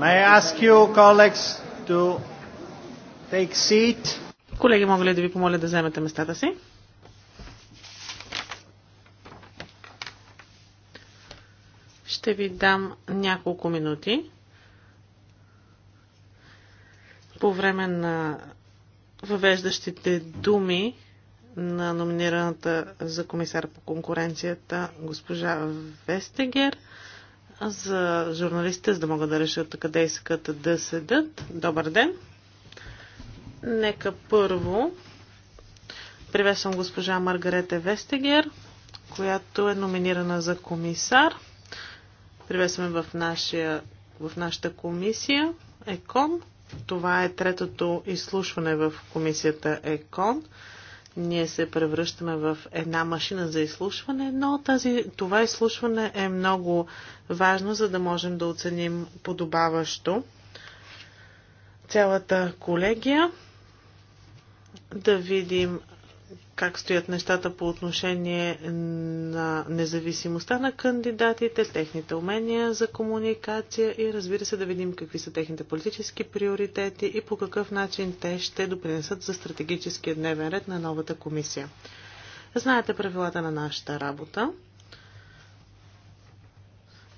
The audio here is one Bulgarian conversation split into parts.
May I ask you, colleagues, to take seat? Колеги, мога ли да ви помоля да вземете местата си? Ще ви дам няколко минути по време на въвеждащите думи на номинираната за комисар по конкуренцията госпожа Вестегер – за журналистите, за да могат да решат къде искат да седат. Добър ден! Нека първо приветствам госпожа Маргарете Вестегер, която е номинирана за комисар. Привесваме в, нашия, в нашата комисия ЕКОН. Това е третото изслушване в комисията ЕКОН ние се превръщаме в една машина за изслушване, но тази, това изслушване е много важно, за да можем да оценим подобаващо цялата колегия, да видим как стоят нещата по отношение на независимостта на кандидатите, техните умения за комуникация и разбира се да видим какви са техните политически приоритети и по какъв начин те ще допринесат за стратегическия дневен ред на новата комисия. Знаете правилата на нашата работа.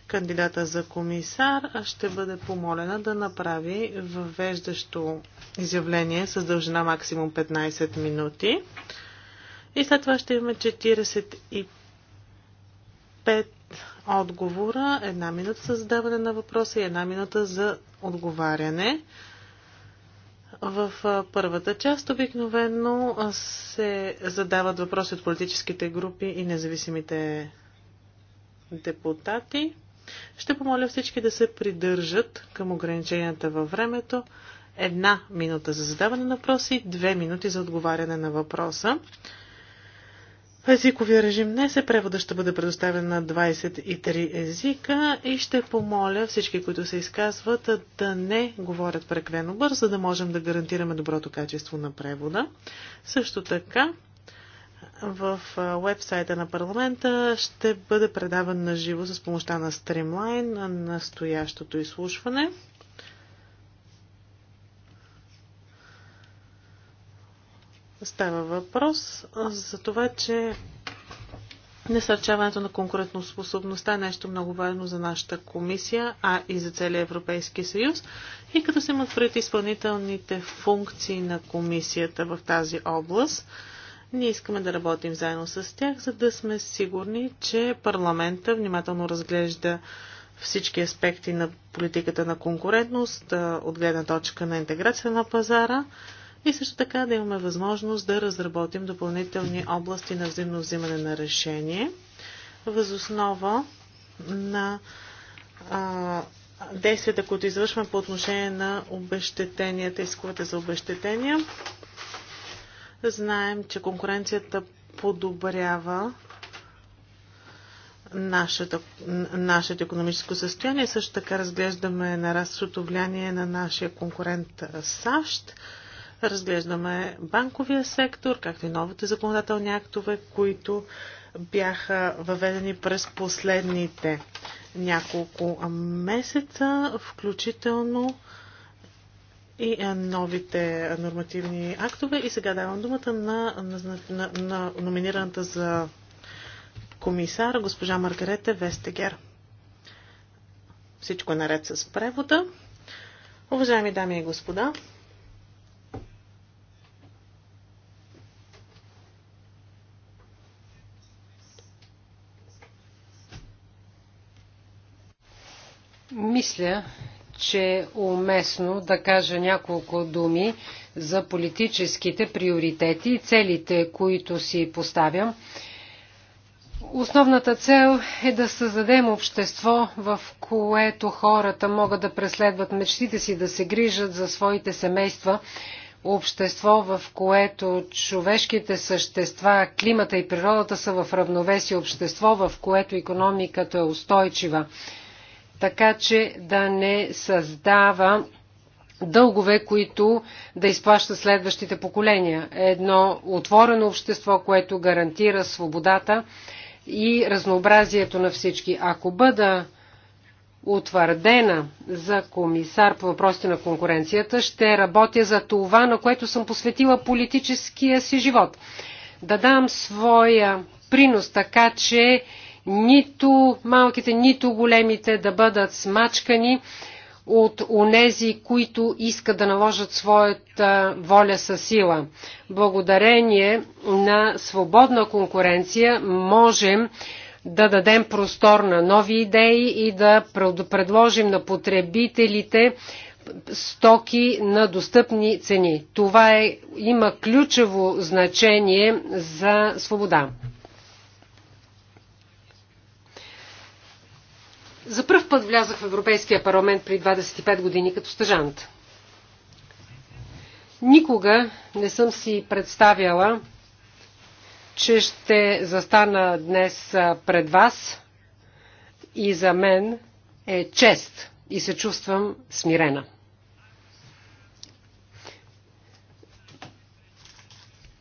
Кандидата за комисар ще бъде помолена да направи въвеждащо изявление с дължина максимум 15 минути и след това ще имаме 45 отговора, една минута за задаване на въпроса и една минута за отговаряне. В първата част обикновено се задават въпроси от политическите групи и независимите депутати. Ще помоля всички да се придържат към ограниченията във времето. Една минута за задаване на въпроси две минути за отговаряне на въпроса езиковия режим днес е превода ще бъде предоставен на 23 езика и ще помоля всички, които се изказват, да не говорят преквено бързо, за да можем да гарантираме доброто качество на превода. Също така, в вебсайта на парламента ще бъде предаван на живо с помощта на Streamline на настоящото изслушване. Става въпрос за това, че Насърчаването на конкурентоспособността е нещо много важно за нашата комисия, а и за целия Европейски съюз. И като се имат пред изпълнителните функции на комисията в тази област, ние искаме да работим заедно с тях, за да сме сигурни, че парламента внимателно разглежда всички аспекти на политиката на конкурентност от гледна точка на интеграция на пазара, и също така да имаме възможност да разработим допълнителни области на взаимно взимане на решение възоснова на а, действията, които извършваме по отношение на обещетенията, исковете за обещетения. Знаем, че конкуренцията подобрява нашата, нашето економическо състояние. Също така разглеждаме нарастващото влияние на нашия конкурент САЩ. Разглеждаме банковия сектор, както и новите законодателни актове, които бяха въведени през последните няколко месеца, включително и новите нормативни актове. И сега давам думата на, на, на, на номинираната за комисар госпожа Маргарете Вестегер. Всичко е наред с превода. Уважаеми дами и господа, Мисля, че е уместно да кажа няколко думи за политическите приоритети и целите, които си поставям. Основната цел е да създадем общество, в което хората могат да преследват мечтите си, да се грижат за своите семейства, общество, в което човешките същества, климата и природата са в равновесие, общество, в което економиката е устойчива така че да не създава дългове, които да изплаща следващите поколения. Едно отворено общество, което гарантира свободата и разнообразието на всички. Ако бъда утвърдена за комисар по въпросите на конкуренцията, ще работя за това, на което съм посветила политическия си живот. Да дам своя принос така, че нито малките, нито големите да бъдат смачкани от онези, които искат да наложат своята воля със сила. Благодарение на свободна конкуренция можем да дадем простор на нови идеи и да предложим на потребителите стоки на достъпни цени. Това е, има ключово значение за свобода. За първ път влязах в Европейския парламент при 25 години като стъжант. Никога не съм си представяла, че ще застана днес пред вас и за мен е чест и се чувствам смирена.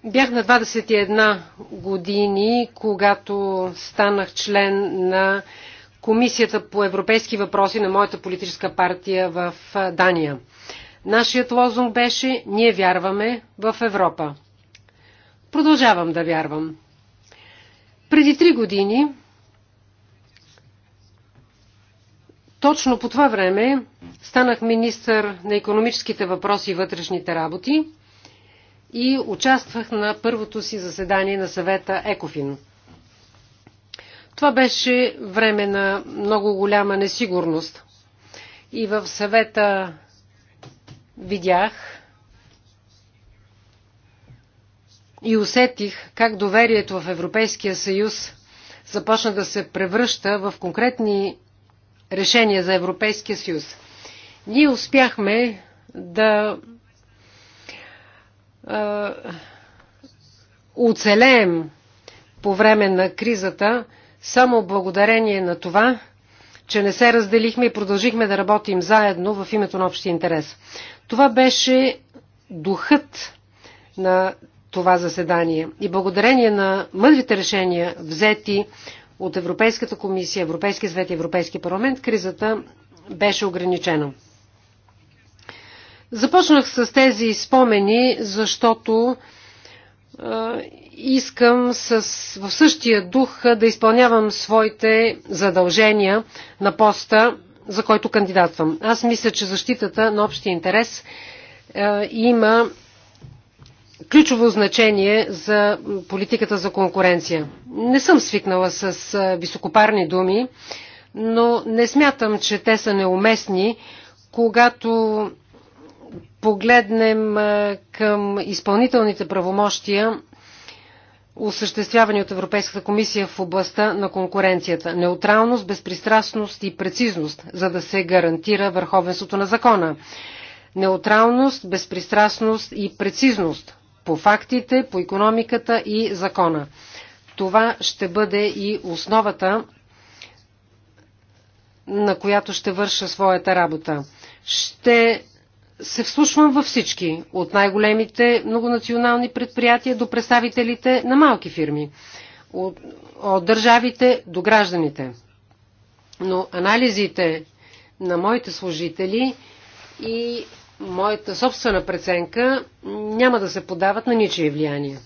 Бях на 21 години, когато станах член на Комисията по европейски въпроси на моята политическа партия в Дания. Нашият лозунг беше Ние вярваме в Европа. Продължавам да вярвам. Преди три години, точно по това време, станах министър на економическите въпроси и вътрешните работи и участвах на първото си заседание на съвета ЕКОФИН. Това беше време на много голяма несигурност. И в съвета видях и усетих как доверието в Европейския съюз започна да се превръща в конкретни решения за Европейския съюз. Ние успяхме да оцелеем по време на кризата, само благодарение на това, че не се разделихме и продължихме да работим заедно в името на общия интерес. Това беше духът на това заседание. И благодарение на мъдрите решения, взети от Европейската комисия, Европейския свет и Европейския парламент, кризата беше ограничена. Започнах с тези спомени, защото искам с, в същия дух да изпълнявам своите задължения на поста, за който кандидатствам. Аз мисля, че защитата на общия интерес е, има ключово значение за политиката за конкуренция. Не съм свикнала с високопарни думи, но не смятам, че те са неуместни, когато погледнем към изпълнителните правомощия, осъществявани от Европейската комисия в областта на конкуренцията. Неутралност, безпристрастност и прецизност, за да се гарантира върховенството на закона. Неутралност, безпристрастност и прецизност по фактите, по економиката и закона. Това ще бъде и основата, на която ще върша своята работа. Ще се вслушвам във всички, от най-големите многонационални предприятия до представителите на малки фирми, от, от държавите до гражданите. Но анализите на моите служители и моята собствена преценка няма да се подават на ничие влияние.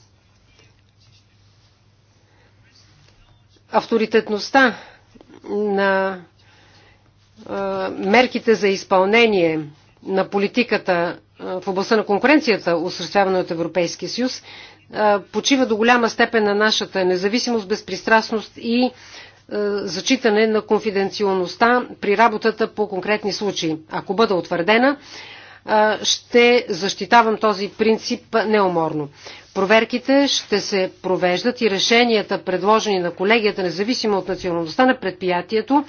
Авторитетността на мерките за изпълнение на политиката в областта на конкуренцията, осъществявана от Европейския съюз, почива до голяма степен на нашата независимост, безпристрастност и зачитане на конфиденциалността при работата по конкретни случаи. Ако бъда утвърдена, ще защитавам този принцип неуморно. Проверките ще се провеждат и решенията, предложени на колегията, независимо от националността на предприятието,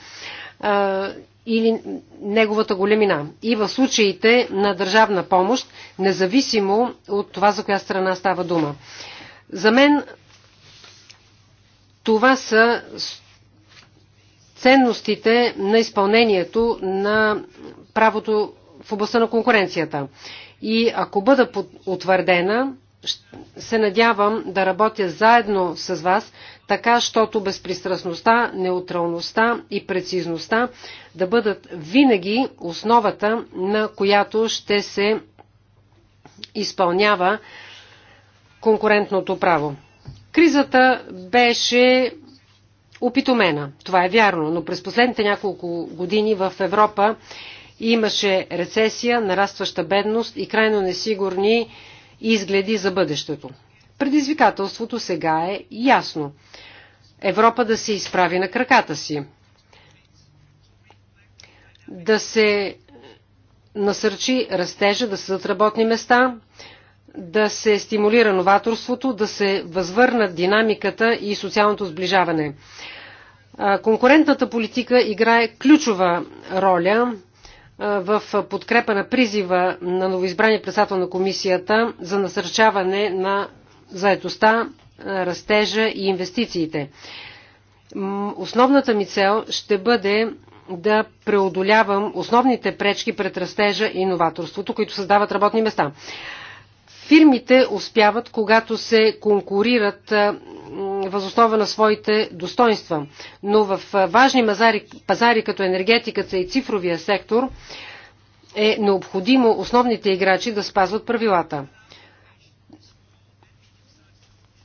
или неговата големина. И в случаите на държавна помощ, независимо от това за коя страна става дума. За мен това са ценностите на изпълнението на правото в областта на конкуренцията. И ако бъда утвърдена се надявам да работя заедно с вас, така, щото безпристрастността, неутралността и прецизността да бъдат винаги основата, на която ще се изпълнява конкурентното право. Кризата беше опитомена, това е вярно, но през последните няколко години в Европа имаше рецесия, нарастваща бедност и крайно несигурни изгледи за бъдещето. Предизвикателството сега е ясно. Европа да се изправи на краката си, да се насърчи растежа, да се създадат работни места, да се стимулира новаторството, да се възвърна динамиката и социалното сближаване. Конкурентната политика играе ключова роля в подкрепа на призива на новоизбрания председател на комисията за насърчаване на заедостта, растежа и инвестициите. Основната ми цел ще бъде да преодолявам основните пречки пред растежа и иноваторството, които създават работни места. Фирмите успяват, когато се конкурират възоснова на своите достоинства. Но в важни пазари, пазари като енергетиката и цифровия сектор е необходимо основните играчи да спазват правилата.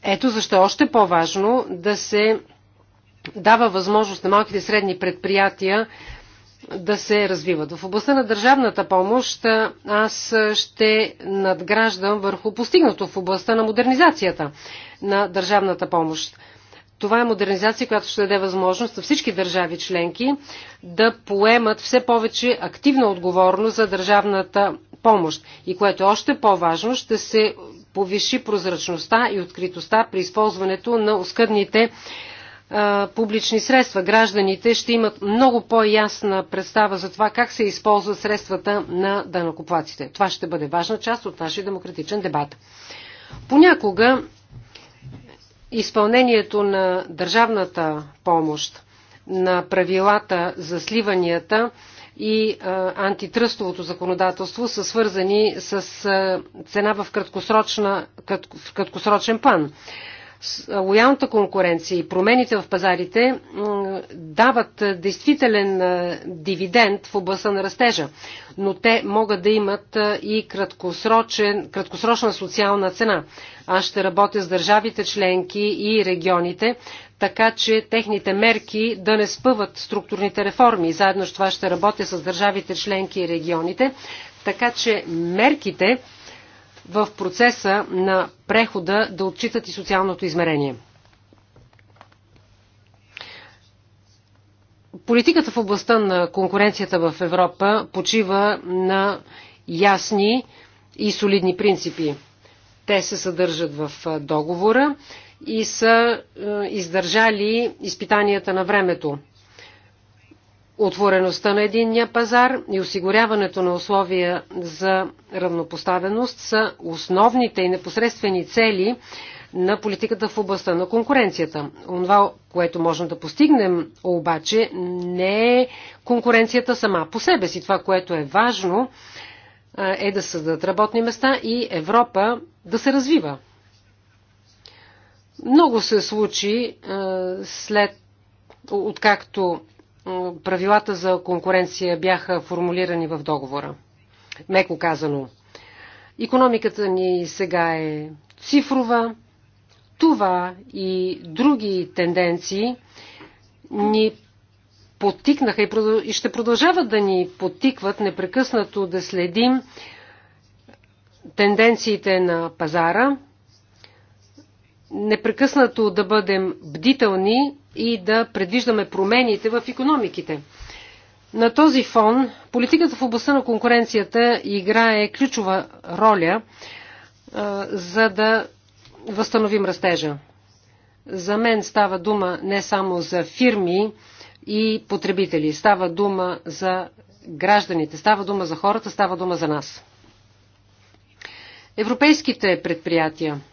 Ето защо е още по-важно да се дава възможност на малките и средни предприятия да се развиват. В областта на държавната помощ аз ще надграждам върху постигнато в областта на модернизацията на държавната помощ. Това е модернизация, която ще даде възможност на всички държави членки да поемат все повече активна отговорност за държавната помощ и което е още по-важно, ще се повиши прозрачността и откритостта при използването на оскъдните публични средства. Гражданите ще имат много по-ясна представа за това как се използват средствата на данокоплаците. Това ще бъде важна част от нашия демократичен дебат. Понякога изпълнението на държавната помощ, на правилата за сливанията и а, антитръстовото законодателство са свързани с а, цена в, краткосрочна, в краткосрочен план лоялната конкуренция и промените в пазарите дават действителен дивиденд в областта на растежа, но те могат да имат и краткосрочна социална цена. Аз ще работя с държавите членки и регионите, така че техните мерки да не спъват структурните реформи. Заедно с това ще работя с държавите членки и регионите, така че мерките в процеса на прехода да отчитат и социалното измерение. Политиката в областта на конкуренцията в Европа почива на ясни и солидни принципи. Те се съдържат в договора и са издържали изпитанията на времето. Отвореността на единния пазар и осигуряването на условия за равнопоставеност са основните и непосредствени цели на политиката в областта на конкуренцията. Онова, което можем да постигнем обаче, не е конкуренцията сама по себе си. Това, което е важно, е да създадат работни места и Европа да се развива. Много се случи след, откакто правилата за конкуренция бяха формулирани в договора. Меко казано. Економиката ни сега е цифрова. Това и други тенденции ни потикнаха и ще продължават да ни потикват непрекъснато да следим тенденциите на пазара, непрекъснато да бъдем бдителни и да предвиждаме промените в економиките. На този фон политиката в областта на конкуренцията играе ключова роля, за да възстановим растежа. За мен става дума не само за фирми и потребители, става дума за гражданите, става дума за хората, става дума за нас. Европейските предприятия –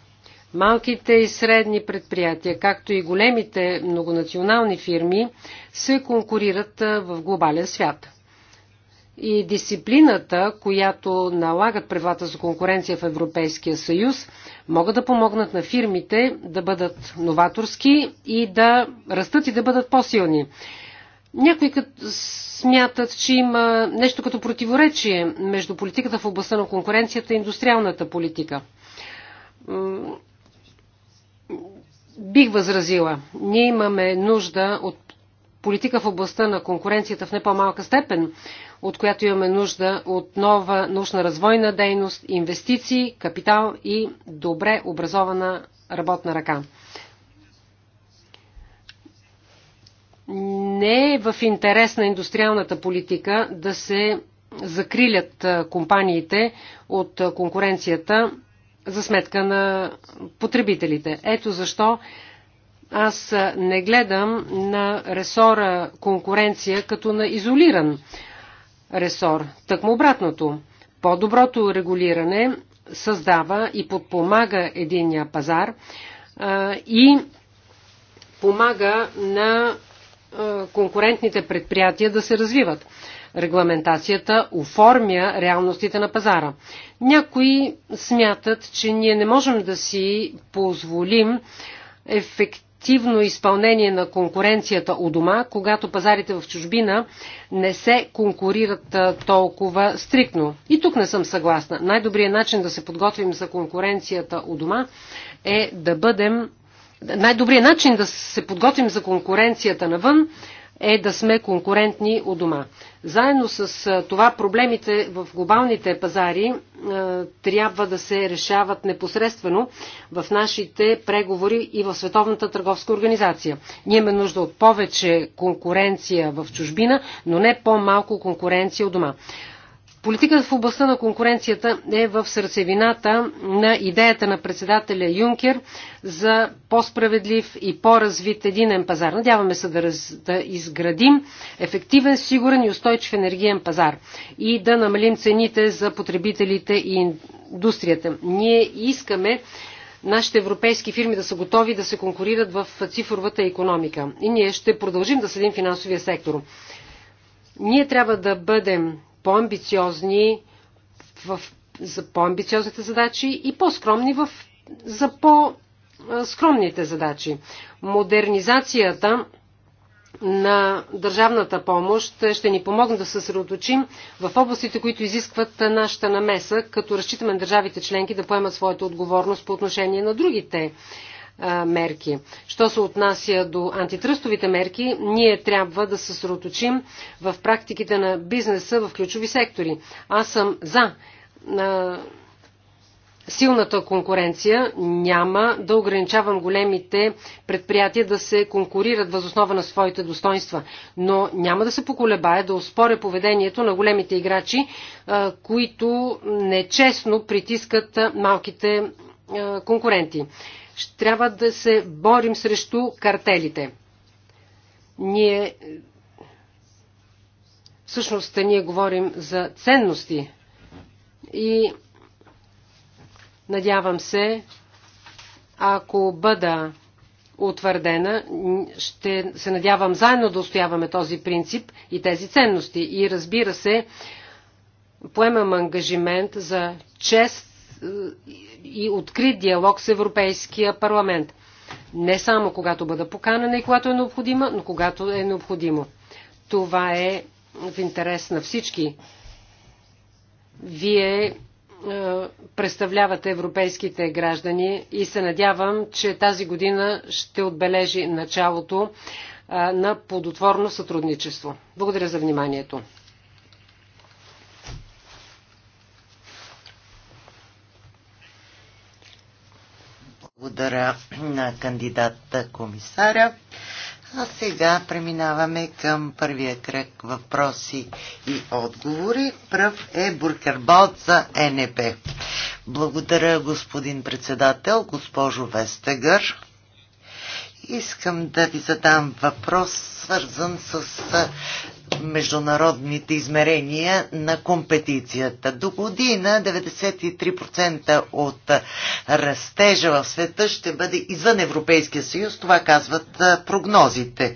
Малките и средни предприятия, както и големите многонационални фирми, се конкурират в глобален свят. И дисциплината, която налагат правилата за конкуренция в Европейския съюз, могат да помогнат на фирмите да бъдат новаторски и да растат и да бъдат по-силни. Някои смятат, че има нещо като противоречие между политиката в областта на конкуренцията и индустриалната политика. Бих възразила. Ние имаме нужда от политика в областта на конкуренцията в не по-малка степен, от която имаме нужда от нова научна-развойна дейност, инвестиции, капитал и добре образована работна ръка. Не е в интерес на индустриалната политика да се закрилят компаниите от конкуренцията за сметка на потребителите. Ето защо аз не гледам на ресора конкуренция като на изолиран ресор. Тъкмо обратното. По-доброто регулиране създава и подпомага единния пазар а, и помага на а, конкурентните предприятия да се развиват. Регламентацията оформя реалностите на пазара. Някои смятат, че ние не можем да си позволим ефективно изпълнение на конкуренцията у дома, когато пазарите в чужбина не се конкурират толкова стриктно. И тук не съм съгласна. Най-добрият начин да се подготвим за конкуренцията у дома е да бъдем най-добрият начин да се подготвим за конкуренцията навън е да сме конкурентни у дома. Заедно с това проблемите в глобалните пазари трябва да се решават непосредствено в нашите преговори и в Световната търговска организация. Ние имаме нужда от повече конкуренция в чужбина, но не по-малко конкуренция у дома. Политиката в областта на конкуренцията е в сърцевината на идеята на председателя Юнкер за по-справедлив и по-развит единен пазар. Надяваме се да, раз, да изградим ефективен, сигурен и устойчив енергиен пазар и да намалим цените за потребителите и индустрията. Ние искаме нашите европейски фирми да са готови да се конкурират в цифровата економика. И ние ще продължим да следим финансовия сектор. Ние трябва да бъдем по-амбициозни в, за по-амбициозните задачи и по-скромни в, за по-скромните задачи. Модернизацията на държавната помощ ще ни помогне да се съсредоточим в областите, които изискват нашата намеса, като разчитаме на държавите членки да поемат своята отговорност по отношение на другите мерки. Що се отнася до антитръстовите мерки, ние трябва да се съсредоточим в практиките на бизнеса в ключови сектори. Аз съм за силната конкуренция няма да ограничавам големите предприятия да се конкурират възоснова на своите достоинства, но няма да се поколебая да успоря поведението на големите играчи, които нечестно притискат малките конкуренти. Ще трябва да се борим срещу картелите. Ние всъщност ние говорим за ценности и надявам се, ако бъда утвърдена, ще се надявам заедно да устояваме този принцип и тези ценности. И разбира се, поемам ангажимент за чест и открит диалог с Европейския парламент. Не само когато бъда поканена и когато е необходима, но когато е необходимо. Това е в интерес на всички. Вие е, представлявате европейските граждани и се надявам, че тази година ще отбележи началото е, на плодотворно сътрудничество. Благодаря за вниманието. Благодаря на кандидата комисаря. А сега преминаваме към първия кръг въпроси и отговори. Пръв е Буркербот за НП. Благодаря, господин председател, госпожо Вестегър. Искам да ви задам въпрос, свързан с международните измерения на компетицията. До година 93% от растежа в света ще бъде извън Европейския съюз, това казват прогнозите.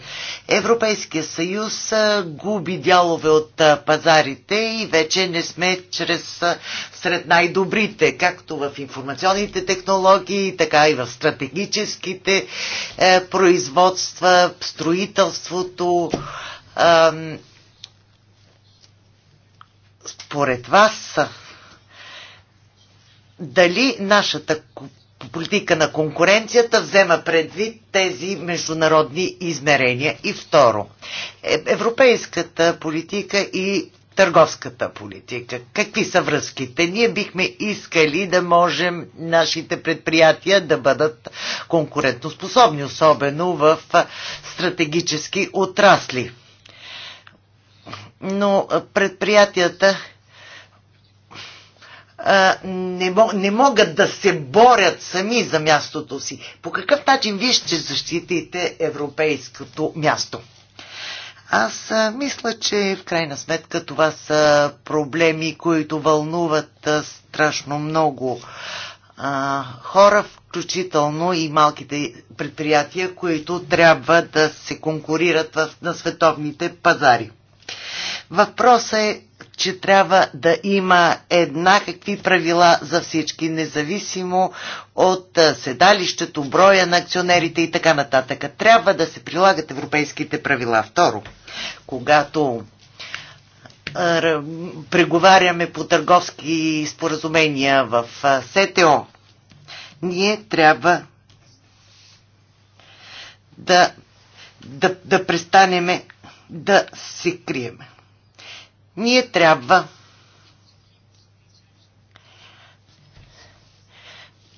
Европейския съюз губи дялове от пазарите и вече не сме чрез сред най-добрите, както в информационните технологии, така и в стратегическите е, производства, строителството, според вас дали нашата политика на конкуренцията взема предвид тези международни измерения. И второ, е, европейската политика и търговската политика. Какви са връзките? Ние бихме искали да можем нашите предприятия да бъдат конкурентоспособни, особено в стратегически отрасли но предприятията не, мог, не могат да се борят сами за мястото си. По какъв начин вие ще защитите европейското място? Аз мисля, че в крайна сметка това са проблеми, които вълнуват страшно много а, хора, включително и малките предприятия, които трябва да се конкурират в, на световните пазари. Въпросът е, че трябва да има еднакви правила за всички, независимо от седалището, броя на акционерите и така нататък. Трябва да се прилагат европейските правила. Второ, когато преговаряме по търговски споразумения в СТО, ние трябва да, да, да престанеме да се крием. Ние трябва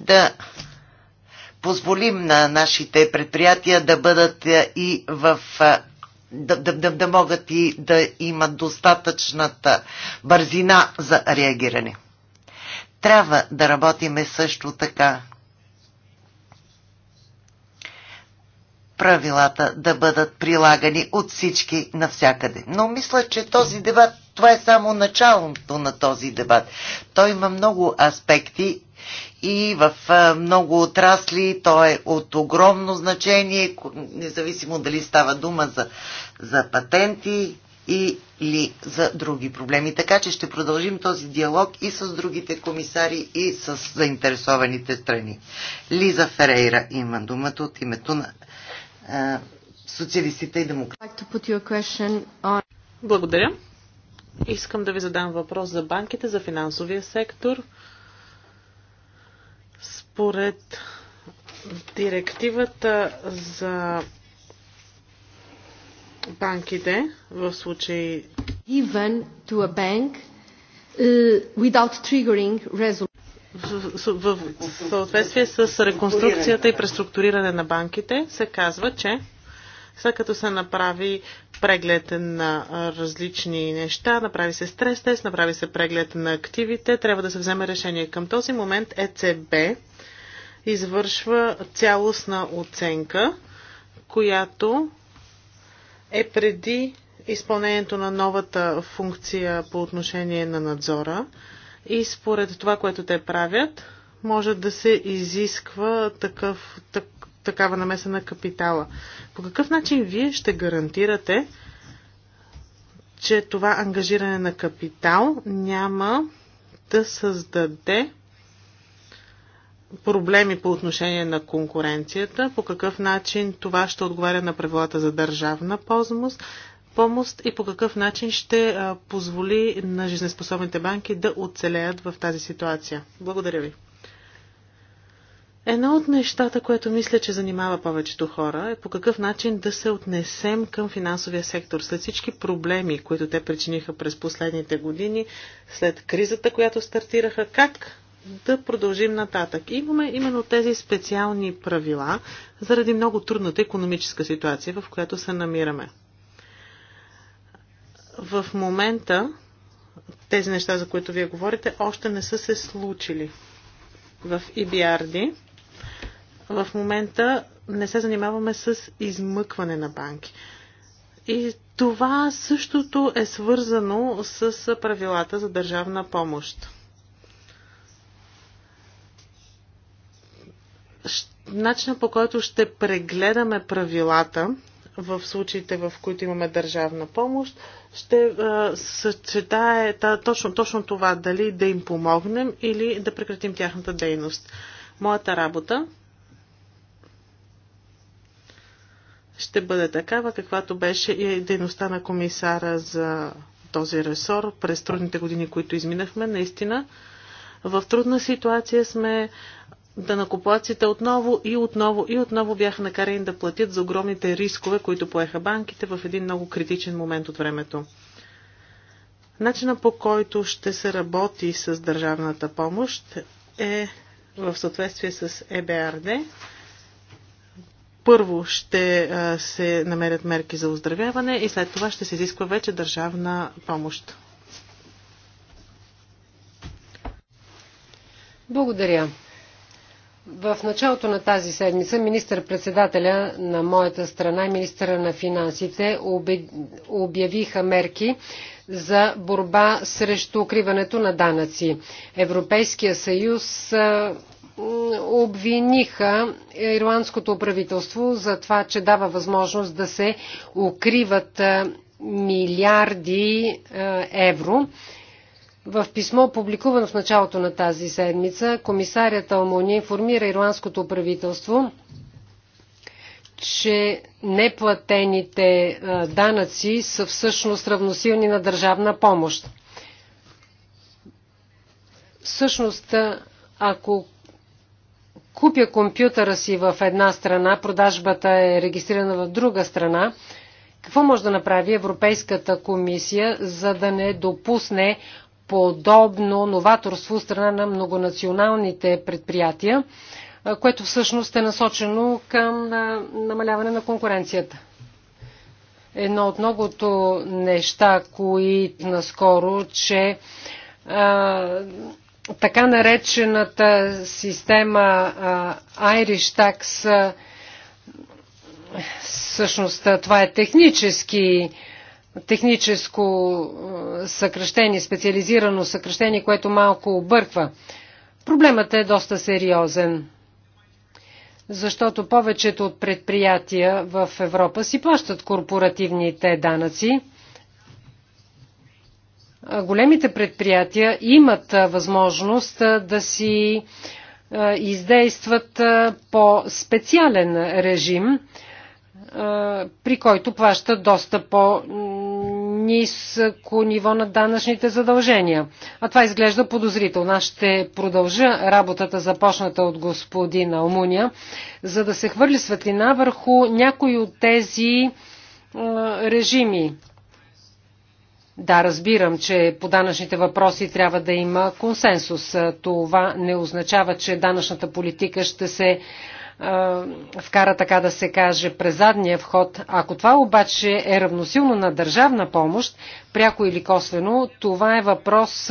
да позволим на нашите предприятия да бъдат е, и в е, да, да, да, да могат и да имат достатъчната бързина за реагиране. Трябва да работиме също така правилата да бъдат прилагани от всички навсякъде. Но мисля, че този дебат, това е само началото на този дебат. Той има много аспекти и в много отрасли то е от огромно значение, независимо дали става дума за, за патенти или за други проблеми. Така че ще продължим този диалог и с другите комисари и с заинтересованите страни. Лиза Ферейра има думата от името на социалистите и демократите. Благодаря. Искам да ви задам въпрос за банките, за финансовия сектор. Според директивата за банките в случай even to a bank uh, without triggering resolution в съответствие с реконструкцията и преструктуриране на банките се казва, че след като се направи преглед на различни неща, направи се стрес тест, направи се преглед на активите, трябва да се вземе решение. Към този момент ЕЦБ извършва цялостна оценка, която е преди изпълнението на новата функция по отношение на надзора и според това, което те правят, може да се изисква такъв, так, такава намеса на капитала. По какъв начин вие ще гарантирате, че това ангажиране на капитал няма да създаде проблеми по отношение на конкуренцията, по какъв начин това ще отговаря на правилата за държавна ползмост, помощ и по какъв начин ще позволи на жизнеспособните банки да оцелеят в тази ситуация. Благодаря ви. Едно от нещата, което мисля, че занимава повечето хора, е по какъв начин да се отнесем към финансовия сектор. След всички проблеми, които те причиниха през последните години, след кризата, която стартираха, как да продължим нататък. Имаме именно тези специални правила заради много трудната економическа ситуация, в която се намираме в момента тези неща, за които вие говорите, още не са се случили в EBRD. В момента не се занимаваме с измъкване на банки. И това същото е свързано с правилата за държавна помощ. Начинът по който ще прегледаме правилата в случаите, в които имаме държавна помощ, ще е, съчетае та, точно, точно това, дали да им помогнем или да прекратим тяхната дейност. Моята работа ще бъде такава, каквато беше и дейността на комисара за този ресор през трудните години, които изминахме. Наистина, в трудна ситуация сме, Данакоплаците отново и отново и отново бяха накарани да платят за огромните рискове, които поеха банките в един много критичен момент от времето. Начина по който ще се работи с държавната помощ е в съответствие с ЕБРД. Първо ще се намерят мерки за оздравяване и след това ще се изисква вече държавна помощ. Благодаря. В началото на тази седмица министър-председателя на моята страна и министъра на финансите обявиха мерки за борба срещу укриването на данъци. Европейския съюз обвиниха е, ирландското правителство за това, че дава възможност да се укриват милиарди евро в писмо, публикувано в началото на тази седмица, комисарят Алмуни информира ирландското правителство, че неплатените данъци са всъщност равносилни на държавна помощ. Всъщност, ако купя компютъра си в една страна, продажбата е регистрирана в друга страна, какво може да направи Европейската комисия, за да не допусне подобно новаторство страна на многонационалните предприятия, което всъщност е насочено към намаляване на конкуренцията. Едно от многото неща, които наскоро, че а, така наречената система а, Irish Tax, а, всъщност това е технически а, техническо е, съкръщение, специализирано съкръщение, което малко обърква. Проблемът е доста сериозен, защото повечето от предприятия в Европа си плащат корпоративните данъци. Големите предприятия имат е, възможност е, да си издействат по специален режим при който плаща доста по-ниско ниво на данъчните задължения. А това изглежда подозрително. Аз ще продължа работата започната от господина Омуня, за да се хвърли светлина върху някои от тези режими. Да, разбирам, че по данъчните въпроси трябва да има консенсус. Това не означава, че данъчната политика ще се вкара така да се каже през задния вход. Ако това обаче е равносилно на държавна помощ, пряко или косвено, това е въпрос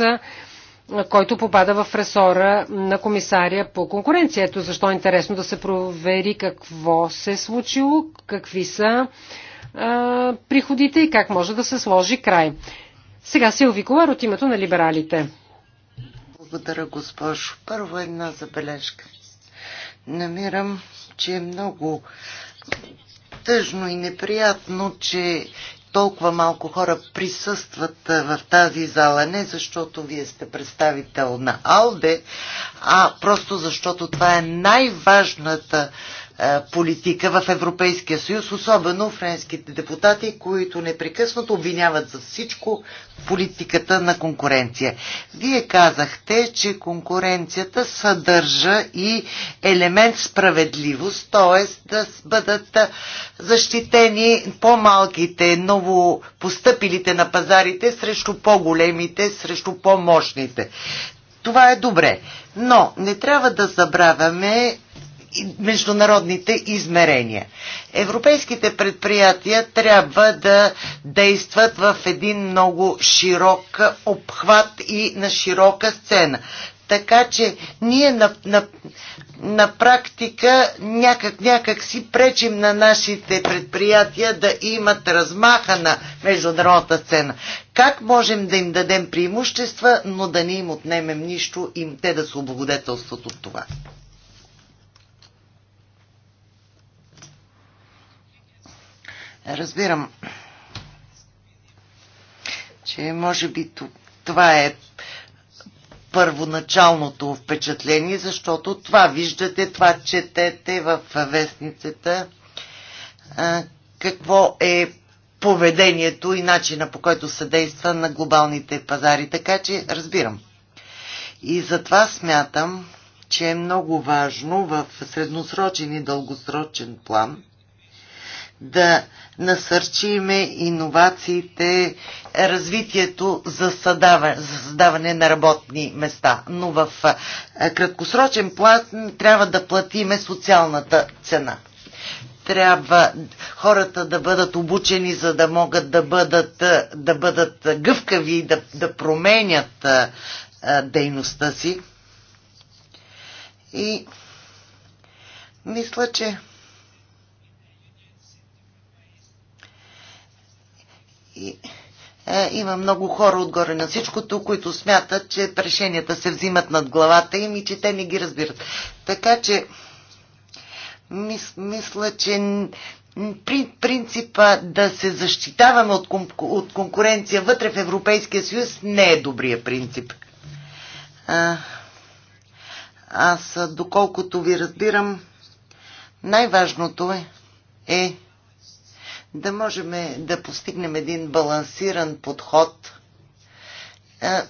който попада в ресора на комисария по конкуренцията. Защо е интересно да се провери какво се е случило, какви са а, приходите и как може да се сложи край. Сега Силви Колар от името на либералите. Благодаря, госпожо. Първо една забележка намирам, че е много тъжно и неприятно, че толкова малко хора присъстват в тази зала. Не защото вие сте представител на АЛДЕ, а просто защото това е най-важната е, политика в Европейския съюз, особено френските депутати, които непрекъснато обвиняват за всичко политиката на конкуренция. Вие казахте, че конкуренцията съдържа и елемент справедливост, т.е. да бъдат защитени по-малките, ново постъпилите на пазарите срещу по-големите, срещу по-мощните. Това е добре, но не трябва да забравяме международните измерения. Европейските предприятия трябва да действат в един много широк обхват и на широка сцена. Така че ние на, на, на практика някак, някак си пречим на нашите предприятия да имат размаха на международната сцена. Как можем да им дадем преимущества, но да не им отнемем нищо и те да се облагодетелстват от това? Разбирам, че може би това е първоначалното впечатление, защото това виждате, това четете в вестницата, какво е поведението и начина по който се действа на глобалните пазари. Така че разбирам. И затова смятам, че е много важно в средносрочен и дългосрочен план да насърчиме иновациите, развитието за създаване, за създаване на работни места. Но в краткосрочен план трябва да платиме социалната цена. Трябва хората да бъдат обучени, за да могат да бъдат, да бъдат гъвкави и да, да променят дейността си. И мисля, че И, е, има много хора отгоре на всичкото, които смятат, че решенията се взимат над главата им и че те не ги разбират. Така че, мис, мисля, че при принципа да се защитаваме от, от конкуренция вътре в Европейския съюз не е добрия принцип. А, аз, доколкото ви разбирам, най-важното е, е да можем да постигнем един балансиран подход,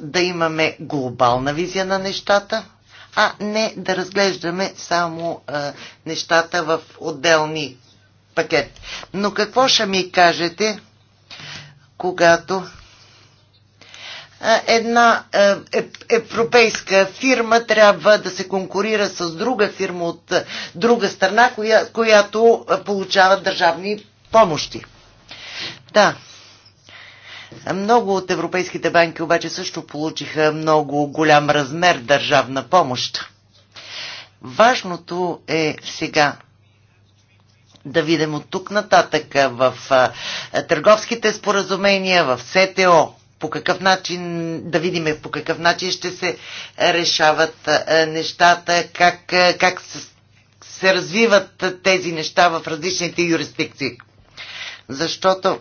да имаме глобална визия на нещата, а не да разглеждаме само нещата в отделни пакети. Но какво ще ми кажете, когато една е, европейска фирма трябва да се конкурира с друга фирма от друга страна, която получава държавни помощи. Да, много от европейските банки обаче също получиха много голям размер държавна помощ. Важното е сега да видим от тук нататък в търговските споразумения, в СТО, по какъв начин, да видим по какъв начин ще се решават нещата, как, как се, се развиват тези неща в различните юрисдикции. Защото...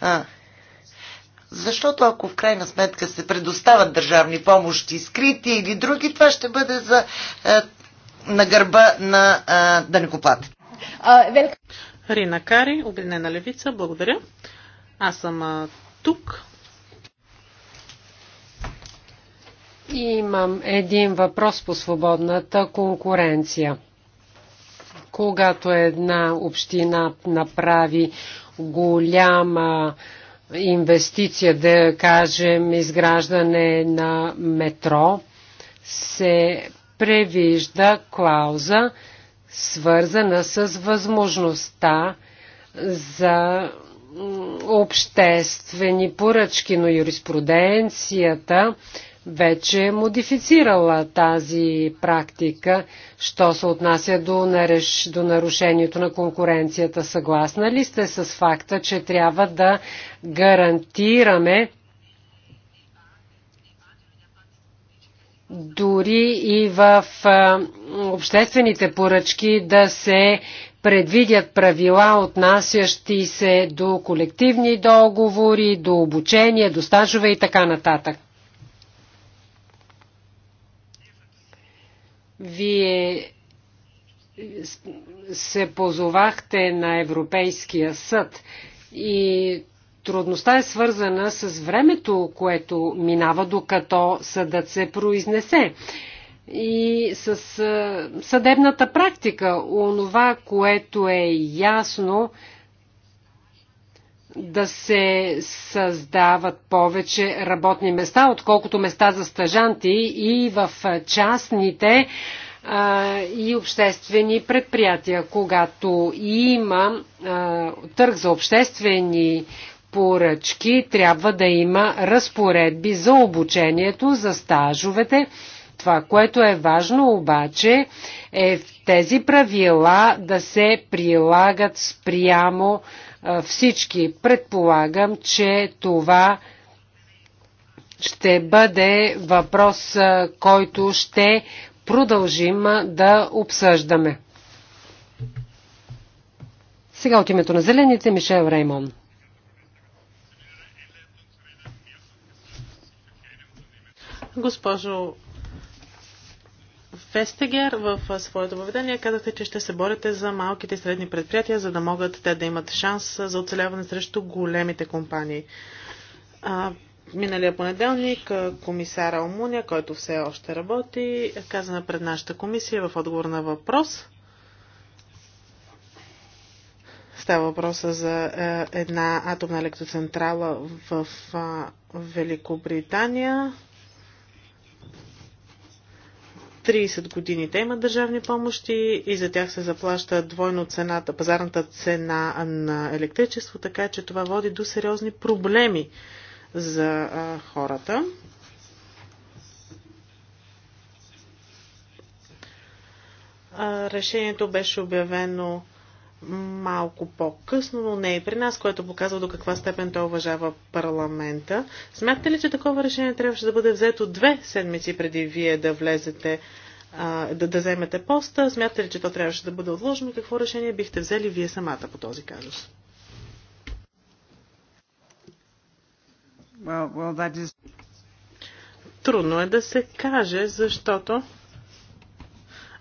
А, защото ако в крайна сметка се предоставят държавни помощи, скрити или други, това ще бъде за, а, на гърба на не купат. Рина Кари, Обединена левица, благодаря. Аз съм а, тук. Имам един въпрос по свободната конкуренция. Когато една община направи голяма инвестиция, да кажем изграждане на метро, се превижда клауза, свързана с възможността за обществени поръчки, но юриспруденцията вече е модифицирала тази практика, що се отнася до, нареш... до нарушението на конкуренцията. Съгласна ли сте с факта, че трябва да гарантираме дори и в обществените поръчки да се предвидят правила, отнасящи се до колективни договори, до обучение, до стажове и така нататък. Вие се позовахте на Европейския съд и трудността е свързана с времето, което минава докато съдът се произнесе и с съдебната практика. Онова, което е ясно, да се създават повече работни места, отколкото места за стажанти и в частните и обществени предприятия. Когато има търг за обществени поръчки, трябва да има разпоредби за обучението, за стажовете. Това, което е важно обаче, е в тези правила да се прилагат спрямо всички. Предполагам, че това ще бъде въпрос, който ще продължим да обсъждаме. Сега от името на зелените Мишел Реймон. Госпожо Вестегер в своето поведение казахте, че ще се борите за малките и средни предприятия, за да могат те да имат шанс за оцеляване срещу големите компании. А, миналия понеделник комисара Омуня, който все още работи, каза пред нашата комисия в отговор на въпрос. Става въпроса за една атомна електроцентрала в Великобритания 30 години. Те имат държавни помощи и за тях се заплаща двойно цената, пазарната цена на електричество, така че това води до сериозни проблеми за а, хората. А, решението беше обявено малко по-късно, но не и при нас, което показва до каква степен той уважава парламента. Смятате ли, че такова решение трябваше да бъде взето две седмици преди вие да влезете, а, да, да вземете поста? Смятате ли, че то трябваше да бъде отложено и какво решение бихте взели вие самата по този казус? Well, well, that is... Трудно е да се каже, защото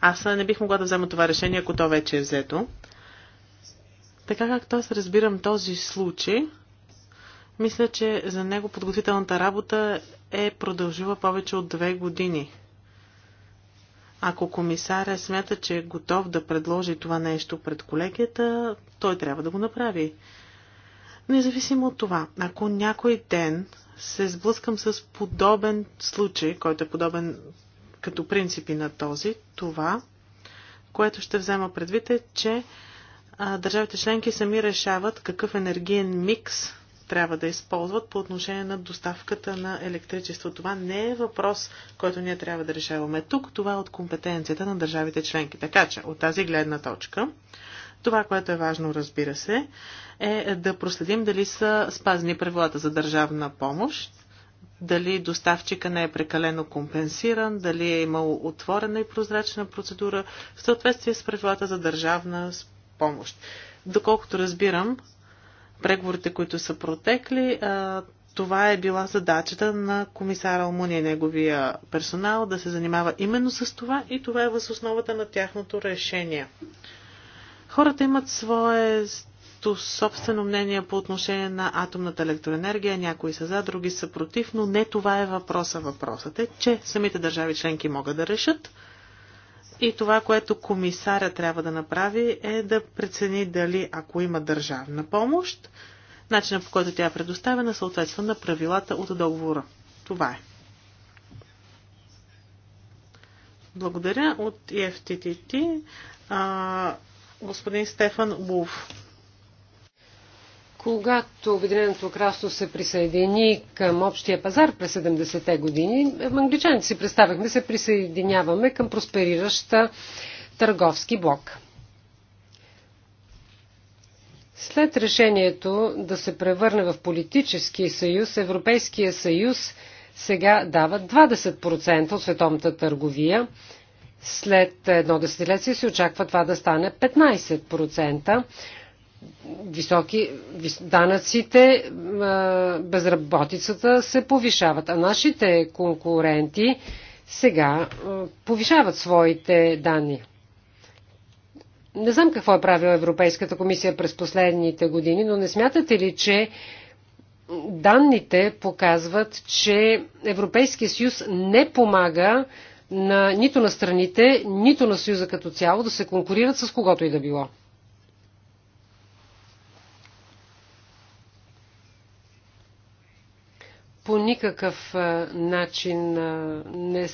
аз не бих могла да взема това решение, ако то вече е взето. Така както аз разбирам този случай, мисля, че за него подготвителната работа е продължила повече от две години. Ако комисаря смята, че е готов да предложи това нещо пред колегията, той трябва да го направи. Независимо от това, ако някой ден се сблъскам с подобен случай, който е подобен като принципи на този, това, което ще взема предвид е, че държавите членки сами решават какъв енергиен микс трябва да използват по отношение на доставката на електричество. Това не е въпрос, който ние трябва да решаваме тук. Това е от компетенцията на държавите членки. Така че, от тази гледна точка, това, което е важно, разбира се, е да проследим дали са спазни правилата за държавна помощ, дали доставчика не е прекалено компенсиран, дали е имало отворена и прозрачна процедура в съответствие с правилата за държавна помощ. Доколкото разбирам, преговорите, които са протекли, това е била задачата на комисара Алмуния и неговия персонал да се занимава именно с това и това е възосновата основата на тяхното решение. Хората имат свое собствено мнение по отношение на атомната електроенергия. Някои са за, други са против, но не това е въпроса. Въпросът е, че самите държави членки могат да решат и това, което комисаря трябва да направи е да прецени дали, ако има държавна помощ, начинът по който тя е предоставена съответства на правилата от договора. Това е. Благодаря от EFTTT. А, господин Стефан Лув. Когато Обединеното кралство се присъедини към общия пазар през 70-те години, англичаните си представяхме се присъединяваме към просперираща търговски блок. След решението да се превърне в политически съюз, Европейския съюз сега дава 20% от световната търговия. След едно десетилетие се очаква това да стане 15% високи данъците, безработицата се повишават, а нашите конкуренти сега повишават своите данни. Не знам какво е правила Европейската комисия през последните години, но не смятате ли, че данните показват, че Европейския съюз не помага на, нито на страните, нито на съюза като цяло да се конкурират с когото и да било? по никакъв начин не,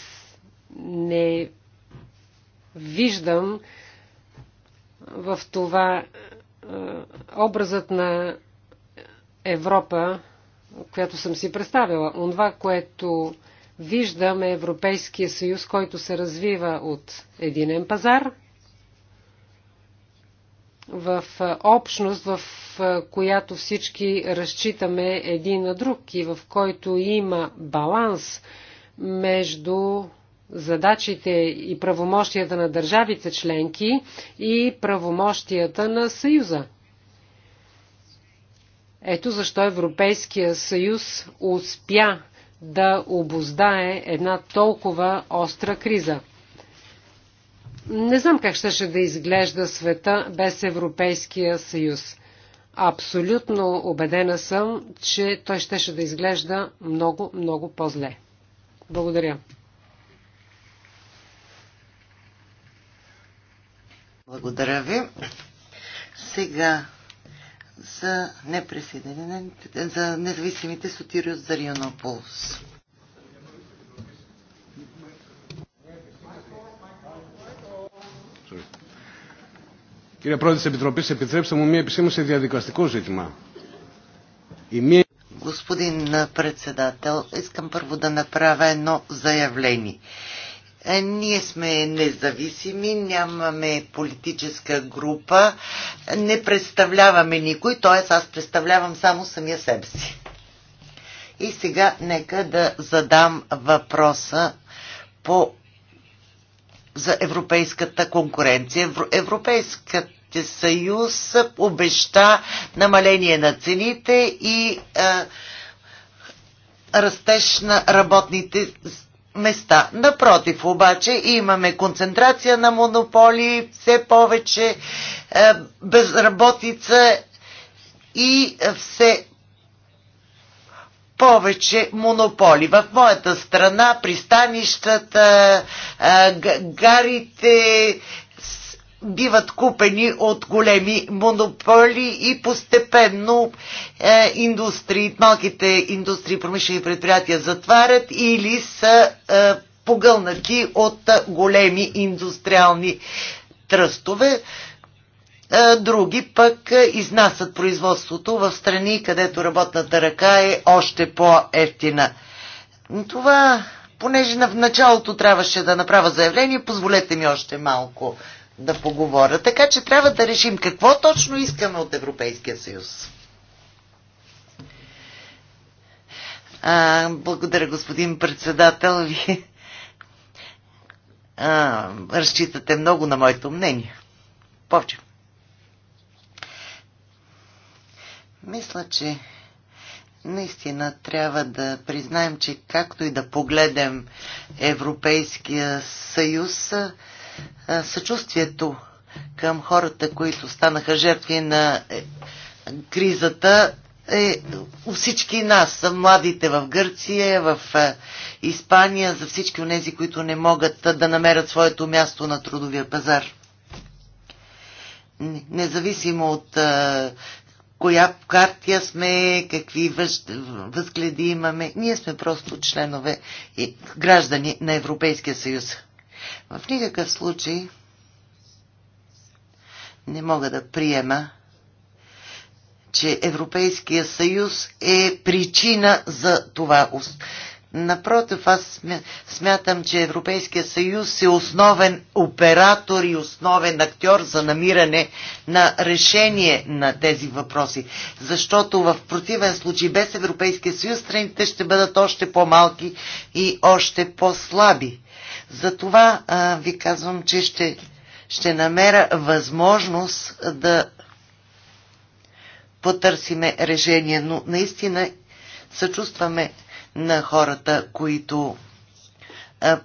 не виждам в това образът на Европа, която съм си представила. Онова, което виждам е Европейския съюз, който се развива от единен пазар – в общност, в която всички разчитаме един на друг и в който има баланс между задачите и правомощията на държавите членки и правомощията на Съюза. Ето защо Европейския съюз успя да обоздае една толкова остра криза. Не знам как щеше да изглежда света без Европейския съюз. Абсолютно убедена съм, че той щеше да изглежда много, много по-зле. Благодаря. Благодаря ви. Сега за неприсъединените, за независимите сотири от Зарионополс. Κύριε Πρόεδρε της Επιτροπής, επιτρέψτε μου μία επισήμωση διαδικαστικό ζήτημα. μία... Господин председател, искам първо да направя едно заявление. Е, ние сме независими, нямаме политическа група, не представляваме никой, т.е. аз представлявам само самия себе си. И сега нека да задам въпроса по за европейската конкуренция. Европейската съюз обеща намаление на цените и а, растеж на работните места. Напротив, обаче, имаме концентрация на монополи, все повече а, безработица и все повече монополи. В моята страна пристанищата, гарите биват купени от големи монополи и постепенно е, индустрии, малките индустрии, промишлени предприятия затварят или са е, погълнати от е, големи индустриални тръстове други пък изнасят производството в страни, където работната ръка е още по-ефтина. Това, понеже в началото трябваше да направя заявление, позволете ми още малко да поговоря. Така че трябва да решим какво точно искаме от Европейския съюз. А, благодаря, господин председател. а, разчитате много на моето мнение. Повече. Мисля, че наистина трябва да признаем, че както и да погледнем Европейския съюз, съчувствието към хората, които станаха жертви на е, кризата е у всички нас, младите в Гърция, в Испания, за всички от тези, които не могат да намерят своето място на трудовия пазар независимо от коя партия сме, какви възгледи имаме. Ние сме просто членове и граждани на Европейския съюз. В никакъв случай не мога да приема, че Европейския съюз е причина за това Напротив, аз смятам, че Европейския съюз е основен оператор и основен актьор за намиране на решение на тези въпроси. Защото в противен случай без Европейския съюз страните ще бъдат още по-малки и още по-слаби. Затова а, ви казвам, че ще, ще намеря възможност да потърсиме решение, но наистина съчувстваме на хората, които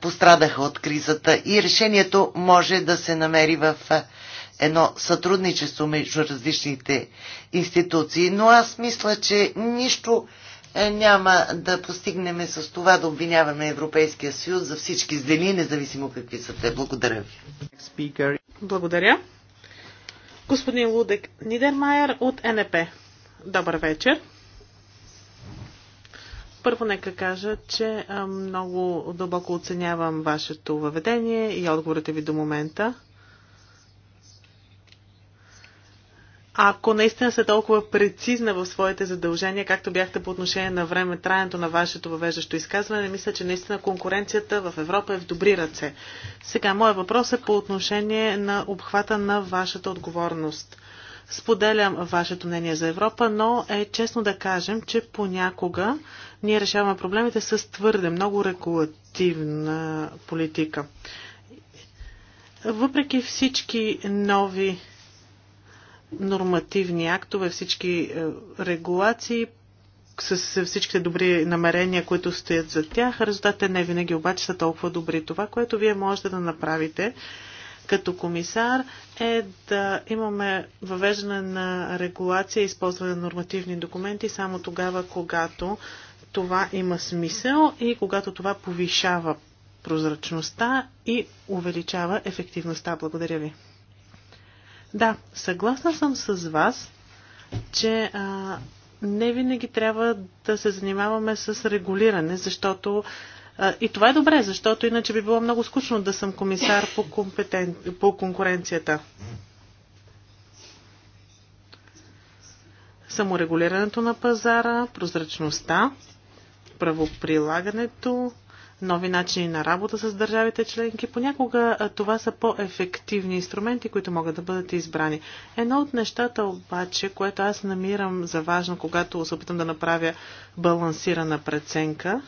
пострадаха от кризата и решението може да се намери в едно сътрудничество между различните институции. Но аз мисля, че нищо няма да постигнем с това да обвиняваме Европейския съюз за всички злини, независимо какви са те. Благодаря ви. Благодаря. Господин Лудек Нидермайер от НП. Добър вечер. Първо нека кажа, че много дълбоко оценявам вашето въведение и отговорите ви до момента. Ако наистина сте толкова прецизна в своите задължения, както бяхте по отношение на време траенето на вашето въвеждащо изказване, мисля, че наистина конкуренцията в Европа е в добри ръце. Сега, моят въпрос е по отношение на обхвата на вашата отговорност. Споделям вашето мнение за Европа, но е честно да кажем, че понякога ние решаваме проблемите с твърде много регулативна политика. Въпреки всички нови нормативни актове, всички е, регулации, с всичките добри намерения, които стоят за тях, резултатите не винаги обаче са толкова добри. Това, което вие можете да направите като комисар е да имаме въвеждане на регулация и използване на нормативни документи само тогава, когато това има смисъл и когато това повишава прозрачността и увеличава ефективността. Благодаря ви. Да, съгласна съм с вас, че а, не винаги трябва да се занимаваме с регулиране, защото а, и това е добре, защото иначе би било много скучно да съм комисар по, компетен... по конкуренцията. Саморегулирането на пазара, прозрачността правоприлагането, нови начини на работа с държавите членки. Понякога това са по-ефективни инструменти, които могат да бъдат избрани. Едно от нещата обаче, което аз намирам за важно, когато се опитам да направя балансирана преценка,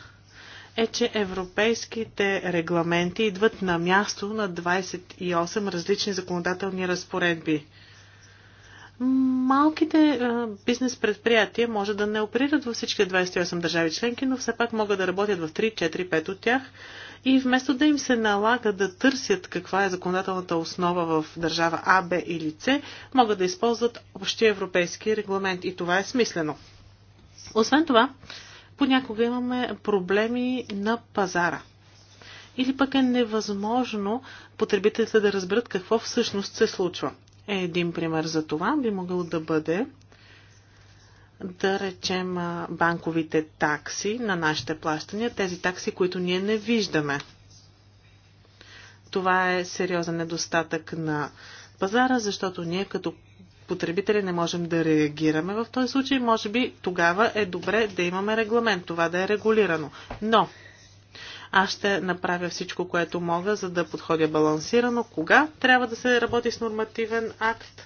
е, че европейските регламенти идват на място на 28 различни законодателни разпоредби. Малките бизнес предприятия може да не оперират във всички 28 държави членки, но все пак могат да работят в 3, 4, 5 от тях. И вместо да им се налага да търсят каква е законодателната основа в държава А, Б или С, могат да използват общия европейски регламент. И това е смислено. Освен това, понякога имаме проблеми на пазара. Или пък е невъзможно потребителите да разберат какво всъщност се случва е един пример за това. Би могъл да бъде да речем банковите такси на нашите плащания, тези такси, които ние не виждаме. Това е сериозен недостатък на пазара, защото ние като потребители не можем да реагираме в този случай. Може би тогава е добре да имаме регламент, това да е регулирано. Но аз ще направя всичко, което мога, за да подходя балансирано кога трябва да се работи с нормативен акт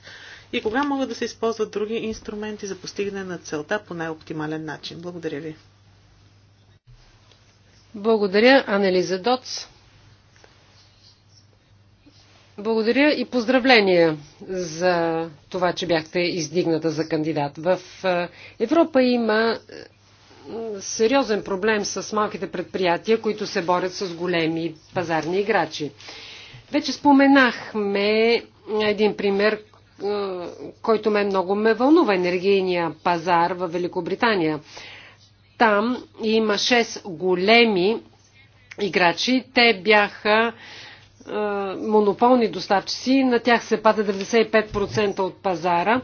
и кога могат да се използват други инструменти за постигане на целта по най-оптимален начин. Благодаря ви. Благодаря, Анелиза Доц. Благодаря и поздравления за това, че бяхте издигната за кандидат. В е, Европа има е, сериозен проблем с малките предприятия, които се борят с големи пазарни играчи. Вече споменахме един пример, е, който ме много ме вълнува енергийния пазар в Великобритания. Там има 6 големи играчи. Те бяха е, монополни доставчици. На тях се пада 95% от пазара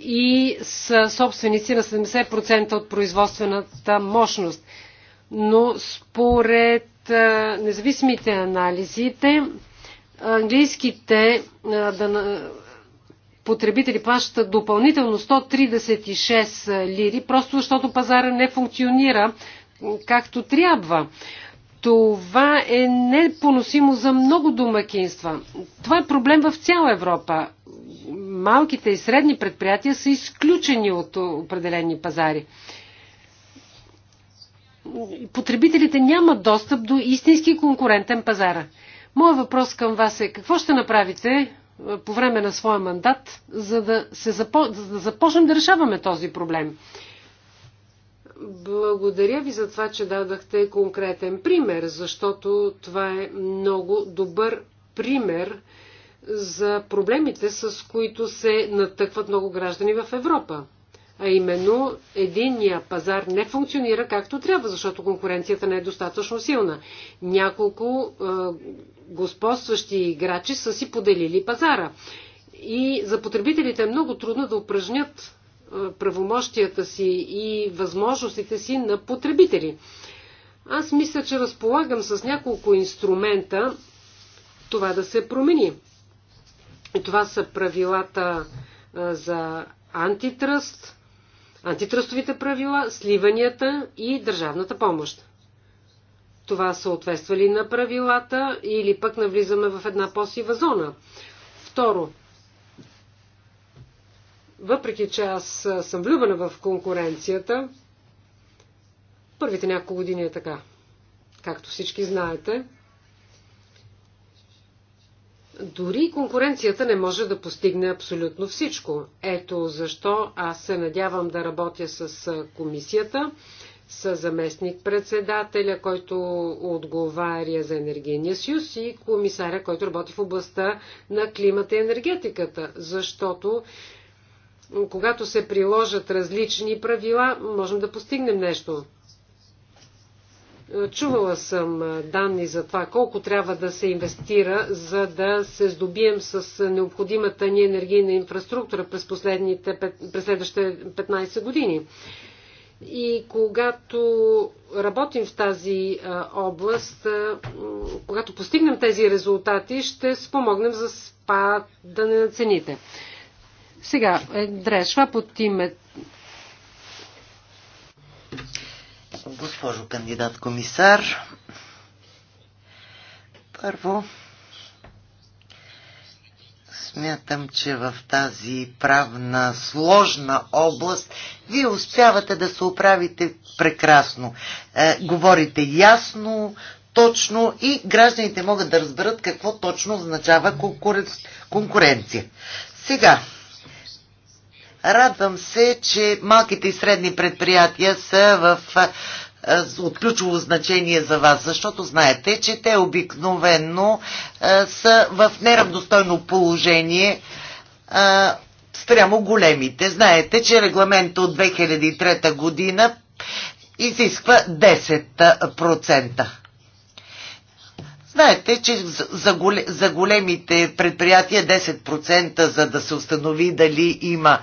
и са собственици на 70% от производствената мощност. Но според независимите анализите, английските потребители плащат допълнително 136 лири, просто защото пазара не функционира както трябва. Това е непоносимо за много домакинства. Това е проблем в цяла Европа. Малките и средни предприятия са изключени от определени пазари. Потребителите нямат достъп до истински конкурентен пазар. Моят въпрос към вас е какво ще направите е, по време на своя мандат, за да, се запо... за да започнем да решаваме този проблем? Благодаря ви за това, че дадахте конкретен пример, защото това е много добър пример за проблемите, с които се натъкват много граждани в Европа. А именно, единния пазар не функционира както трябва, защото конкуренцията не е достатъчно силна. Няколко е, господстващи играчи са си поделили пазара. И за потребителите е много трудно да упражнят правомощията си и възможностите си на потребители. Аз мисля, че разполагам с няколко инструмента това да се промени. Това са правилата за антитръст, антитръстовите правила, сливанията и държавната помощ. Това съответства ли на правилата или пък навлизаме в една по-сива зона? Второ, въпреки, че аз съм влюбена в конкуренцията, първите няколко години е така. Както всички знаете, дори конкуренцията не може да постигне абсолютно всичко. Ето защо аз се надявам да работя с комисията, с заместник-председателя, който отговаря за енергийния съюз и комисаря, който работи в областта на климата и енергетиката, защото когато се приложат различни правила, можем да постигнем нещо. Чувала съм данни за това колко трябва да се инвестира, за да се здобием с необходимата ни енергийна инфраструктура през, последните, през следващите 15 години. И когато работим в тази област, когато постигнем тези резултати, ще спомогнем за спадане на цените. Сега, е, дрешва под от име... Госпожо кандидат комисар, първо смятам, че в тази правна сложна област вие успявате да се оправите прекрасно. Е, говорите ясно, точно и гражданите могат да разберат какво точно означава конкуренция. Сега, Радвам се, че малките и средни предприятия са в от ключово значение за вас, защото знаете, че те обикновенно са в неравностойно положение спрямо големите. Знаете, че регламент от 2003 година изисква 10%. Знаете, че за, голем, за големите предприятия 10% за да се установи дали има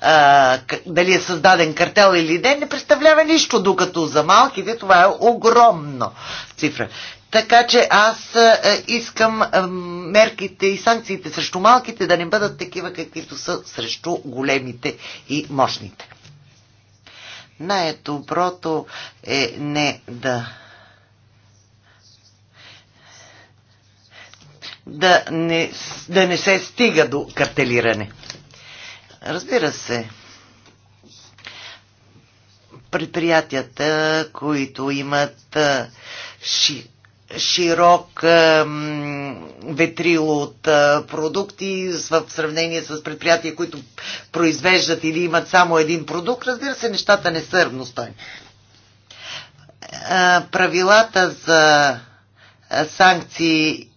а, дали е създаден картел или не, не представлява нищо, докато за малките това е огромно цифра. Така че аз а, искам а, мерките и санкциите срещу малките да не бъдат такива, каквито са срещу големите и мощните. Най-доброто е не да да не, да не се стига до картелиране. Разбира се, предприятията, които имат ши, широк ветрило от продукти в сравнение с предприятия, които произвеждат или имат само един продукт, разбира се, нещата не са равностойни. Правилата за санкции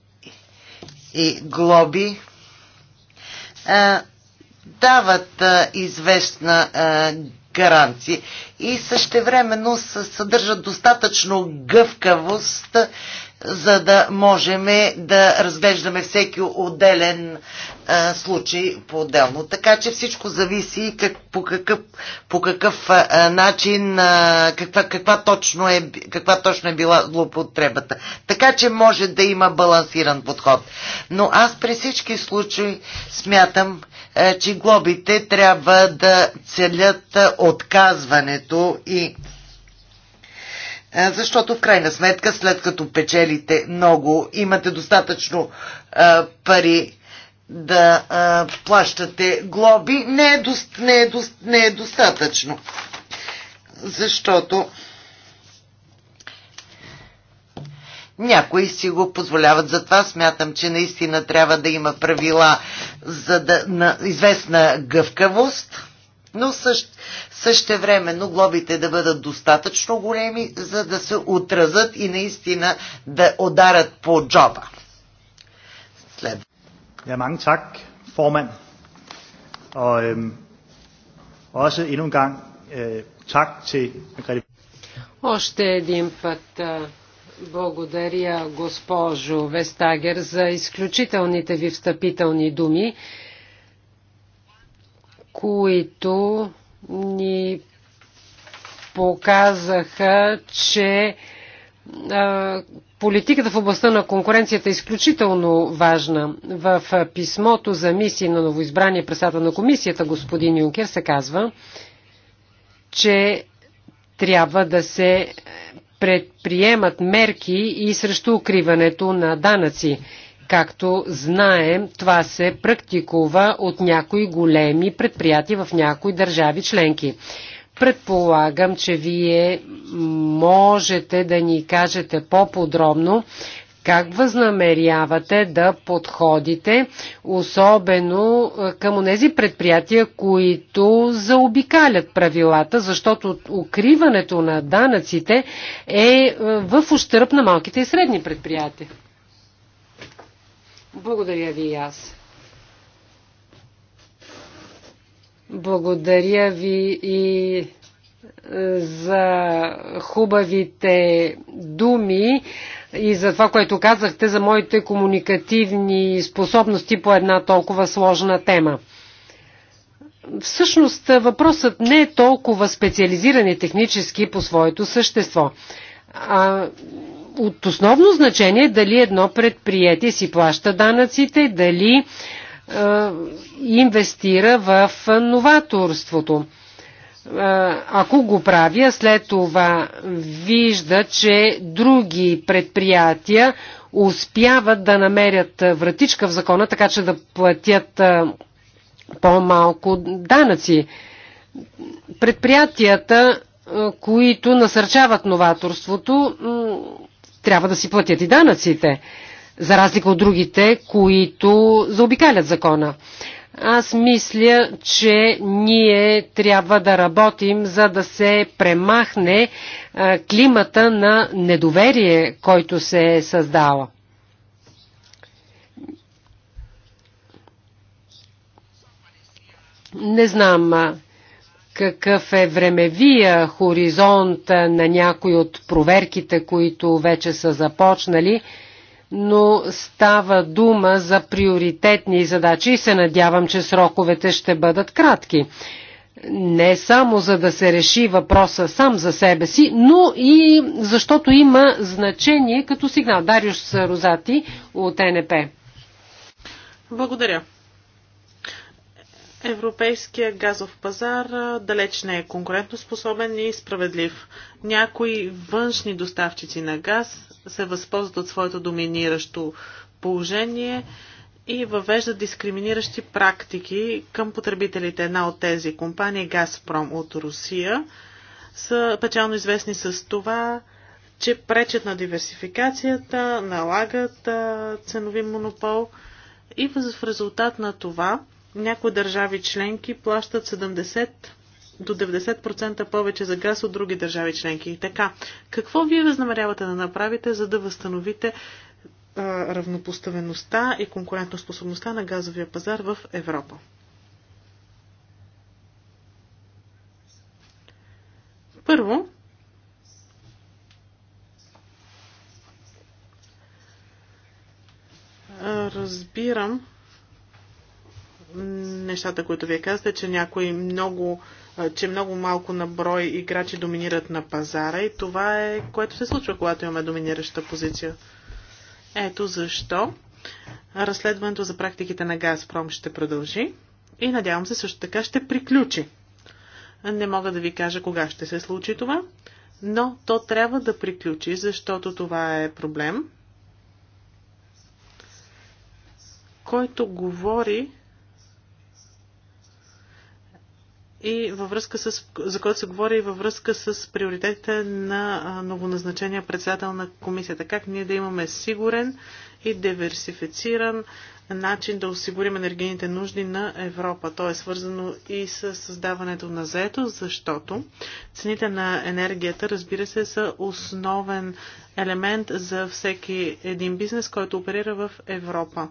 и глоби дават известна гаранция и същевременно съдържат достатъчно гъвкавост за да можем да разглеждаме всеки отделен а, случай по-отделно. Така че всичко зависи как, по какъв, по какъв а, начин, а, каква, каква, точно е, каква точно е била злоупотребата. Така че може да има балансиран подход. Но аз при всички случаи смятам, а, че глобите трябва да целят отказването и е, защото в крайна сметка, след като печелите много, имате достатъчно а, е, пари да а, е, плащате глоби, не е, дост, не, е дост, не е достатъчно. Защото някои си го позволяват. Затова смятам, че наистина трябва да има правила за да, на известна гъвкавост но също, същевременно глобите да бъдат достатъчно големи, за да се отразят и наистина да ударат по джоба. След. Ja, mange tak, formand. Og øhm, også endnu en gang øh, tak til Margrethe. Още един път благодаря госпожо Вестагер за изключителните ви встъпителни думи които ни показаха, че политиката в областта на конкуренцията е изключително важна. В писмото за мисии на новоизбрания председател на комисията господин Юнкер се казва, че трябва да се предприемат мерки и срещу укриването на данъци. Както знаем, това се практикува от някои големи предприятия в някои държави членки. Предполагам, че вие можете да ни кажете по-подробно как възнамерявате да подходите, особено е, към тези предприятия, които заобикалят правилата, защото укриването на данъците е, е в ущърп на малките и средни предприятия. Благодаря ви и аз. Благодаря ви и е, за хубавите думи и за това, което казахте за моите комуникативни способности по една толкова сложна тема. Всъщност въпросът не е толкова специализиран и технически по своето същество. А, от основно значение е дали едно предприятие си плаща данъците, дали е, инвестира в новаторството. Е, ако го правя, след това вижда, че други предприятия успяват да намерят вратичка в закона, така че да платят по-малко данъци. Предприятията, които насърчават новаторството, трябва да си платят и данъците, за разлика от другите, които заобикалят закона. Аз мисля, че ние трябва да работим, за да се премахне климата на недоверие, който се е създала. Не знам какъв е времевия хоризонт на някои от проверките, които вече са започнали, но става дума за приоритетни задачи и се надявам, че сроковете ще бъдат кратки. Не само за да се реши въпроса сам за себе си, но и защото има значение като сигнал. Дариус Розати от НП. Благодаря. Европейският газов пазар далеч не е конкурентоспособен и справедлив. Някои външни доставчици на газ се възползват от своето доминиращо положение и въвеждат дискриминиращи практики към потребителите. Една от тези компании, Газпром от Русия, са печално известни с това, че пречат на диверсификацията, налагат ценови монопол и в резултат на това някои държави членки плащат 70 до 90% повече за газ от други държави членки. И така, какво вие възнамерявате да направите, за да възстановите а, равнопоставеността и конкурентоспособността на газовия пазар в Европа? Първо, разбирам, нещата, които вие казвате, че някои много, че много малко на брой играчи доминират на пазара и това е което се случва, когато имаме доминираща позиция. Ето защо разследването за практиките на Газпром ще продължи и надявам се също така ще приключи. Не мога да ви кажа кога ще се случи това, но то трябва да приключи, защото това е проблем, който говори и във връзка с, за който се говори и във връзка с приоритетите на новоназначения председател на комисията. Как ние да имаме сигурен и диверсифициран начин да осигурим енергийните нужди на Европа. То е свързано и с създаването на заето, защото цените на енергията, разбира се, са основен елемент за всеки един бизнес, който оперира в Европа.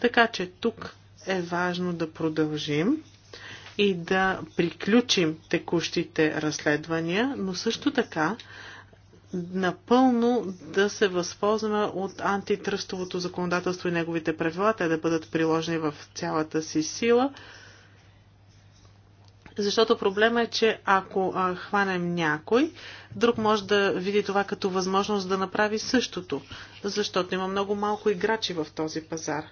Така че тук е важно да продължим и да приключим текущите разследвания, но също така напълно да се възползваме от антитръстовото законодателство и неговите правила, те да бъдат приложени в цялата си сила. Защото проблема е, че ако а, хванем някой, друг може да види това като възможност да направи същото. Защото има много малко играчи в този пазар.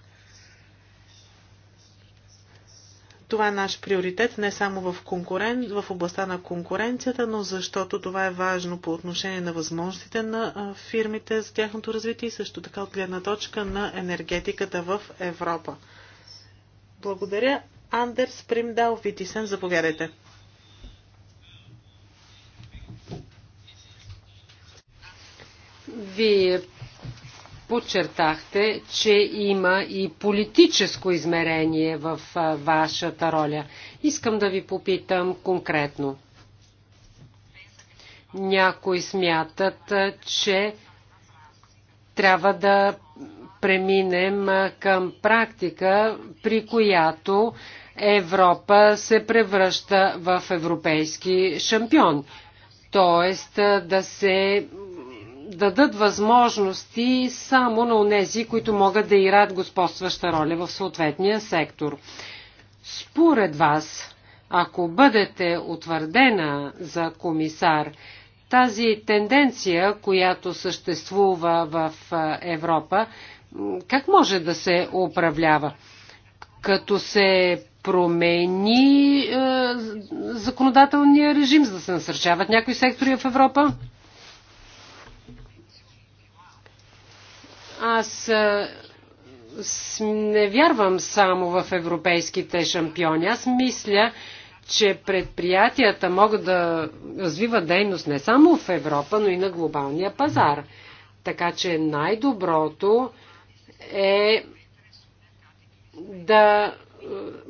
Това е наш приоритет не само в, конкурен... в областта на конкуренцията, но защото това е важно по отношение на възможностите на фирмите за тяхното развитие и също така от гледна точка на енергетиката в Европа. Благодаря. Андерс Примдал Витисен, заповядайте. Вие подчертахте, че има и политическо измерение в вашата роля. Искам да ви попитам конкретно. Някои смятат, че трябва да преминем към практика, при която Европа се превръща в европейски шампион. Тоест да се дадат възможности само на онези, които могат да играят господстваща роля в съответния сектор. Според вас, ако бъдете утвърдена за комисар, тази тенденция, която съществува в Европа, как може да се управлява? Като се промени е, законодателния режим, за да се насърчават някои сектори в Европа? Аз не вярвам само в европейските шампиони. Аз мисля, че предприятията могат да развиват дейност не само в Европа, но и на глобалния пазар. Така че най-доброто е да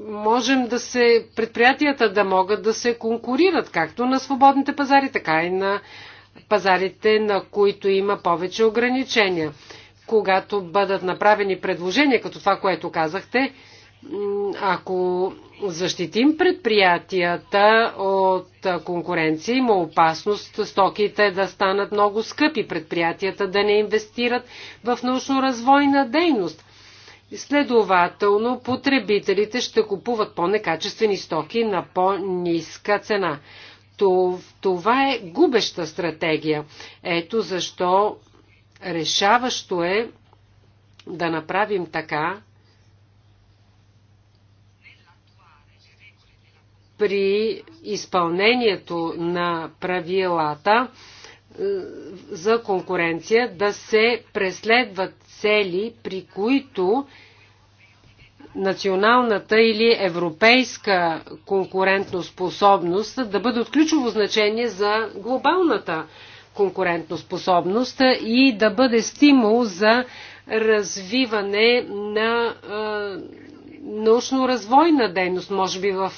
можем да се, предприятията да могат да се конкурират както на свободните пазари, така и на пазарите, на които има повече ограничения когато бъдат направени предложения, като това, което казахте, ако защитим предприятията от конкуренция, има опасност стоките да станат много скъпи, предприятията да не инвестират в научно-развойна дейност. Следователно, потребителите ще купуват по-некачествени стоки на по-ниска цена. Това е губеща стратегия. Ето защо Решаващо е да направим така, при изпълнението на правилата е, за конкуренция да се преследват цели, при които националната или европейска конкурентоспособност да бъде от ключово значение за глобалната конкурентоспособност и да бъде стимул за развиване на научно-развойна дейност, може би в,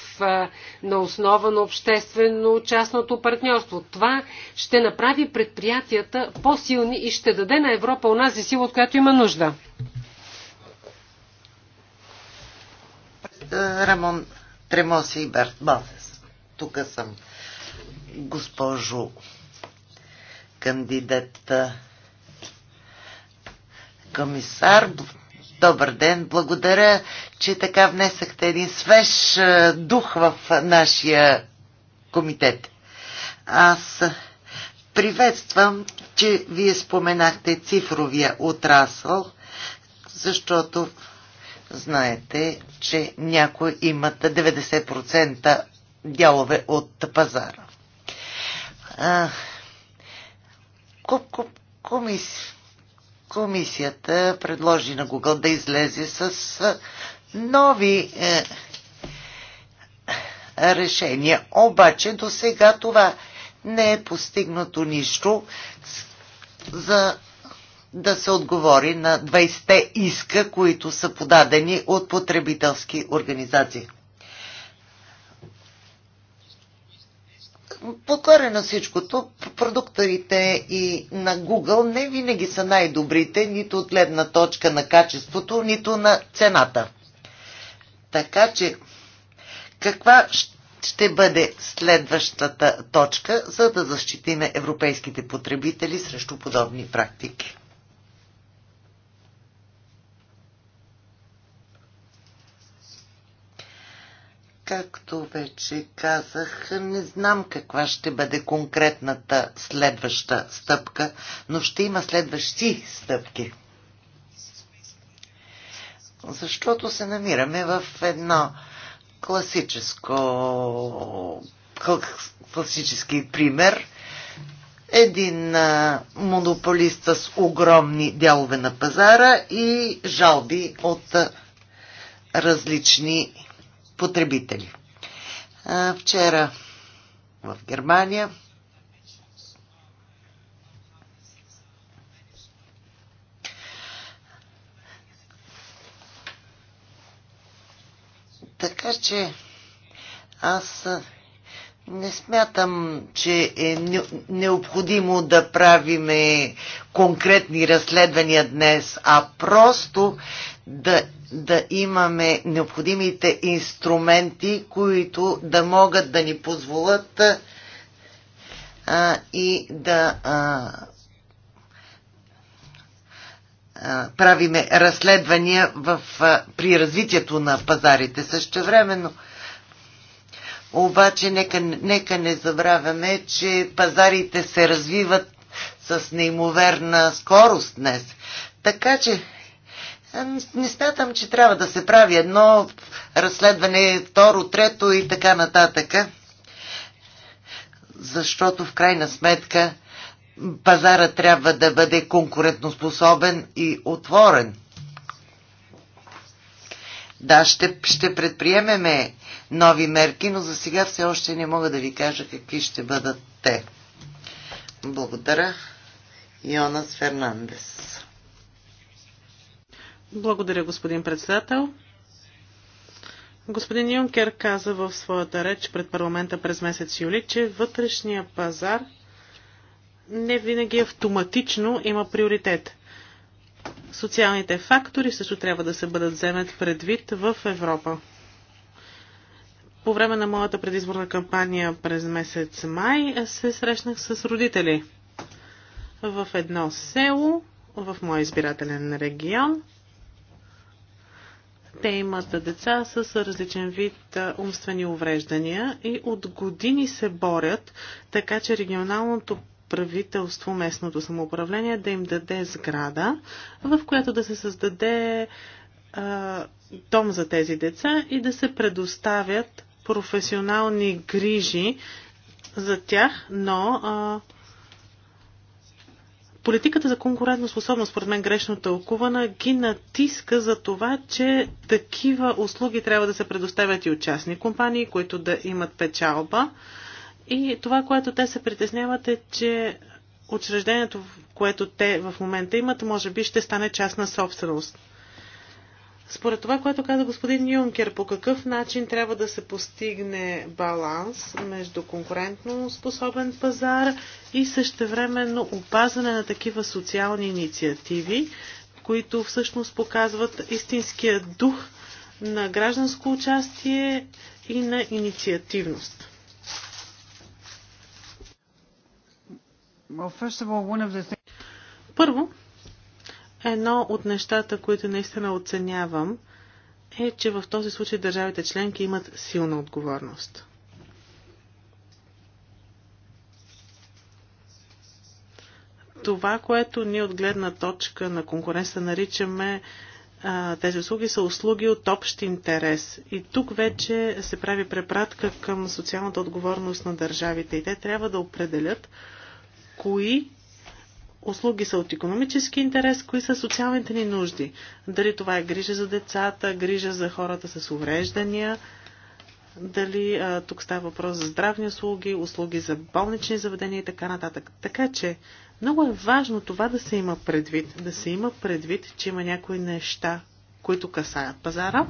на основа на обществено-частното партньорство. Това ще направи предприятията по-силни и ще даде на Европа унази сила, от която има нужда. Е, Рамон Тремоси и Берт Балес. Тук съм, госпожо кандидат комисар. Добър ден! Благодаря, че така внесахте един свеж е, дух в нашия комитет. Аз приветствам, че вие споменахте цифровия отрасъл, защото знаете, че някои имат 90% дялове от пазара комисията предложи на Google да излезе с нови е, решения. Обаче до сега това не е постигнато нищо за да се отговори на 20-те иска, които са подадени от потребителски организации. Покоре на всичкото, продукторите и на Google не винаги са най-добрите, нито от гледна точка на качеството, нито на цената. Така че, каква ще бъде следващата точка, за да защитиме европейските потребители срещу подобни практики? Както вече казах, не знам каква ще бъде конкретната следваща стъпка, но ще има следващи стъпки. Защото се намираме в едно класическо класически пример. Един а, монополист с огромни дялове на пазара и жалби от а, различни потребители. А, вчера в Германия Така че аз не смятам, че е необходимо да правиме конкретни разследвания днес, а просто да, да имаме необходимите инструменти, които да могат да ни позволят а, и да а, а, правиме разследвания в, а, при развитието на пазарите. Същевременно времено обаче нека, нека не забравяме, че пазарите се развиват с неимоверна скорост днес. Така че не смятам, че трябва да се прави едно разследване, второ, трето и така нататък. Защото в крайна сметка пазара трябва да бъде конкурентоспособен и отворен. Да, ще, ще предприемеме нови мерки, но за сега все още не мога да ви кажа какви ще бъдат те. Благодаря. Йонас Фернандес. Благодаря, господин председател. Господин Юнкер каза в своята реч пред парламента през месец юли, че вътрешния пазар не винаги автоматично има приоритет. Социалните фактори също трябва да се бъдат вземет предвид в Европа. По време на моята предизборна кампания през месец май се срещнах с родители в едно село, в моя избирателен регион. Те имат деца с различен вид умствени увреждания и от години се борят, така че регионалното правителство, местното самоуправление да им даде сграда, в която да се създаде а, дом за тези деца и да се предоставят професионални грижи за тях, но а, политиката за конкурентна способност, според мен грешно тълкувана, ги натиска за това, че такива услуги трябва да се предоставят и от частни компании, които да имат печалба. И това, което те се притесняват е, че учреждението, което те в момента имат, може би ще стане част на собственост. Според това, което каза господин Юнкер, по какъв начин трябва да се постигне баланс между конкурентно способен пазар и същевременно опазване на такива социални инициативи, които всъщност показват истинския дух на гражданско участие и на инициативност. Първо, едно от нещата, които наистина оценявам, е, че в този случай държавите членки имат силна отговорност. Това, което ние от гледна точка на конкуренция наричаме тези услуги, са услуги от общ интерес. И тук вече се прави препратка към социалната отговорност на държавите. И те трябва да определят кои услуги са от економически интерес, кои са социалните ни нужди. Дали това е грижа за децата, грижа за хората с увреждания, дали а, тук става въпрос за здравни услуги, услуги за болнични заведения и така нататък. Така че много е важно това да се има предвид. Да се има предвид, че има някои неща, които касаят пазара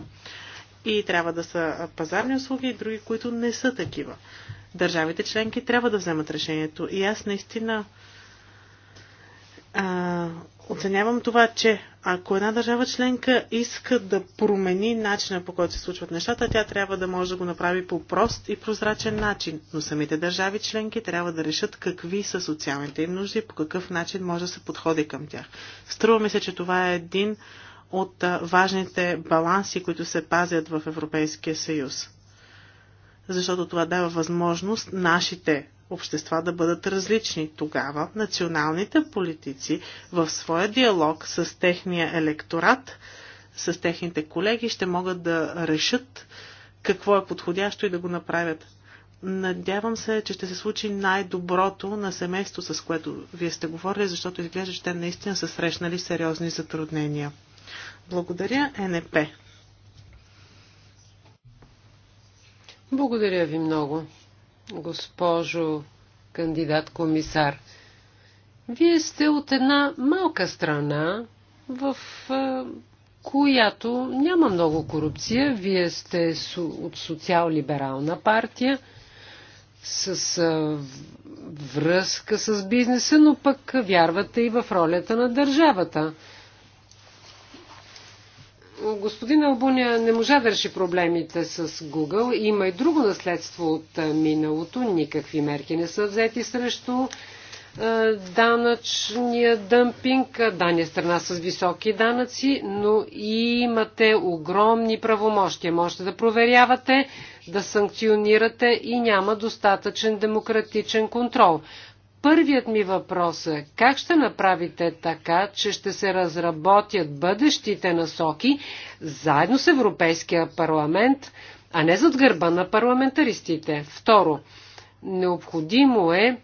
и трябва да са пазарни услуги и други, които не са такива. Държавите членки трябва да вземат решението. И аз наистина а, оценявам това, че ако една държава членка иска да промени начина по който се случват нещата, тя трябва да може да го направи по прост и прозрачен начин. Но самите държави членки трябва да решат какви са социалните им нужди и по какъв начин може да се подходи към тях. Струва ми се, че това е един от важните баланси, които се пазят в Европейския съюз защото това дава възможност нашите общества да бъдат различни. Тогава националните политици в своя диалог с техния електорат, с техните колеги ще могат да решат какво е подходящо и да го направят. Надявам се, че ще се случи най-доброто на семейство, с което вие сте говорили, защото изглежда, че те наистина са срещнали сериозни затруднения. Благодаря, НП. Благодаря ви много, госпожо кандидат-комисар. Вие сте от една малка страна, в която няма много корупция. Вие сте от социал-либерална партия с а, връзка с бизнеса, но пък вярвате и в ролята на държавата господин Албуния не можа да реши проблемите с Google. Има и друго наследство от миналото. Никакви мерки не са взети срещу данъчния дъмпинг. Дания страна с високи данъци, но имате огромни правомощия. Можете да проверявате, да санкционирате и няма достатъчен демократичен контрол. Първият ми въпрос е как ще направите така, че ще се разработят бъдещите насоки заедно с Европейския парламент, а не зад гърба на парламентаристите. Второ, необходимо е,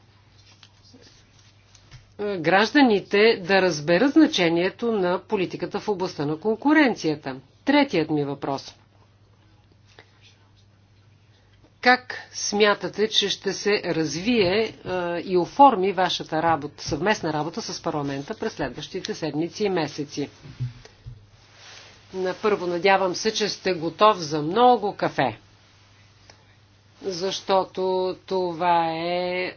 е гражданите да разберат значението на политиката в областта на конкуренцията. Третият ми въпрос – как смятате, че ще се развие е, и оформи вашата работа, съвместна работа с парламента през следващите седмици и месеци? На първо надявам се, че сте готов за много кафе, защото това е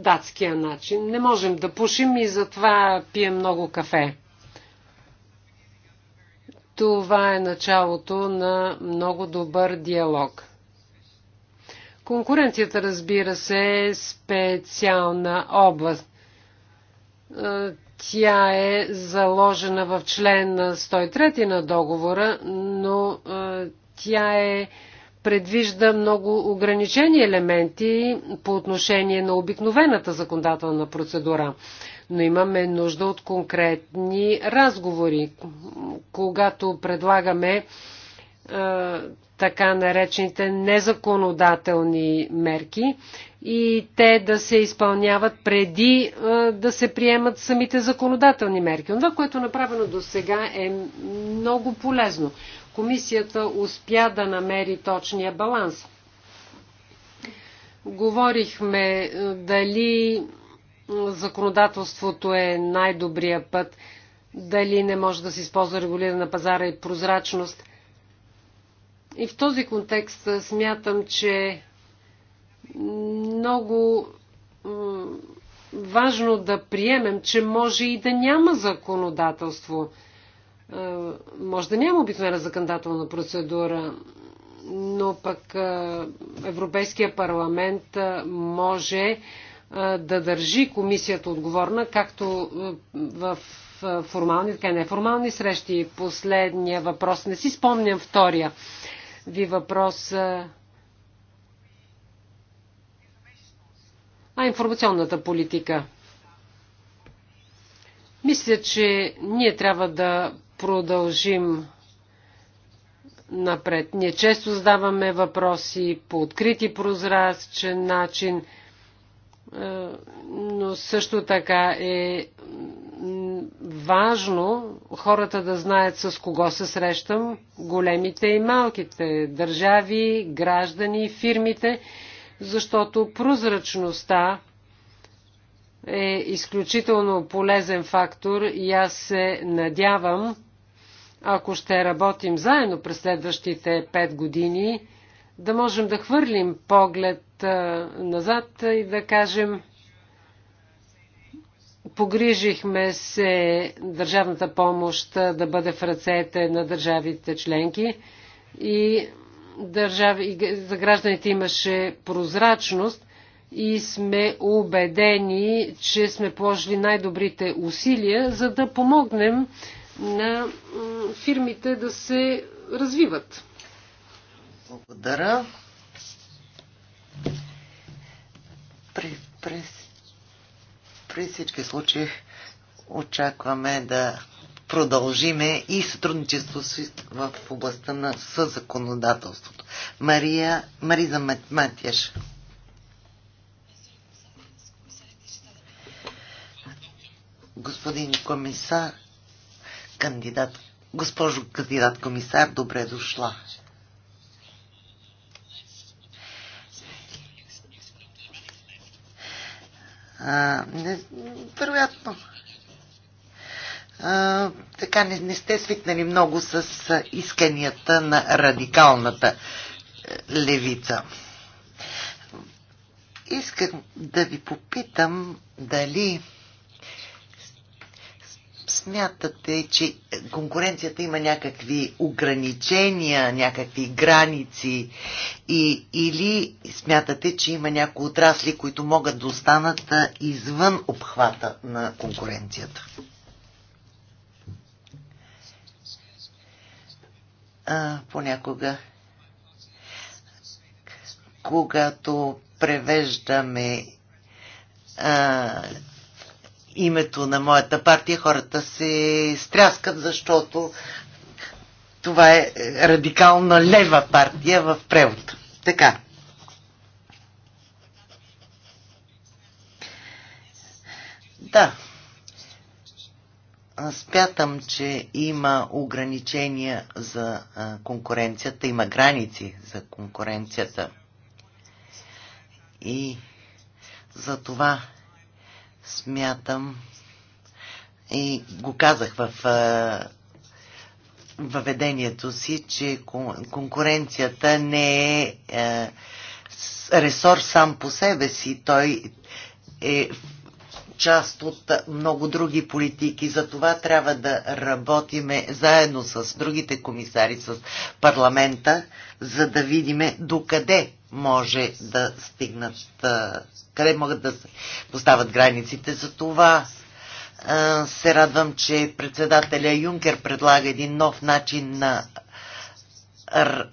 датския начин. Не можем да пушим и затова пием много кафе. Това е началото на много добър диалог. Конкуренцията, разбира се, е специална област. Тя е заложена в член 103 на договора, но тя е предвижда много ограничени елементи по отношение на обикновената законодателна процедура. Но имаме нужда от конкретни разговори. Когато предлагаме така наречените незаконодателни мерки и те да се изпълняват преди е, да се приемат самите законодателни мерки. Това, което е направено до сега е много полезно. Комисията успя да намери точния баланс. Говорихме е, дали законодателството е най-добрия път, дали не може да се използва регулирана пазара и прозрачност. И в този контекст смятам, че много важно да приемем, че може и да няма законодателство. Може да няма обикновена законодателна процедура, но пък Европейския парламент може да държи комисията отговорна, както в формални, така и неформални срещи. Последния въпрос, не си спомням втория ви въпрос. А информационната политика. Мисля, че ние трябва да продължим напред. Ние често задаваме въпроси по открит и прозрачен начин, е, но също така е важно хората да знаят с кого се срещам, големите и малките държави, граждани, фирмите, защото прозрачността е изключително полезен фактор и аз се надявам, ако ще работим заедно през следващите пет години, да можем да хвърлим поглед назад и да кажем Погрижихме се държавната помощ да бъде в ръцете на държавите членки и държави, за гражданите имаше прозрачност и сме убедени, че сме положили най-добрите усилия, за да помогнем на фирмите да се развиват. Благодаря. При, през при всички случаи очакваме да продължиме и сътрудничество в областта на съзаконодателството. Мария, Мариза Мат, Матяш. Господин комисар, кандидат, госпожо кандидат комисар, добре дошла. не, вероятно. А, така не, не сте свикнали много с исканията на радикалната е, левица. Искам да ви попитам дали смятате, че конкуренцията има някакви ограничения, някакви граници и, или смятате, че има някои отрасли, които могат да останат извън обхвата на конкуренцията? А, понякога, когато превеждаме името на моята партия хората се стряскат, защото това е радикална лева партия в превод. Така. Да. Спятам, че има ограничения за конкуренцията, има граници за конкуренцията. И за това Смятам и го казах в въведението си, че конкуренцията не е ресор сам по себе си. Той е част от много други политики. За това трябва да работиме заедно с другите комисари, с парламента, за да видиме докъде може да стигнат, къде могат да се поставят границите. За това се радвам, че председателя Юнкер предлага един нов начин на,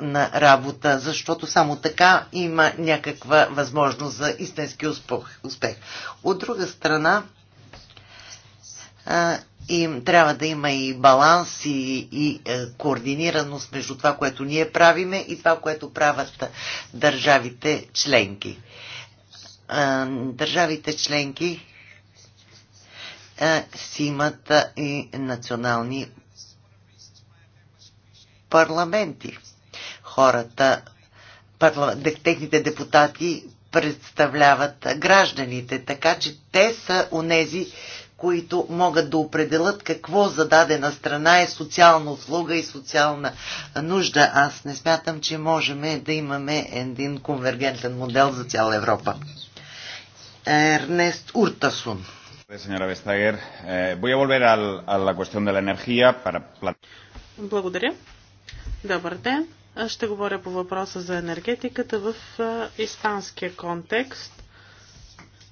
на работа, защото само така има някаква възможност за истински успех. От друга страна, им трябва да има и баланс и, и е, координираност между това, което ние правиме и това, което правят държавите членки. Е, държавите членки е, си имат и национални парламенти. Хората, парла, техните депутати представляват гражданите, така че те са унези, които могат да определят какво за дадена страна е социална услуга и социална нужда. Аз не смятам, че можем да имаме един конвергентен модел за цяла Европа. Ернест Уртасун. Señora Vestager, eh, voy a volver al, a la cuestión de la energía para... Благодаря. Добър ден. Ще говоря по въпроса за енергетиката в испанския контекст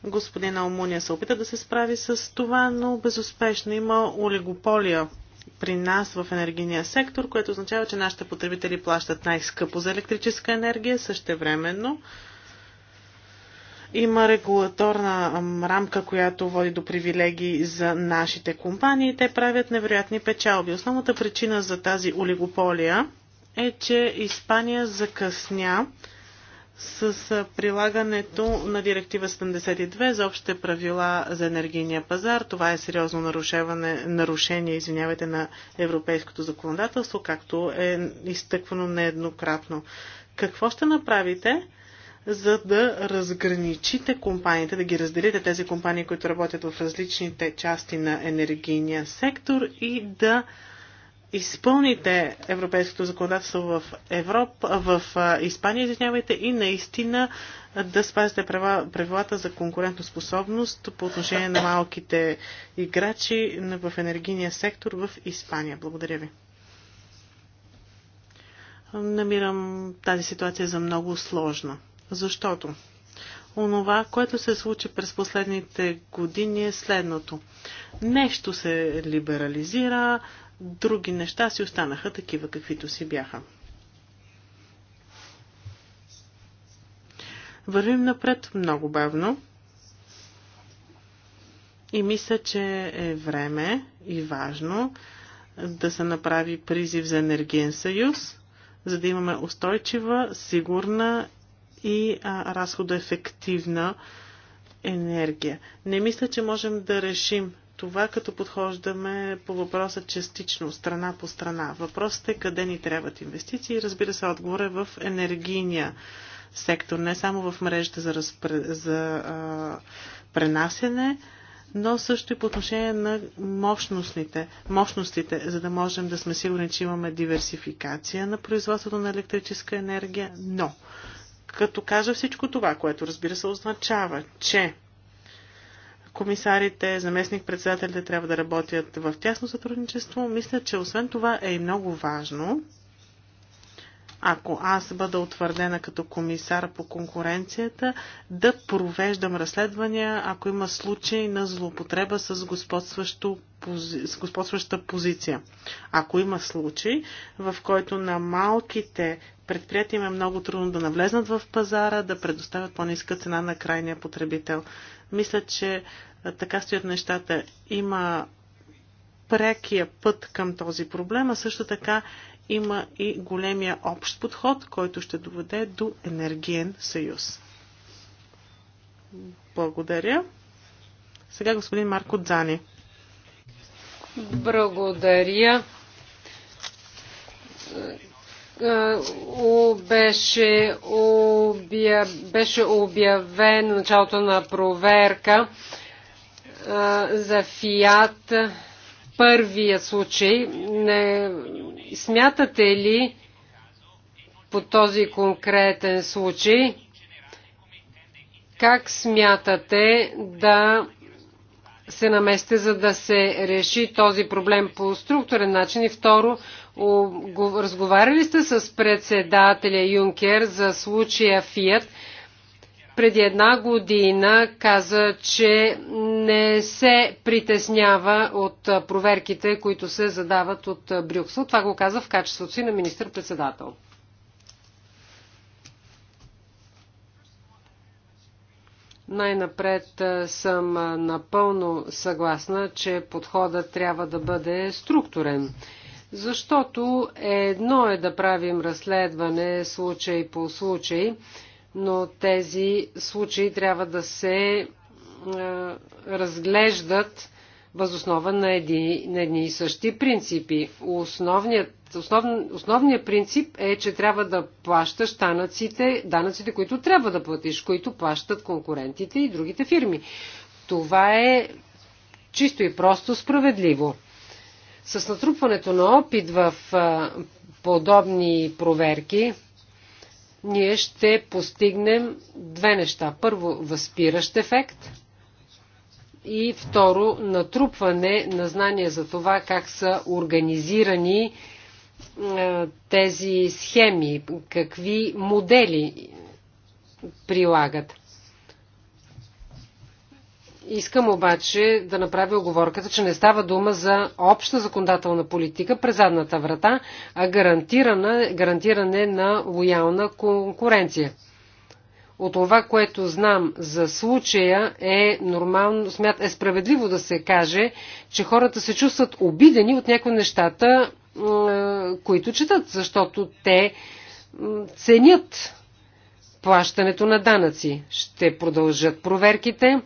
Господин Алмуния се опита да се справи с това, но безуспешно има олигополия при нас в енергийния сектор, което означава, че нашите потребители плащат най-скъпо за електрическа енергия същевременно. Има регулаторна рамка, която води до привилегии за нашите компании. Те правят невероятни печалби. Основната причина за тази олигополия е, че Испания закъсня с прилагането на директива 72 за общите правила за енергийния пазар. Това е сериозно нарушение, нарушение извинявайте, на европейското законодателство, както е изтъквано нееднократно. Какво ще направите, за да разграничите компаниите, да ги разделите тези компании, които работят в различните части на енергийния сектор и да изпълните европейското законодателство в Европа, в Испания, извинявайте, и наистина да спазите права, правилата за конкурентоспособност по отношение на малките играчи в енергийния сектор в Испания. Благодаря ви. Намирам тази ситуация за много сложна, защото онова, което се случи през последните години е следното. Нещо се либерализира, други неща си останаха такива, каквито си бяха. Вървим напред много бавно и мисля, че е време и важно да се направи призив за енергиен съюз, за да имаме устойчива, сигурна и разходоефективна енергия. Не мисля, че можем да решим това, като подхождаме по въпроса частично, страна по страна. Въпросът е къде ни трябват инвестиции. Разбира се, отговор е в енергийния сектор, не само в мрежата за, разпре... за а, пренасене, но също и по отношение на мощностите, мощностите, за да можем да сме сигурни, че имаме диверсификация на производството на електрическа енергия. Но, като кажа всичко това, което разбира се означава, че комисарите, заместник-председателите трябва да работят в тясно сътрудничество. Мисля, че освен това е и много важно, ако аз бъда утвърдена като комисар по конкуренцията, да провеждам разследвания, ако има случай на злоупотреба с, пози... с господстваща позиция. Ако има случай, в който на малките предприятия им е много трудно да навлезнат в пазара, да предоставят по-ниска цена на крайния потребител. Мисля, че така стоят нещата. Има прекия път към този проблем, а също така има и големия общ подход, който ще доведе до енергиен съюз. Благодаря. Сега господин Марко Дзани. Благодаря беше, обя... беше обявен началото на проверка за Фиат. Първия случай. Не... Смятате ли по този конкретен случай? Как смятате да се наместе, за да се реши този проблем по структурен начин? И второ, разговаряли сте с председателя Юнкер за случая Фиат. Преди една година каза, че не се притеснява от проверките, които се задават от Брюксел. Това го каза в качеството си на министър-председател. Най-напред съм напълно съгласна, че подходът трябва да бъде структурен. Защото едно е да правим разследване случай по случай, но тези случаи трябва да се разглеждат възоснова на едни, на едни и същи принципи. Основният, основ, основният принцип е, че трябва да плащаш данъците, данъците, които трябва да платиш, които плащат конкурентите и другите фирми. Това е чисто и просто справедливо. С натрупването на опит в подобни проверки, ние ще постигнем две неща. Първо, възпиращ ефект – и второ натрупване на знания за това как са организирани е, тези схеми, какви модели прилагат. Искам обаче да направя оговорката, че не става дума за обща законодателна политика през задната врата, а гарантиране на лоялна конкуренция. От това, което знам за случая, е нормално, смят, е справедливо да се каже, че хората се чувстват обидени от някои нещата, които четат, защото те ценят плащането на данъци. Ще продължат проверките.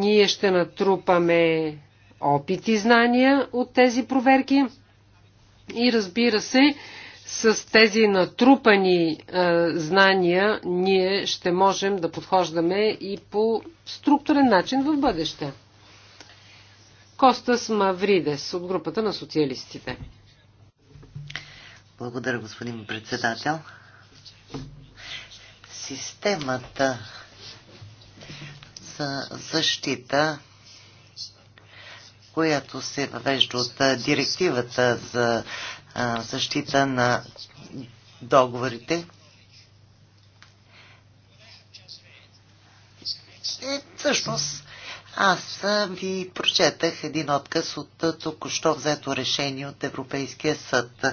Ние ще натрупаме опит и знания от тези проверки. И разбира се, с тези натрупани а, знания ние ще можем да подхождаме и по структурен начин в бъдеще. Костас Мавридес от групата на социалистите. Благодаря, господин председател. Системата за защита, която се въвежда от директивата за защита на договорите. И е, всъщност, аз ви прочетах един отказ от току-що взето решение от Европейския съд.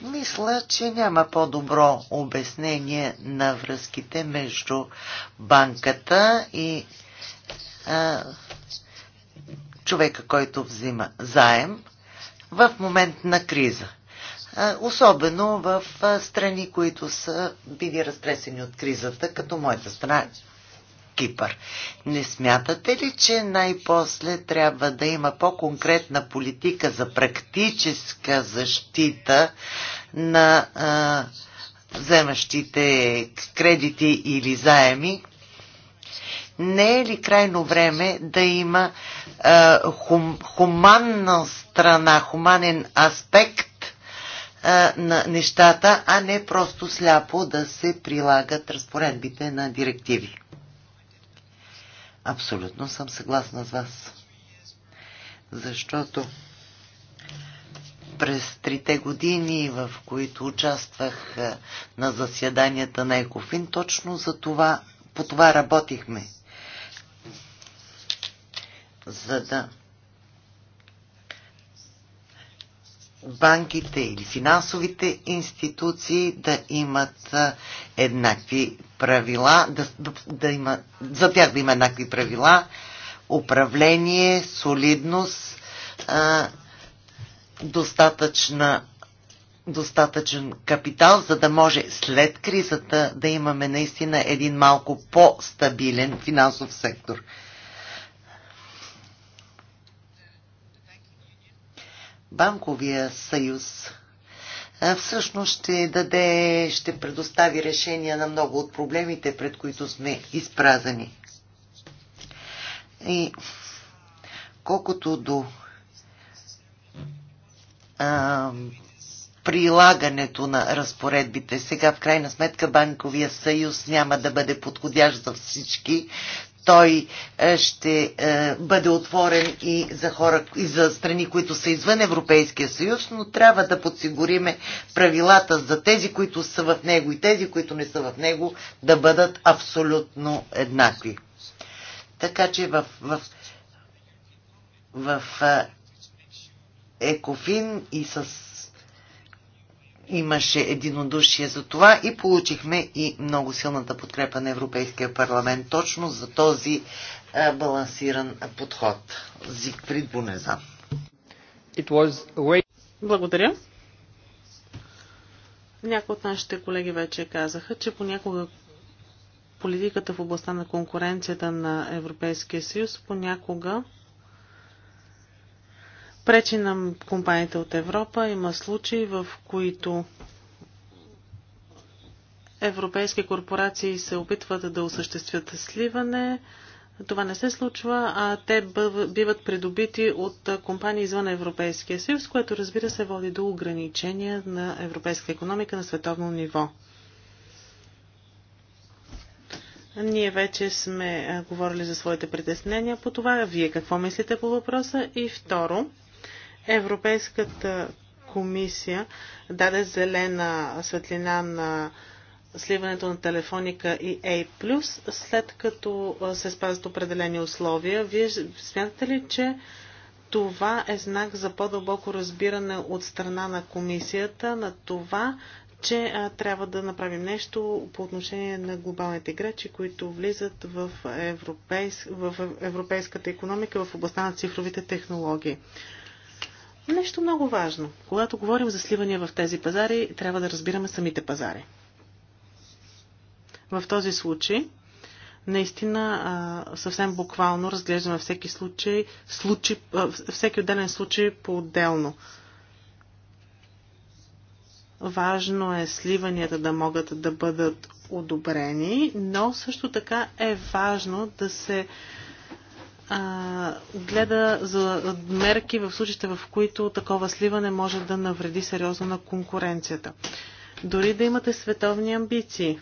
Мисля, че няма по-добро обяснение на връзките между банката и а, човека, който взима заем в момент на криза. Особено в страни, които са били разтресени от кризата, като моята страна Кипър. Не смятате ли, че най-после трябва да има по-конкретна политика за практическа защита на а, вземащите кредити или заеми, не е ли крайно време да има а, е, хум, хуманна страна, хуманен аспект а, е, на нещата, а не просто сляпо да се прилагат разпоредбите на директиви? Абсолютно съм съгласна с вас. Защото през трите години, в които участвах е, на заседанията на Екофин, точно за това, по това работихме за да банките или финансовите институции да имат еднакви правила, да, да има, за тях да има еднакви правила, управление, солидност, а, достатъчна, достатъчен капитал, за да може след кризата да имаме наистина един малко по-стабилен финансов сектор. банковия съюз всъщност ще даде, ще предостави решения на много от проблемите, пред които сме изпразени. И колкото до а, прилагането на разпоредбите. Сега в крайна сметка банковия съюз няма да бъде подходящ за всички, той е, ще е, бъде отворен и за, хора, и за страни, които са извън Европейския съюз, но трябва да подсигуриме правилата за тези, които са в него и тези, които не са в него, да бъдат абсолютно еднакви. Така че в, в, в е, Екофин и с имаше единодушие за това и получихме и много силната подкрепа на Европейския парламент точно за този балансиран подход. Зигфрид Бунеза. Was... Благодаря. Някои от нашите колеги вече казаха, че понякога политиката в областта на конкуренцията на Европейския съюз понякога пречи на компаниите от Европа. Има случаи, в които европейски корпорации се опитват да осъществят сливане. Това не се случва, а те биват придобити от компании извън Европейския съюз, което разбира се води до ограничения на европейска економика на световно ниво. Ние вече сме говорили за своите притеснения по това. Вие какво мислите по въпроса? И второ, Европейската комисия даде зелена светлина на сливането на телефоника и A+, след като се спазват определени условия. Вие смятате ли, че това е знак за по-дълбоко разбиране от страна на комисията на това, че а, трябва да направим нещо по отношение на глобалните играчи, които влизат в, европейс... в европейската економика в областта на цифровите технологии. Нещо много важно. Когато говорим за сливания в тези пазари, трябва да разбираме самите пазари. В този случай, наистина съвсем буквално разглеждаме всеки случай, случай всеки отделен случай по-отделно. Важно е сливанията да могат да бъдат одобрени, но също така е важно да се а, гледа за мерки в случаите, в които такова сливане може да навреди сериозно на конкуренцията. Дори да имате световни амбиции,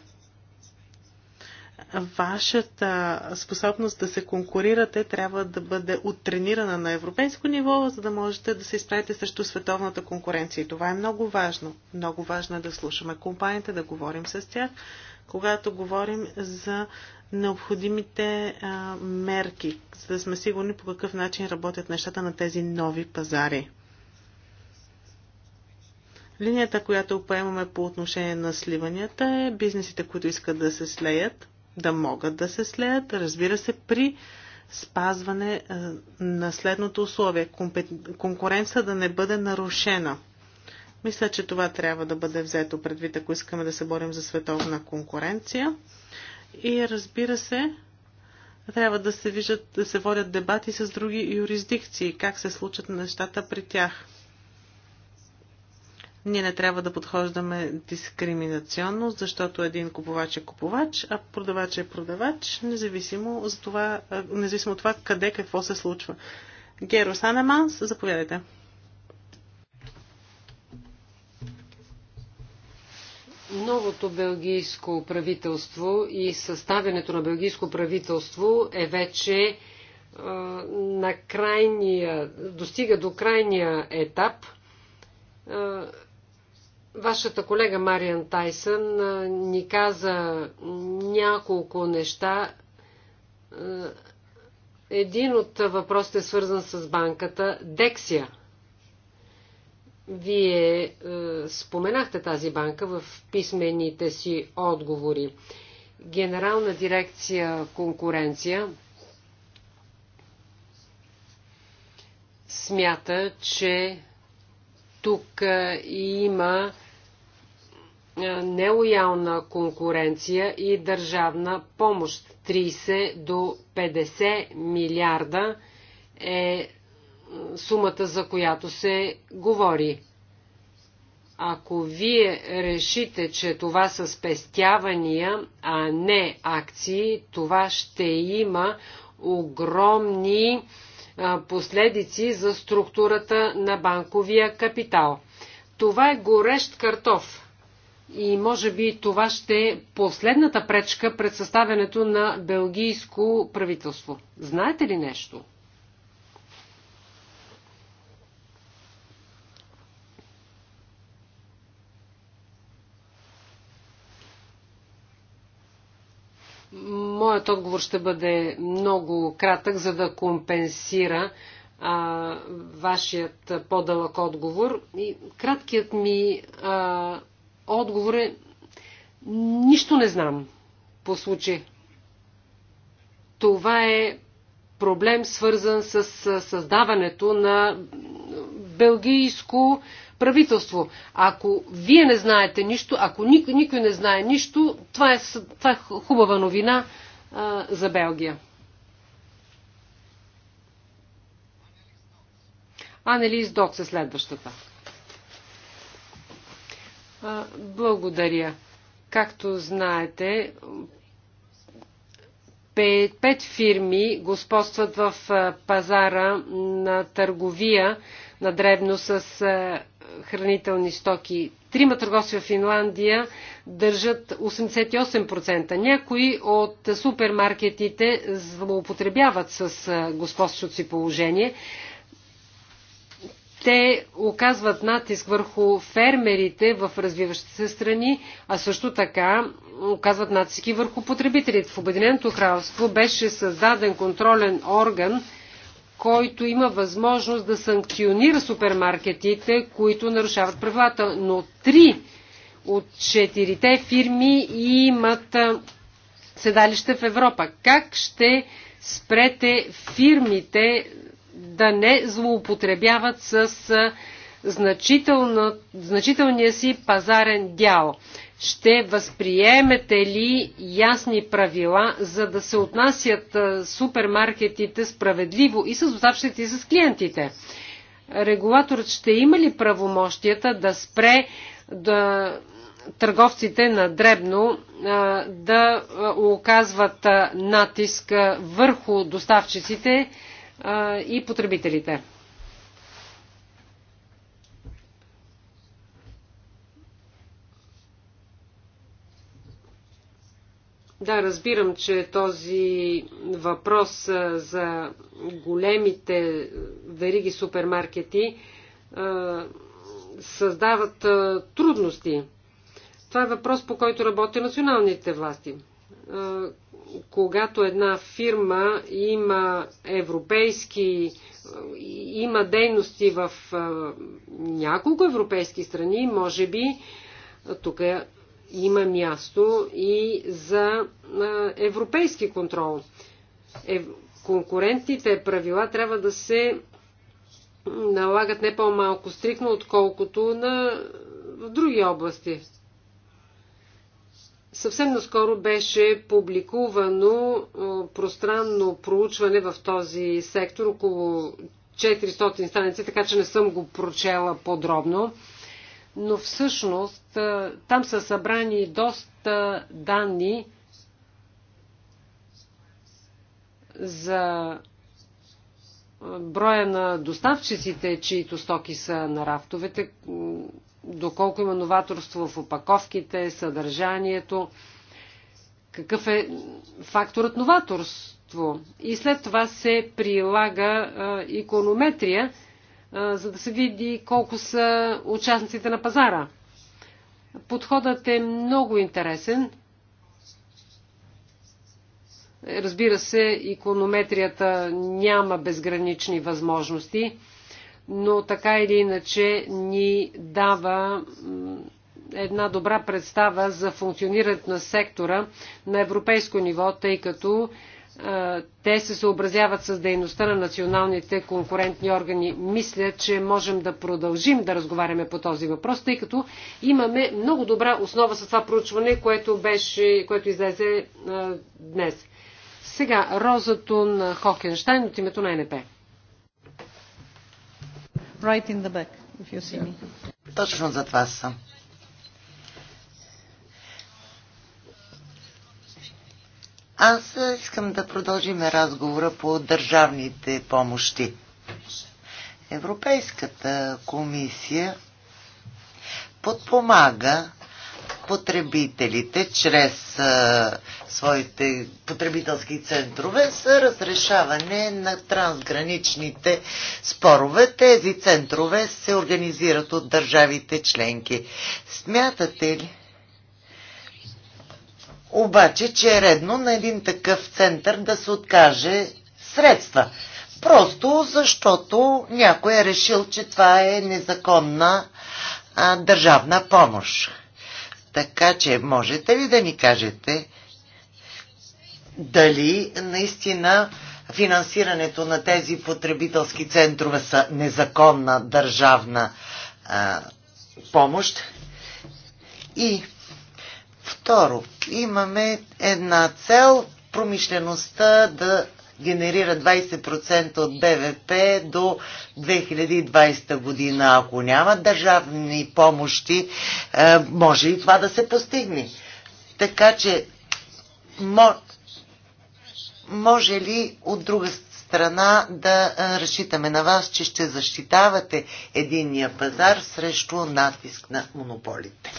вашата способност да се конкурирате трябва да бъде оттренирана на европейско ниво, за да можете да се изправите срещу световната конкуренция. И това е много важно. Много важно е да слушаме компаниите, да говорим с тях, когато говорим за необходимите а, мерки, за да сме сигурни по какъв начин работят нещата на тези нови пазари. Линията, която поемаме по отношение на сливанията е бизнесите, които искат да се слеят, да могат да се слеят, разбира се, при спазване на следното условие. Конкуренцията да не бъде нарушена – мисля, че това трябва да бъде взето предвид, ако искаме да се борим за световна конкуренция. И разбира се, трябва да се, виждат, да се водят дебати с други юрисдикции, как се случат нещата при тях. Ние не трябва да подхождаме дискриминационно, защото един купувач е купувач, а продавач е продавач, независимо, за това, независимо от това къде какво се случва. Геро Санеманс, заповядайте. Новото белгийско правителство и съставянето на белгийско правителство е вече на крайния, достига до крайния етап. Вашата колега Мариан Тайсън ни каза няколко неща. Един от въпросите е свързан с банката Дексия. Вие е, споменахте тази банка в писмените си отговори. Генерална дирекция конкуренция смята, че тук е, има е, нелоялна конкуренция и държавна помощ. 30 до 50 милиарда е сумата, за която се говори. Ако вие решите, че това са спестявания, а не акции, това ще има огромни последици за структурата на банковия капитал. Това е горещ картоф. И може би това ще е последната пречка пред съставянето на белгийско правителство. Знаете ли нещо? Моят отговор ще бъде много кратък, за да компенсира а, вашият по-дълъг отговор. И краткият ми а, отговор е нищо не знам по случай. Това е проблем свързан с създаването на белгийско правителство. Ако вие не знаете нищо, ако никой, никой не знае нищо, това е, това е хубава новина а, за Белгия. Анелис Докс е следващата. А, благодаря. Както знаете, пет, пет фирми господстват в пазара на търговия на дребно с хранителни стоки. Трима търговци в Финландия държат 88%. Някои от супермаркетите злоупотребяват с господството си положение. Те оказват натиск върху фермерите в развиващите се страни, а също така оказват натиски върху потребителите. В Обединеното кралство беше създаден контролен орган – който има възможност да санкционира супермаркетите, които нарушават правилата. Но три от четирите фирми имат седалище в Европа. Как ще спрете фирмите да не злоупотребяват с значителния си пазарен дял? ще възприемете ли ясни правила, за да се отнасят супермаркетите справедливо и с доставчиците и с клиентите? Регулаторът ще има ли правомощията да спре да търговците на дребно да оказват натиск върху доставчиците и потребителите? Да, разбирам, че този въпрос за големите вериги супермаркети създават трудности. Това е въпрос, по който работят националните власти. Когато една фирма има европейски, има дейности в няколко европейски страни, може би тук е има място и за европейски контрол. Е, конкурентните правила трябва да се налагат не по-малко стрикно, отколкото на в други области. Съвсем наскоро беше публикувано пространно проучване в този сектор, около 400 страници, така че не съм го прочела подробно но всъщност е, там са събрани доста данни за броя на доставчиците, чието стоки са на рафтовете, доколко има новаторство в опаковките, съдържанието, какъв е факторът новаторство. И след това се прилага е, иконометрия, за да се види колко са участниците на пазара. Подходът е много интересен. Разбира се, иконометрията няма безгранични възможности, но така или иначе ни дава една добра представа за функционирането на сектора на европейско ниво, тъй като те се съобразяват с дейността на националните конкурентни органи. Мисля, че можем да продължим да разговаряме по този въпрос, тъй като имаме много добра основа с това проучване, което, беше, което излезе а, днес. Сега, Роза Тун Хокенштайн от името на НП. Right in the back, if you see me. Точно за това съм. Аз искам да продължим разговора по държавните помощи. Европейската комисия подпомага потребителите чрез а, своите потребителски центрове за разрешаване на трансграничните спорове. Тези центрове се организират от държавите членки. Смятате ли? обаче, че е редно на един такъв център да се откаже средства. Просто защото някой е решил, че това е незаконна а, държавна помощ. Така че, можете ли да ни кажете дали наистина финансирането на тези потребителски центрове са незаконна държавна а, помощ? И Второ, имаме една цел промишлеността да генерира 20% от БВП до 2020 година. Ако няма държавни помощи, е, може и това да се постигне. Така че, може ли от друга страна да е, разчитаме на вас, че ще защитавате единния пазар срещу натиск на монополите?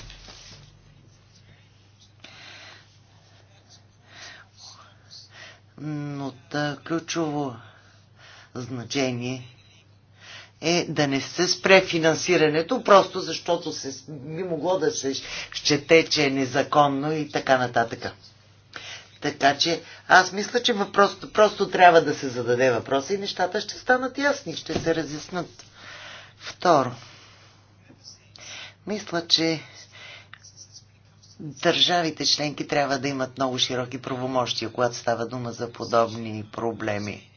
от ключово значение е да не се спре финансирането, просто защото се, би могло да се счете, че е незаконно и така нататък. Така че аз мисля, че въпросът просто трябва да се зададе въпроса и нещата ще станат ясни, ще се разяснат. Второ, мисля, че държавите членки трябва да имат много широки правомощия, когато става дума за подобни проблеми.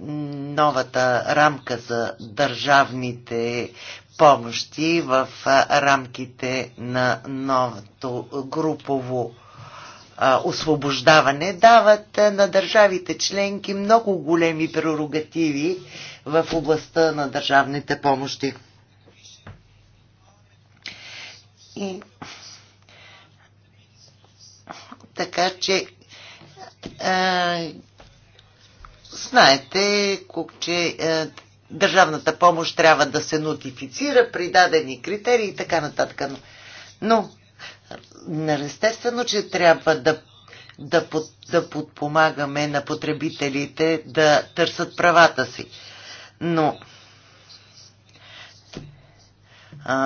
Новата рамка за държавните помощи в рамките на новото групово освобождаване дават на държавите членки много големи прерогативи в областта на държавните помощи. И... Така че а, знаете, че а, държавната помощ трябва да се нотифицира при дадени критерии и така нататък. Но, но естествено, че трябва да, да, под, да подпомагаме на потребителите да търсят правата си. Но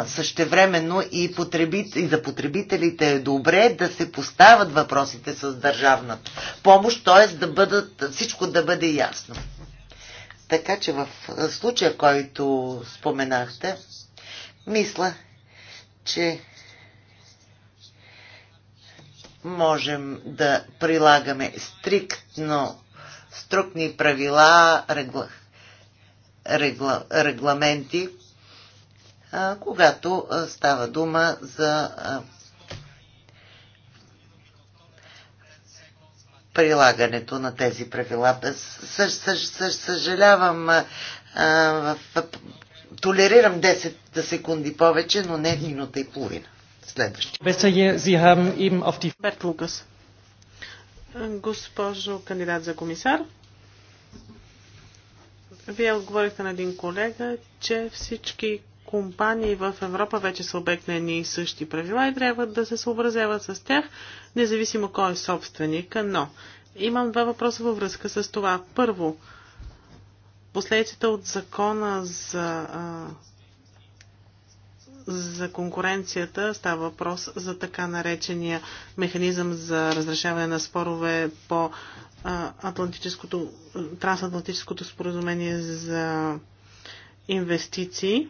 същевременно и, потребит, и за потребителите е добре да се поставят въпросите с държавната помощ, т.е. да бъдат, всичко да бъде ясно. Така че в случая, който споменахте, мисля, че можем да прилагаме стриктно структни правила, регла, регла, регламенти, когато става дума за прилагането на тези правила. съжалявам, толерирам 10 секунди повече, но не минута и половина. Следващо. Госпожо кандидат за комисар, вие отговорихте на един колега, че всички компании в Европа вече са обект на едни и същи правила и трябва да се съобразяват с тях, независимо кой е собственика, но имам два въпроса във връзка с това. Първо, последиците от закона за, а, за конкуренцията става въпрос за така наречения механизъм за разрешаване на спорове по Атлантическото, трансатлантическото споразумение за инвестиции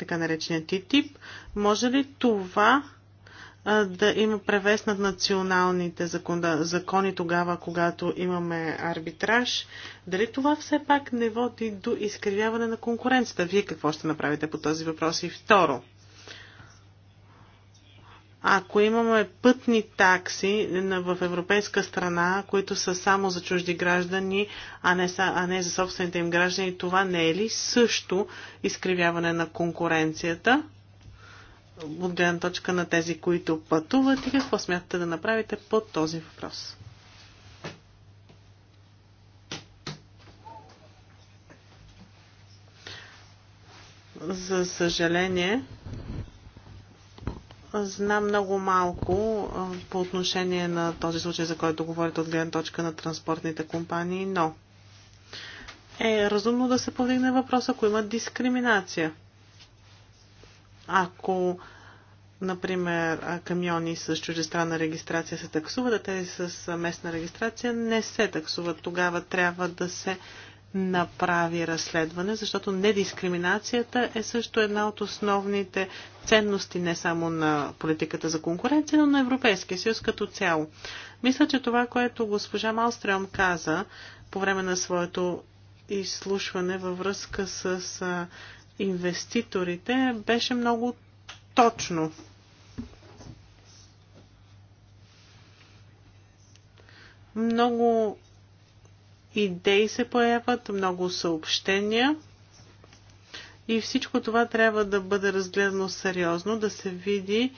така наречения тип, може ли това да има превес над националните закони тогава, когато имаме арбитраж. Дали това все пак не води до изкривяване на конкуренцията? Вие какво ще направите по този въпрос? И второ, ако имаме пътни такси в европейска страна, които са само за чужди граждани, а не, са, а не за собствените им граждани, това не е ли също изкривяване на конкуренцията? От гледна точка на тези, които пътуват и какво смятате да направите по този въпрос? За съжаление, Знам много малко по отношение на този случай, за който говорите от гледна точка на транспортните компании, но е разумно да се повдигне въпрос, ако има дискриминация. Ако, например, камиони с чужестранна регистрация се таксуват, а тези с местна регистрация не се таксуват, тогава трябва да се направи разследване, защото недискриминацията е също една от основните ценности не само на политиката за конкуренция, но на Европейския съюз като цяло. Мисля, че това, което госпожа Малстрем каза по време на своето изслушване във връзка с инвеститорите, беше много точно. Много идеи се появят, много съобщения. И всичко това трябва да бъде разгледано сериозно, да се види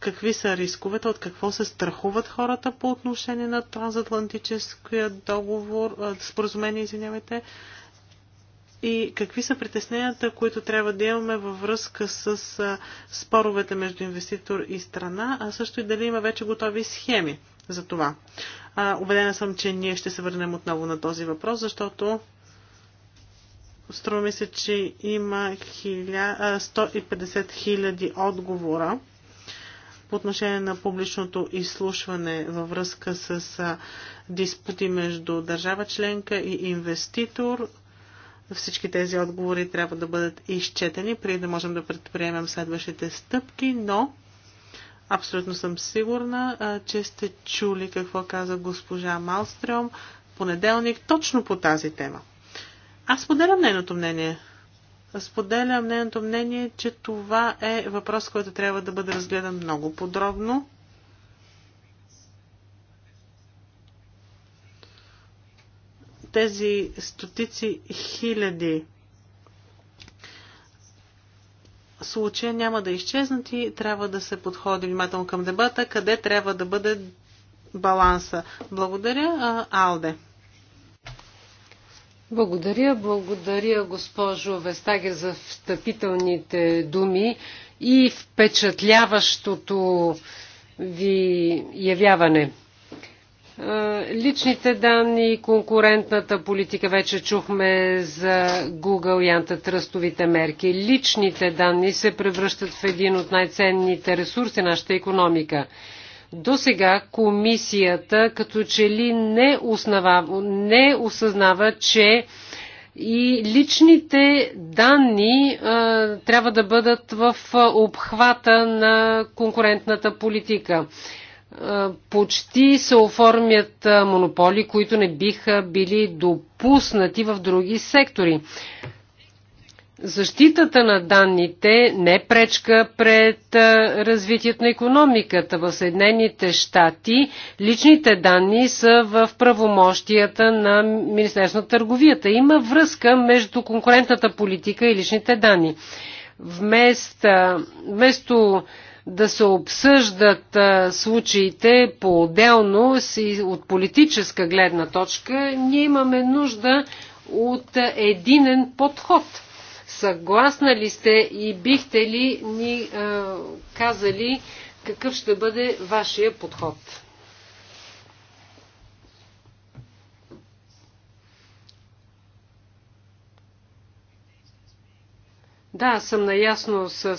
какви са рисковете, от какво се страхуват хората по отношение на трансатлантическия договор, споразумение, извинявайте, и какви са притесненията, които трябва да имаме във връзка с споровете между инвеститор и страна, а също и дали има вече готови схеми за това. А, убедена съм, че ние ще се върнем отново на този въпрос, защото струва ми се, че има 150 000 отговора по отношение на публичното изслушване във връзка с диспути между държава членка и инвеститор. Всички тези отговори трябва да бъдат изчетени, преди да можем да предприемем следващите стъпки, но Абсолютно съм сигурна, че сте чули какво каза госпожа Малстрем понеделник точно по тази тема. Аз споделям нейното мнение. Споделям нейното мнение, че това е въпрос, който трябва да бъде разгледан много подробно. Тези стотици хиляди случая няма да изчезнат и трябва да се подходи внимателно към дебата, къде трябва да бъде баланса. Благодаря, Алде. Благодаря, благодаря госпожо Вестаге за встъпителните думи и впечатляващото ви явяване. Е, личните данни и конкурентната политика. Вече чухме за Google и антатръстовите мерки. Личните данни се превръщат в един от най-ценните ресурси на нашата економика. До сега комисията като че ли не, основава, не осъзнава, че и личните данни а, е, трябва да бъдат в е, обхвата на конкурентната политика е, почти се оформят е, монополи, които не биха били допуснати в други сектори. Защитата на данните не е пречка пред е, развитието на економиката. В Съединените щати личните данни са в правомощията на Министерството на търговията. Има връзка между конкурентната политика и личните данни. Вместо, вместо да се обсъждат случаите по-отделно от политическа гледна точка, ние имаме нужда от единен подход. Съгласна ли сте и бихте ли ни казали какъв ще бъде вашия подход? Да, съм наясно с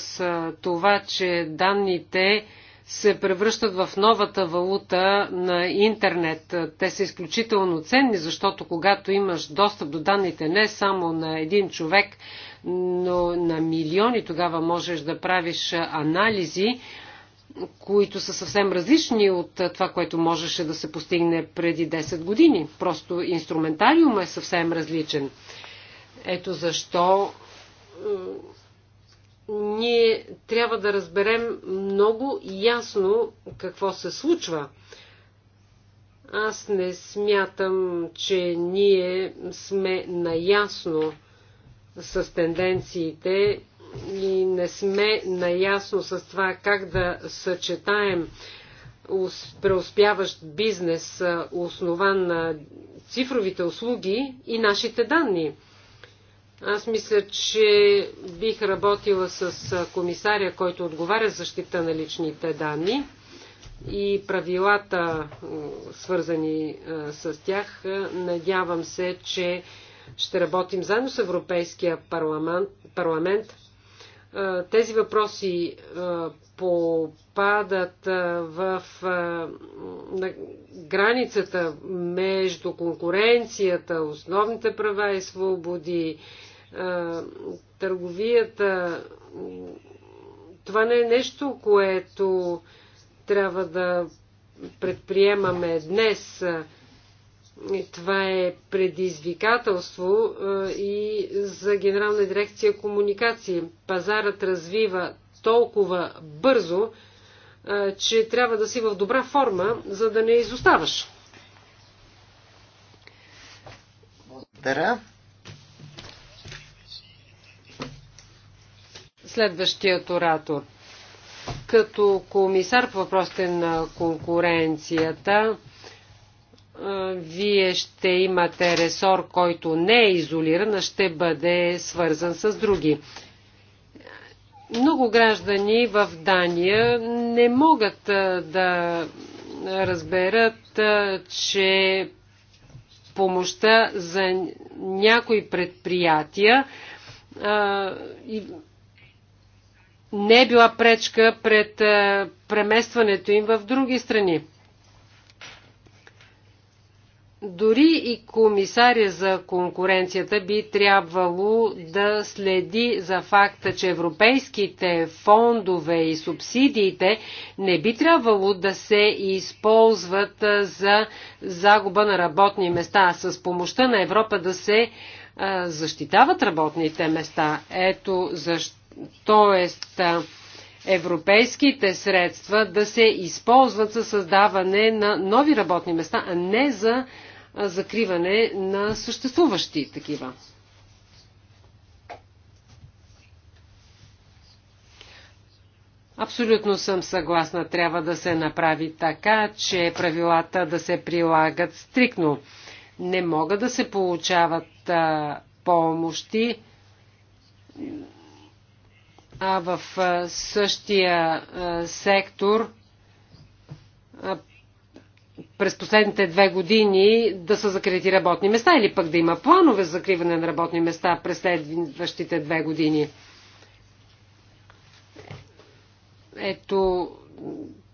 това, че данните се превръщат в новата валута на интернет. Те са изключително ценни, защото когато имаш достъп до данните не само на един човек, но на милиони, тогава можеш да правиш анализи, които са съвсем различни от това, което можеше да се постигне преди 10 години. Просто инструментариум е съвсем различен. Ето защо ние трябва да разберем много ясно какво се случва. Аз не смятам, че ние сме наясно с тенденциите и не сме наясно с това как да съчетаем преуспяващ бизнес, основан на цифровите услуги и нашите данни – аз мисля, че бих работила с комисаря, който отговаря за защита на личните данни и правилата, свързани с тях. Надявам се, че ще работим заедно с Европейския парламент, парламент е, тези въпроси е, попадат е, в границата между конкуренцията, основните права и свободи, търговията. Това не е нещо, което трябва да предприемаме днес. Това е предизвикателство е, и за Генерална дирекция комуникации. Пазарът развива толкова бързо, е, че трябва да си в добра форма, за да не изоставаш. Благодаря. Следващият оратор. Като комисар по въпросите на конкуренцията, вие ще имате ресор, който не е изолиран, а ще бъде свързан с други. Много граждани в Дания не могат да разберат, че помощта за някои предприятия не е била пречка пред преместването им в други страни. Дори и комисаря за конкуренцията би трябвало да следи за факта, че европейските фондове и субсидиите не би трябвало да се използват за загуба на работни места, а с помощта на Европа да се защитават работните места. Ето защо. Тоест, европейските средства да се използват за създаване на нови работни места, а не за закриване на съществуващи такива. Абсолютно съм съгласна. Трябва да се направи така, че правилата да се прилагат стрикно. Не могат да се получават а, помощи а в същия сектор през последните две години да са закрити работни места или пък да има планове за закриване на работни места през следващите две години. Ето,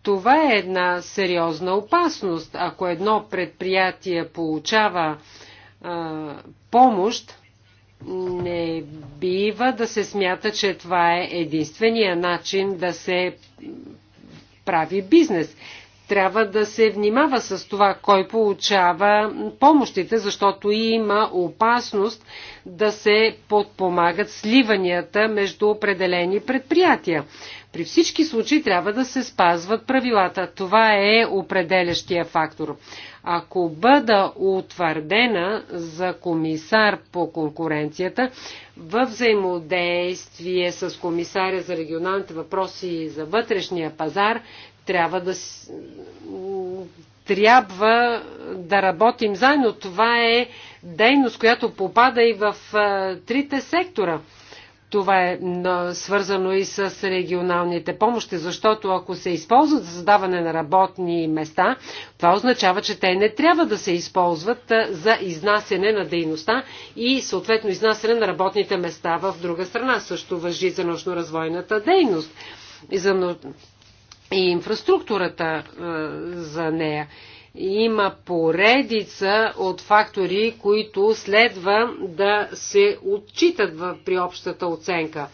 това е една сериозна опасност. Ако едно предприятие получава а, помощ, не бива да се смята, че това е единствения начин да се прави бизнес. Трябва да се внимава с това, кой получава помощите, защото има опасност да се подпомагат сливанията между определени предприятия. При всички случаи трябва да се спазват правилата. Това е определящия фактор. Ако бъда утвърдена за комисар по конкуренцията, в взаимодействие с комисаря за регионалните въпроси и за вътрешния пазар, трябва да, трябва да работим заедно. Това е дейност, която попада и в трите сектора. Това е свързано и с регионалните помощи, защото ако се използват за създаване на работни места, това означава, че те не трябва да се използват за изнасяне на дейността и съответно изнасяне на работните места в друга страна. Също въжи за научно-развойната дейност и за и инфраструктурата за нея. Има поредица от фактори, които следва да се отчитат при общата оценка.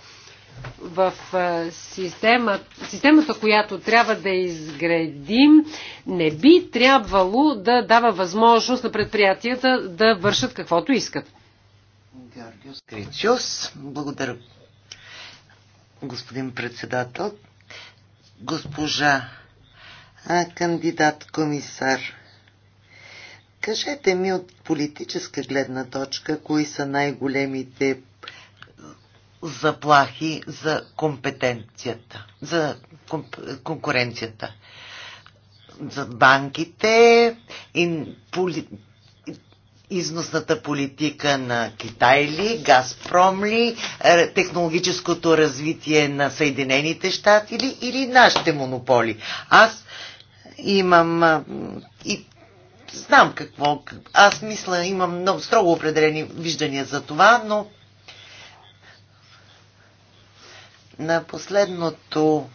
В е, системата, системата, която трябва да изградим, не би трябвало да дава възможност на предприятията да вършат каквото искат. Георгиос Благодаря, господин председател. Госпожа кандидат-комисар. Кажете ми от политическа гледна точка, кои са най-големите заплахи за компетенцията, за комп- конкуренцията. За банките, и поли, износната политика на Китай ли, Газпром ли, е, технологическото развитие на Съединените щати ли или нашите монополи. Аз имам и знам какво. Аз мисля, имам много строго определени виждания за това, но на последното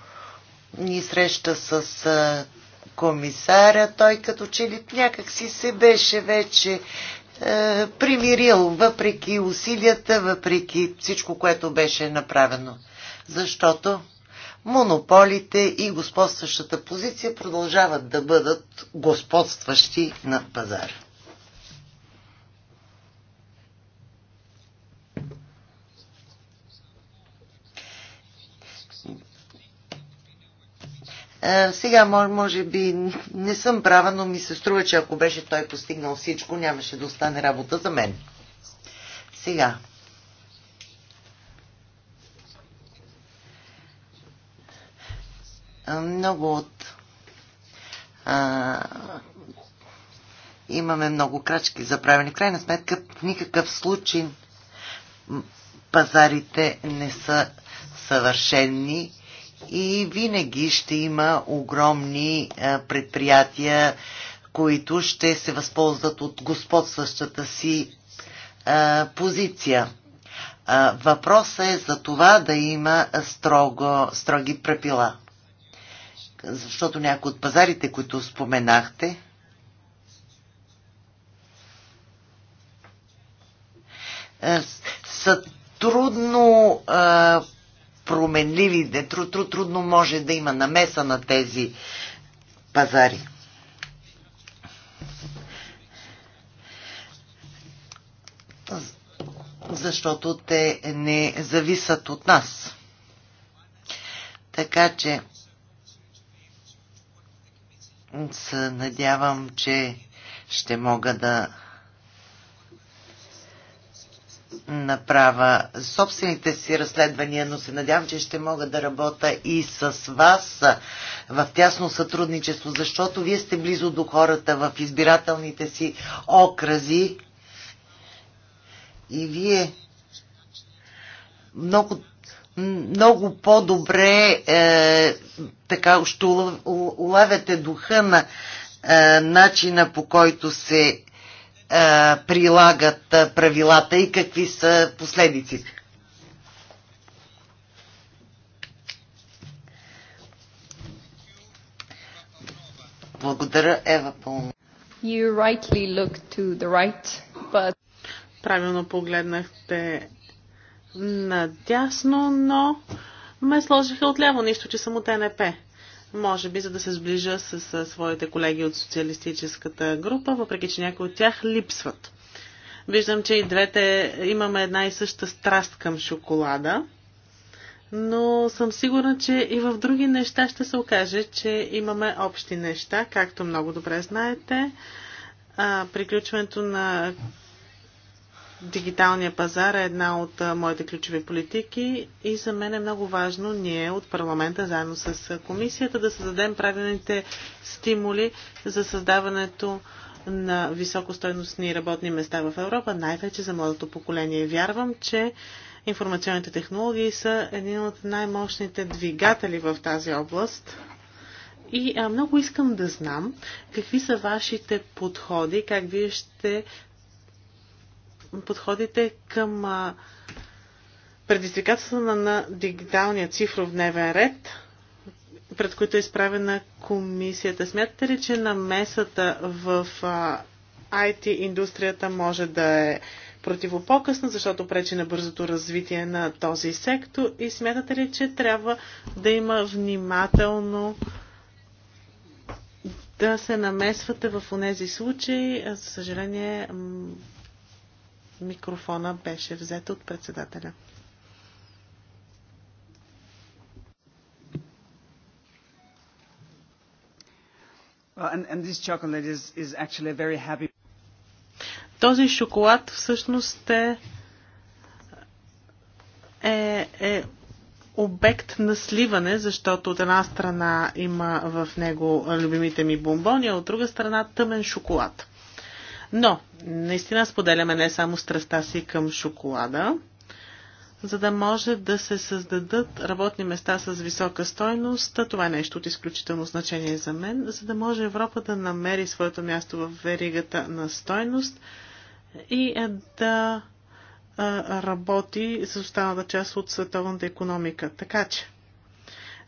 ни среща с комисаря, той като че ли някак си се беше вече е, примирил, въпреки усилията, въпреки всичко, което беше направено. Защото монополите и господстващата позиция продължават да бъдат господстващи над пазара. Е, сега, може би, не съм права, но ми се струва, че ако беше той постигнал всичко, нямаше да остане работа за мен. Сега, много от а, имаме много крачки за правене. В крайна сметка, в никакъв случай пазарите не са съвършенни и винаги ще има огромни предприятия, които ще се възползват от господстващата си позиция. Въпросът е за това да има строго, строги препила защото някои от пазарите, които споменахте, е, са трудно а, е, променливи, трудно може да има намеса на тези пазари. Защото те не зависят от нас. Така че се надявам, че ще мога да направя собствените си разследвания, но се надявам, че ще мога да работя и с вас в тясно сътрудничество, защото вие сте близо до хората в избирателните си окрази и вие много много по-добре е, така ще улавяте духа на е, начина по който се е, прилагат е, правилата и какви са последиците. Благодаря, Ева Пълна. You rightly look to the right, but... Правилно погледнахте надясно, но ме сложиха отляво, нищо, че съм от НП. Може би, за да се сближа с, с своите колеги от социалистическата група, въпреки, че някои от тях липсват. Виждам, че и двете имаме една и съща страст към шоколада, но съм сигурна, че и в други неща ще се окаже, че имаме общи неща, както много добре знаете. А, приключването на Дигиталния пазар е една от моите ключови политики и за мен е много важно ние от парламента заедно с комисията да създадем правилните стимули за създаването на високостойностни работни места в Европа, най-вече за младото поколение. Вярвам, че информационните технологии са един от най-мощните двигатели в тази област. И а, много искам да знам какви са вашите подходи, как вие ще подходите към предизвикателствата на дигиталния цифров дневен ред, пред които е изправена комисията. Смятате ли, че намесата в IT индустрията може да е противопокъсна, защото пречи на бързото развитие на този сектор и смятате ли, че трябва да има внимателно да се намесвате в тези случаи. За съжаление, Микрофона беше взет от председателя. Този шоколад всъщност е, е, е обект на сливане, защото от една страна има в него любимите ми бомбони, а от друга страна тъмен шоколад. Но, наистина споделяме не само страста си към шоколада, за да може да се създадат работни места с висока стойност. Това е нещо от изключително значение за мен, за да може Европа да намери своето място в веригата на стойност и е, да е, работи с останалата част от световната економика. Така че,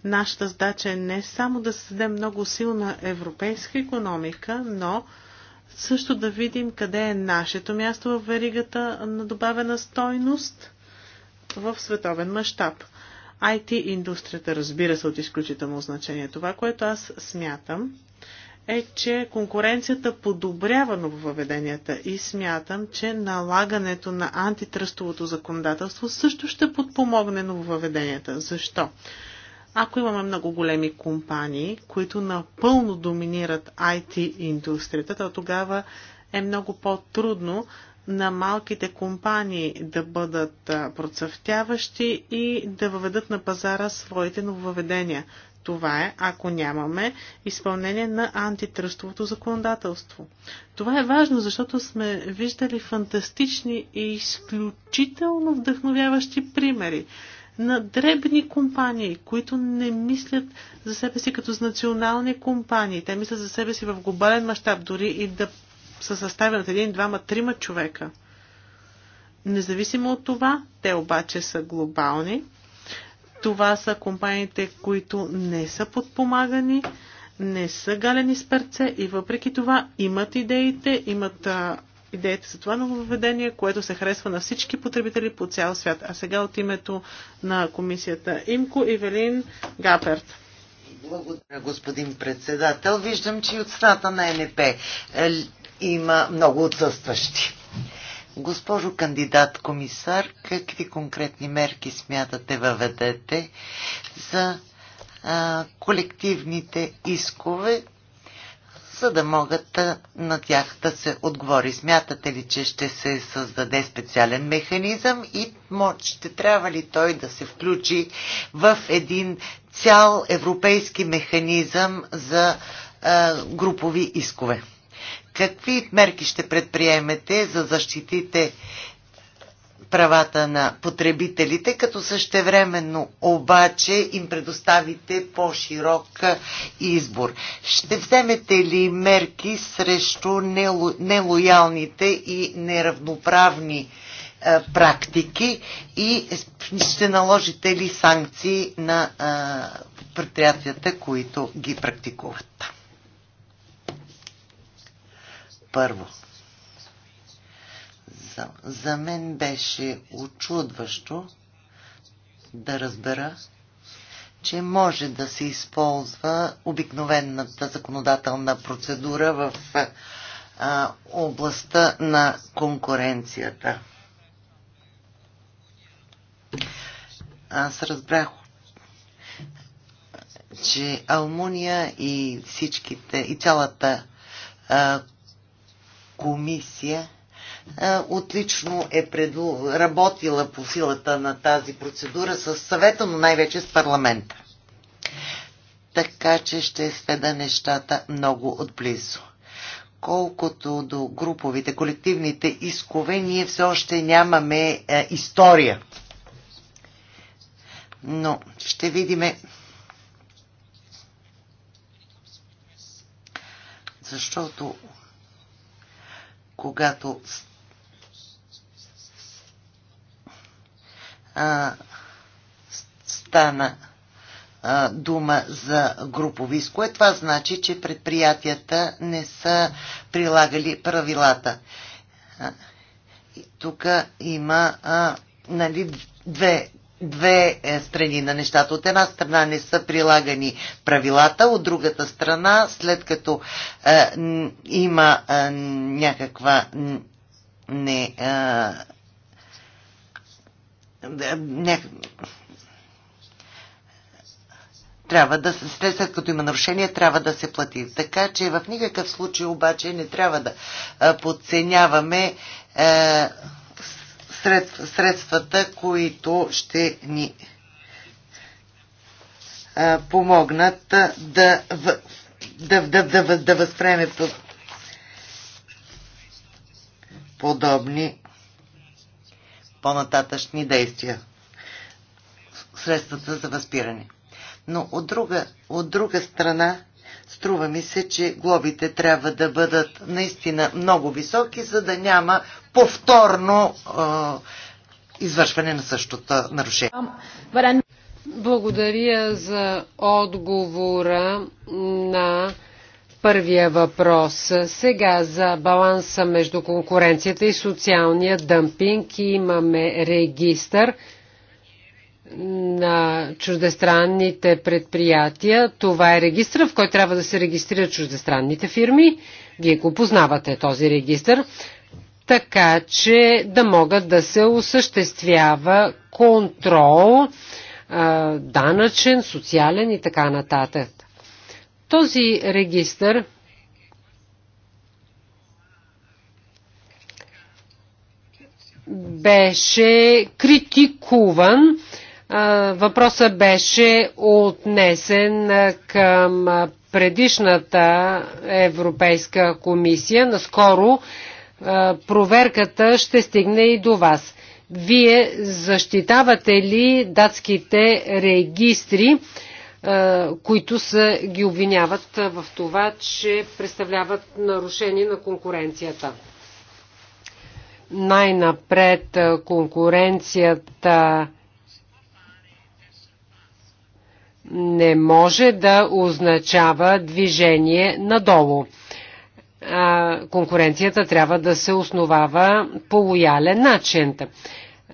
нашата задача е не само да създадем много силна европейска економика, но също да видим къде е нашето място в веригата на добавена стойност в световен мащаб. IT индустрията разбира се е от изключително значение. Това, което аз смятам, е, че конкуренцията подобрява нововъведенията и смятам, че налагането на антитръстовото законодателство също ще подпомогне нововъведенията. Защо? Ако имаме много големи компании, които напълно доминират IT индустрията, то тогава е много по-трудно на малките компании да бъдат процъфтяващи и да въведат на пазара своите нововъведения. Това е, ако нямаме изпълнение на антитръстовото законодателство. Това е важно, защото сме виждали фантастични и изключително вдъхновяващи примери на дребни компании, които не мислят за себе си като за национални компании. Те мислят за себе си в глобален мащаб, дори и да са съставени от един, двама, трима човека. Независимо от това, те обаче са глобални. Това са компаниите, които не са подпомагани, не са галени с перце и въпреки това имат идеите, имат а, идеята за това нововведение, което се харесва на всички потребители по цял свят. А сега от името на комисията Имко Ивелин Гаперт. Благодаря, господин председател. Виждам, че и от страната на НП е, има много отсъстващи. Госпожо кандидат комисар, какви конкретни мерки смятате въведете за а, колективните искове за да могат на тях да се отговори. Смятате ли, че ще се създаде специален механизъм и ще трябва ли той да се включи в един цял европейски механизъм за групови искове? Какви мерки ще предприемете за защитите правата на потребителите, като същевременно обаче им предоставите по-широк избор. Ще вземете ли мерки срещу нело, нелоялните и неравноправни практики и ще наложите ли санкции на а, предприятията, които ги практикуват? Първо, смисъл. За мен беше очудващо да разбера, че може да се използва обикновената законодателна процедура в а, областта на конкуренцията. Аз разбрах, че Алмуния и всичките, и цялата а, комисия е, отлично е преду... работила по силата на тази процедура с съвета, но най-вече с парламента. Така че ще сведа нещата много отблизо. Колкото до груповите, колективните искове, ние все още нямаме е, история. Но ще видиме. Защото когато а, стана а, дума за групови изкое. Това значи, че предприятията не са прилагали правилата. Тук има а, нали, две, две е, страни на нещата. От една страна не са прилагани правилата, от другата страна, след като е, има е, някаква не, е, е, не, трябва да се, след като има нарушение, трябва да се плати. Така че в никакъв случай обаче не трябва да подценяваме е, сред, средствата, които ще ни е, помогнат да, да, да, да, да възпреме подобни по-нататъчни действия. Средствата за възпиране. Но от друга, от друга страна, струва ми се, че глобите трябва да бъдат наистина много високи, за да няма повторно е, извършване на същото нарушение. Благодаря за отговора на първия въпрос. Сега за баланса между конкуренцията и социалния дъмпинг имаме регистър на чуждестранните предприятия. Това е регистър, в който трябва да се регистрират чуждестранните фирми. Вие го познавате този регистър. Така че да могат да се осъществява контрол, данъчен, социален и така нататък. Този регистър беше критикуван. Въпросът беше отнесен към предишната Европейска комисия. Наскоро проверката ще стигне и до вас. Вие защитавате ли датските регистри които са, ги обвиняват в това, че представляват нарушение на конкуренцията. Най-напред конкуренцията не може да означава движение надолу. Конкуренцията трябва да се основава по лоялен начин.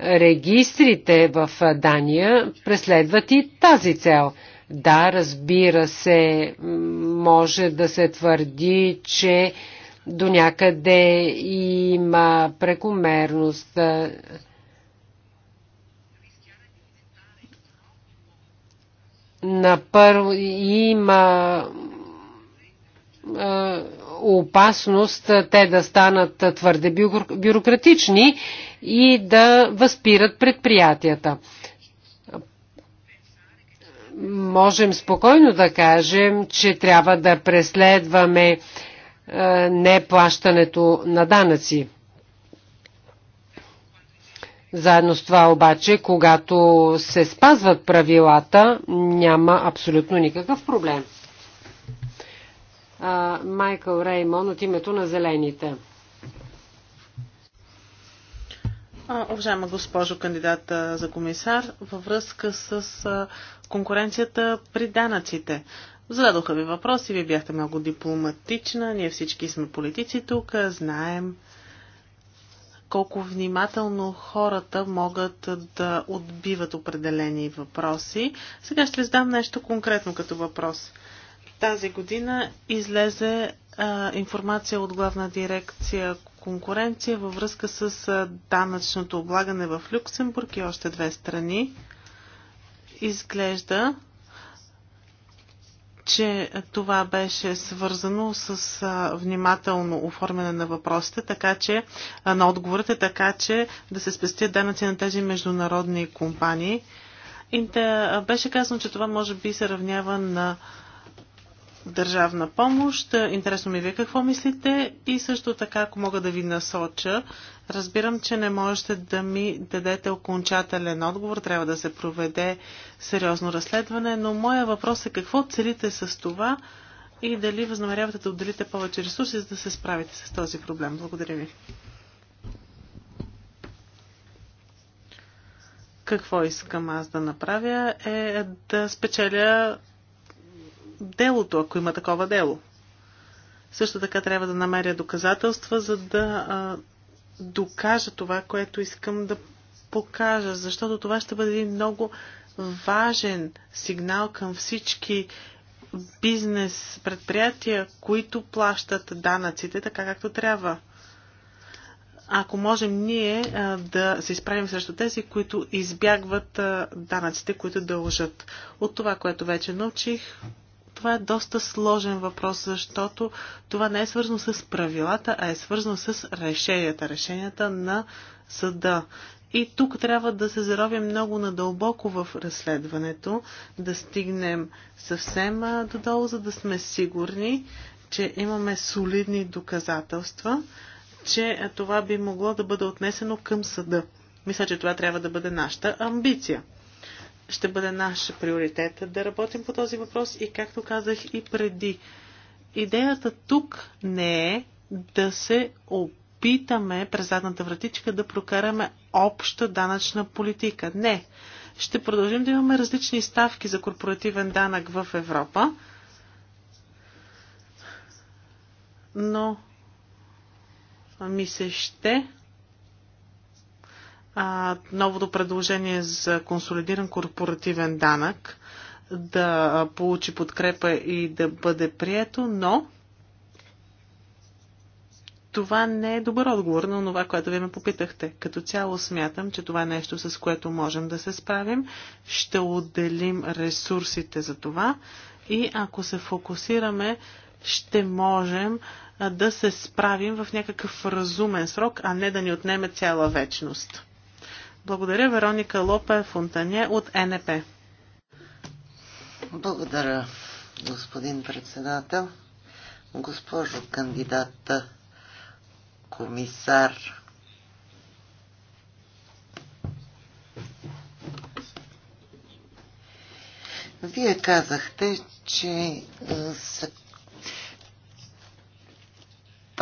Регистрите в Дания преследват и тази цел – да, разбира се, може да се твърди, че до някъде има прекомерност. На първо има опасност те да станат твърде бюрократични и да възпират предприятията можем спокойно да кажем, че трябва да преследваме е, неплащането на данъци. Заедно с това обаче, когато се спазват правилата, няма абсолютно никакъв проблем. Майкъл Реймон от името на Зелените. Уважаема госпожо кандидата за комисар, във връзка с конкуренцията при данъците. Зададоха ви въпроси, вие бяхте много дипломатична, ние всички сме политици тук, знаем колко внимателно хората могат да отбиват определени въпроси. Сега ще задам нещо конкретно като въпрос. Тази година излезе а, информация от главна дирекция конкуренция във връзка с данъчното облагане в Люксембург и още две страни. Изглежда, че това беше свързано с внимателно оформяне на въпросите, така че на отговорите, така че да се спестят данъци на тези международни компании. И да, беше казано, че това може би се равнява на държавна помощ. Интересно ми вие какво мислите и също така, ако мога да ви насоча, разбирам, че не можете да ми дадете окончателен отговор, трябва да се проведе сериозно разследване, но моя въпрос е какво целите с това и дали възнамерявате да отделите повече ресурси, за да се справите с този проблем. Благодаря ви. Какво искам аз да направя е да спечеля делото, ако има такова дело. Също така трябва да намеря доказателства, за да а, докажа това, което искам да покажа, защото това ще бъде един много важен сигнал към всички бизнес предприятия, които плащат данъците така както трябва. Ако можем ние а, да се изправим срещу тези, които избягват а, данъците, които дължат. От това, което вече научих, това е доста сложен въпрос, защото това не е свързано с правилата, а е свързано с решенията, решенията на съда. И тук трябва да се заровим много надълбоко в разследването, да стигнем съвсем додолу, за да сме сигурни, че имаме солидни доказателства, че това би могло да бъде отнесено към съда. Мисля, че това трябва да бъде нашата амбиция ще бъде наш приоритет да работим по този въпрос и както казах и преди. Идеята тук не е да се опитаме през задната вратичка да прокараме обща данъчна политика. Не. Ще продължим да имаме различни ставки за корпоративен данък в Европа, но ми се ще а, новото предложение за консолидиран корпоративен данък да получи подкрепа и да бъде прието, но това не е добър отговор на това, което ви ме попитахте. Като цяло смятам, че това е нещо, с което можем да се справим. Ще отделим ресурсите за това и ако се фокусираме, ще можем да се справим в някакъв разумен срок, а не да ни отнеме цяла вечност. Благодаря, Вероника Лопе Фонтане от НП. Благодаря, господин председател. Госпожо кандидата, комисар, Вие казахте, че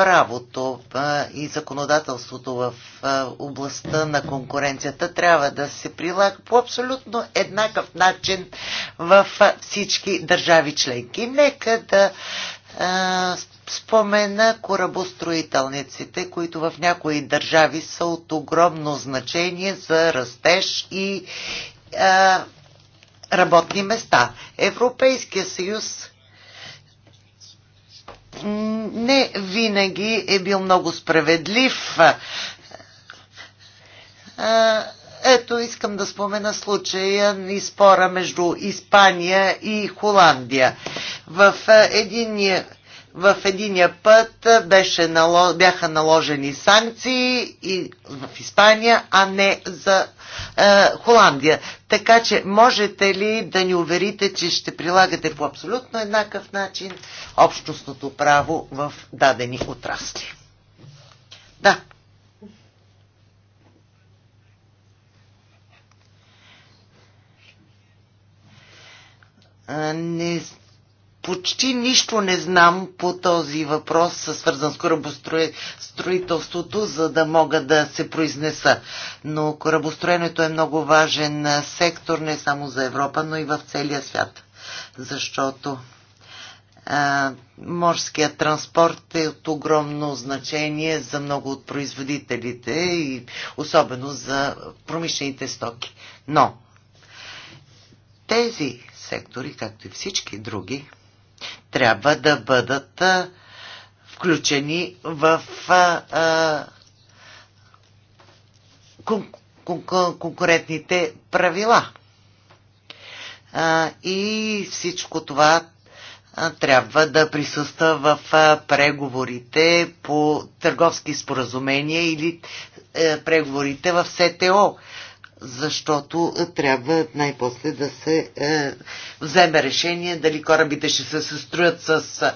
правото и законодателството в областта на конкуренцията трябва да се прилага по абсолютно еднакъв начин в всички държави членки. Нека да спомена корабостроителниците, които в някои държави са от огромно значение за растеж и а, работни места. Европейския съюз не винаги е бил много справедлив. Ето, искам да спомена случая и спора между Испания и Холандия. В единия в единия път беше бяха наложени санкции и в Испания, а не за е, Холандия. Така че можете ли да ни уверите, че ще прилагате по абсолютно еднакъв начин общностното право в дадени отрасли? Да. Е, не, почти нищо не знам по този въпрос, свързан с корабостроителството, за да мога да се произнеса. Но корабостроенето е много важен сектор не само за Европа, но и в целия свят. Защото а, морският транспорт е от огромно значение за много от производителите и особено за промишлените стоки. Но тези сектори, както и всички други, трябва да бъдат включени в конкурентните правила. И всичко това трябва да присъства в преговорите по търговски споразумения или е, преговорите в СТО защото е, трябва най-после да се е, вземе решение дали корабите ще се състроят с е,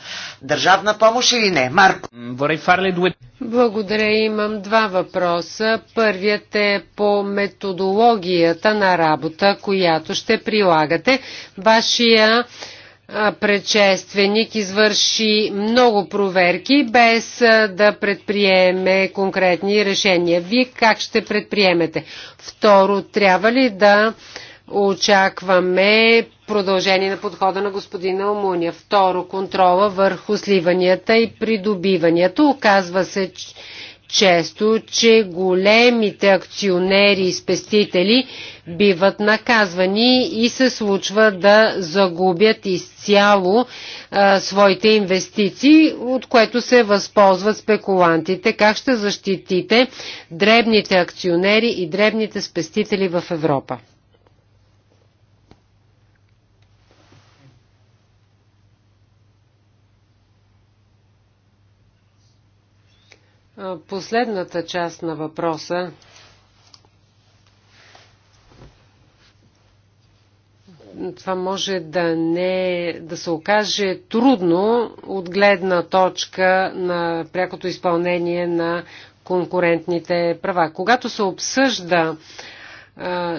държавна помощ или не. Марко. Благодаря. Имам два въпроса. Първият е по методологията на работа, която ще прилагате. Вашия предшественик извърши много проверки, без да предприеме конкретни решения. Вие как ще предприемете? Второ, трябва ли да очакваме продължение на подхода на господина Омуния? Второ, контрола върху сливанията и придобиванията. Оказва се, често, че големите акционери и спестители биват наказвани и се случва да загубят изцяло а, своите инвестиции, от което се възползват спекулантите. Как ще защитите дребните акционери и дребните спестители в Европа? Последната част на въпроса това може да не да се окаже трудно от гледна точка на прякото изпълнение на конкурентните права. Когато се обсъжда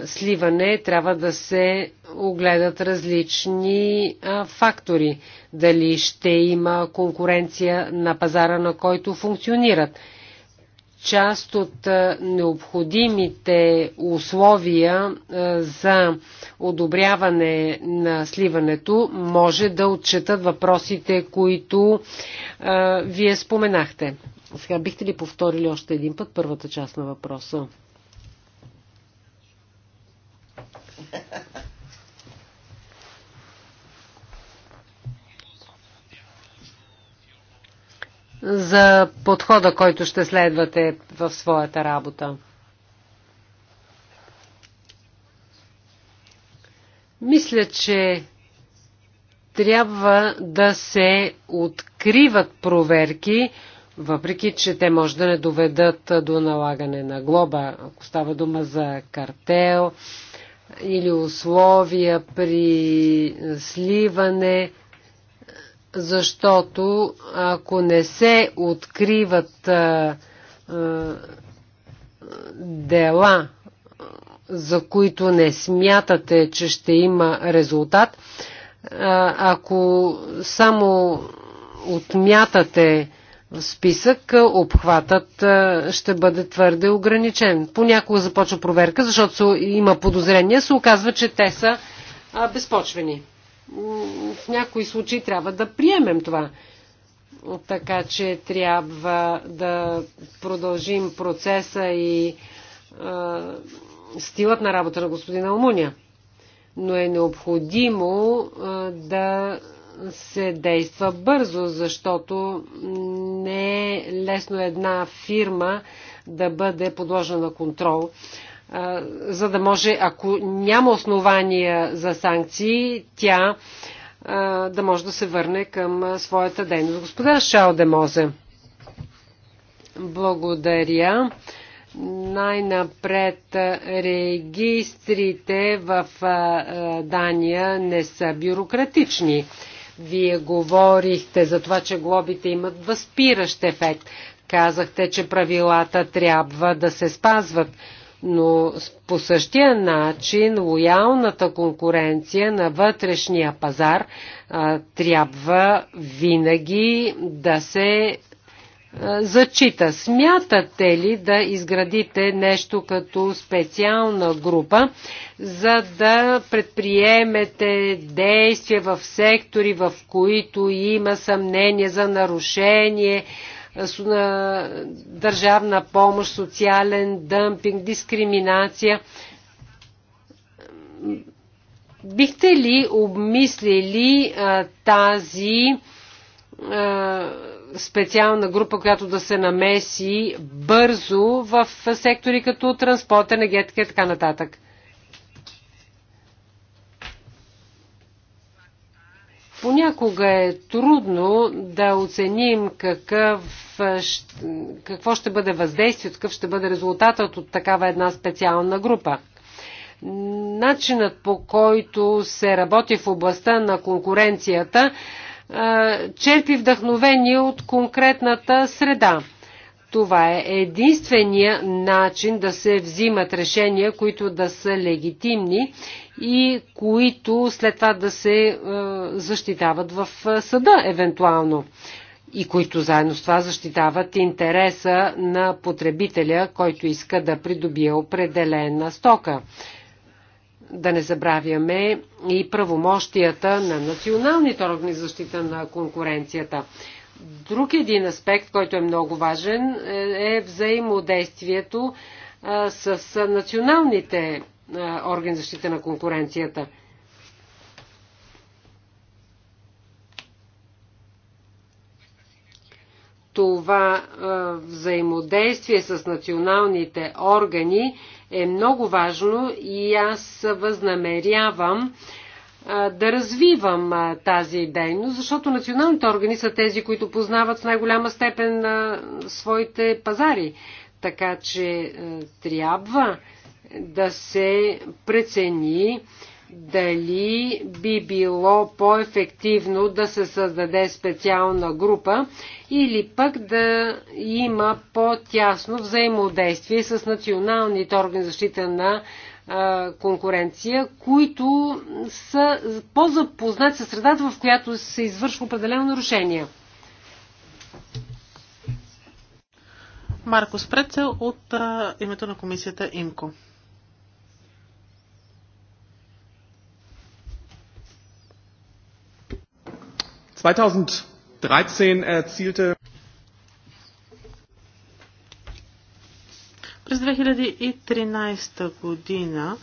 сливане трябва да се огледат различни фактори. Дали ще има конкуренция на пазара, на който функционират. Част от необходимите условия за одобряване на сливането може да отчетат въпросите, които вие споменахте. Сега бихте ли повторили още един път първата част на въпроса? за подхода, който ще следвате в своята работа. Мисля, че трябва да се откриват проверки, въпреки че те може да не доведат до налагане на глоба, ако става дума за картел, или условия при сливане, защото ако не се откриват а, а, дела, за които не смятате, че ще има резултат, а, ако само отмятате списък, обхватът ще бъде твърде ограничен. Понякога започва проверка, защото има подозрения, се оказва, че те са безпочвени. В някои случаи трябва да приемем това. Така че трябва да продължим процеса и а, стилът на работа на господина Алмуния. Но е необходимо а, да се действа бързо, защото не е лесно една фирма да бъде подложена на контрол, за да може, ако няма основания за санкции, тя да може да се върне към своята дейност. Господа Шао Демозе, благодаря най-напред регистрите в Дания не са бюрократични. Вие говорихте за това, че глобите имат възпиращ ефект. Казахте, че правилата трябва да се спазват. Но по същия начин лоялната конкуренция на вътрешния пазар а, трябва винаги да се зачита. Смятате ли да изградите нещо като специална група, за да предприемете действия в сектори, в които има съмнение за нарушение държавна помощ, социален дъмпинг, дискриминация? Бихте ли обмислили а, тази а, специална група, която да се намеси бързо в сектори като транспорт, енергетика и така нататък. Понякога е трудно да оценим какъв, какво ще бъде въздействието, какъв ще бъде резултатът от такава една специална група. Начинът по който се работи в областта на конкуренцията е, черпи вдъхновение от конкретната среда. Това е единствения начин да се взимат решения, които да са легитимни и които след това да се е, защитават в е, съда, евентуално. И които заедно с това защитават интереса на потребителя, който иска да придобие определена стока. Да не забравяме и правомощията на националните органи за защита на конкуренцията. Друг един аспект, който е много важен, е взаимодействието с националните органи за защита на конкуренцията. това взаимодействие с националните органи е много важно и аз възнамерявам да развивам тази дейност, защото националните органи са тези, които познават с най-голяма степен на своите пазари. Така че трябва да се прецени дали би било по-ефективно да се създаде специална група или пък да има по-тясно взаимодействие с националните органи за защита на конкуренция, които са по-запознати със средата, в която се извършва определено нарушение. Марко Прецел от името на комисията ИМКО. 2013 erzielte През 2013 година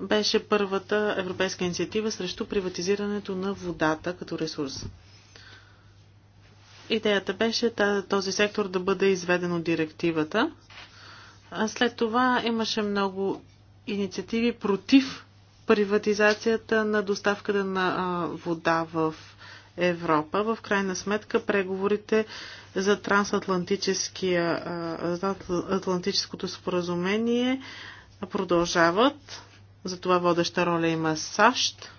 беше първата европейска инициатива срещу приватизирането на водата като ресурс. Идеята беше този сектор да бъде изведен от директивата. след това имаше много инициативи против приватизацията на доставката на вода в Европа. В крайна сметка преговорите за трансатлантическото споразумение продължават. За това водеща роля има САЩ.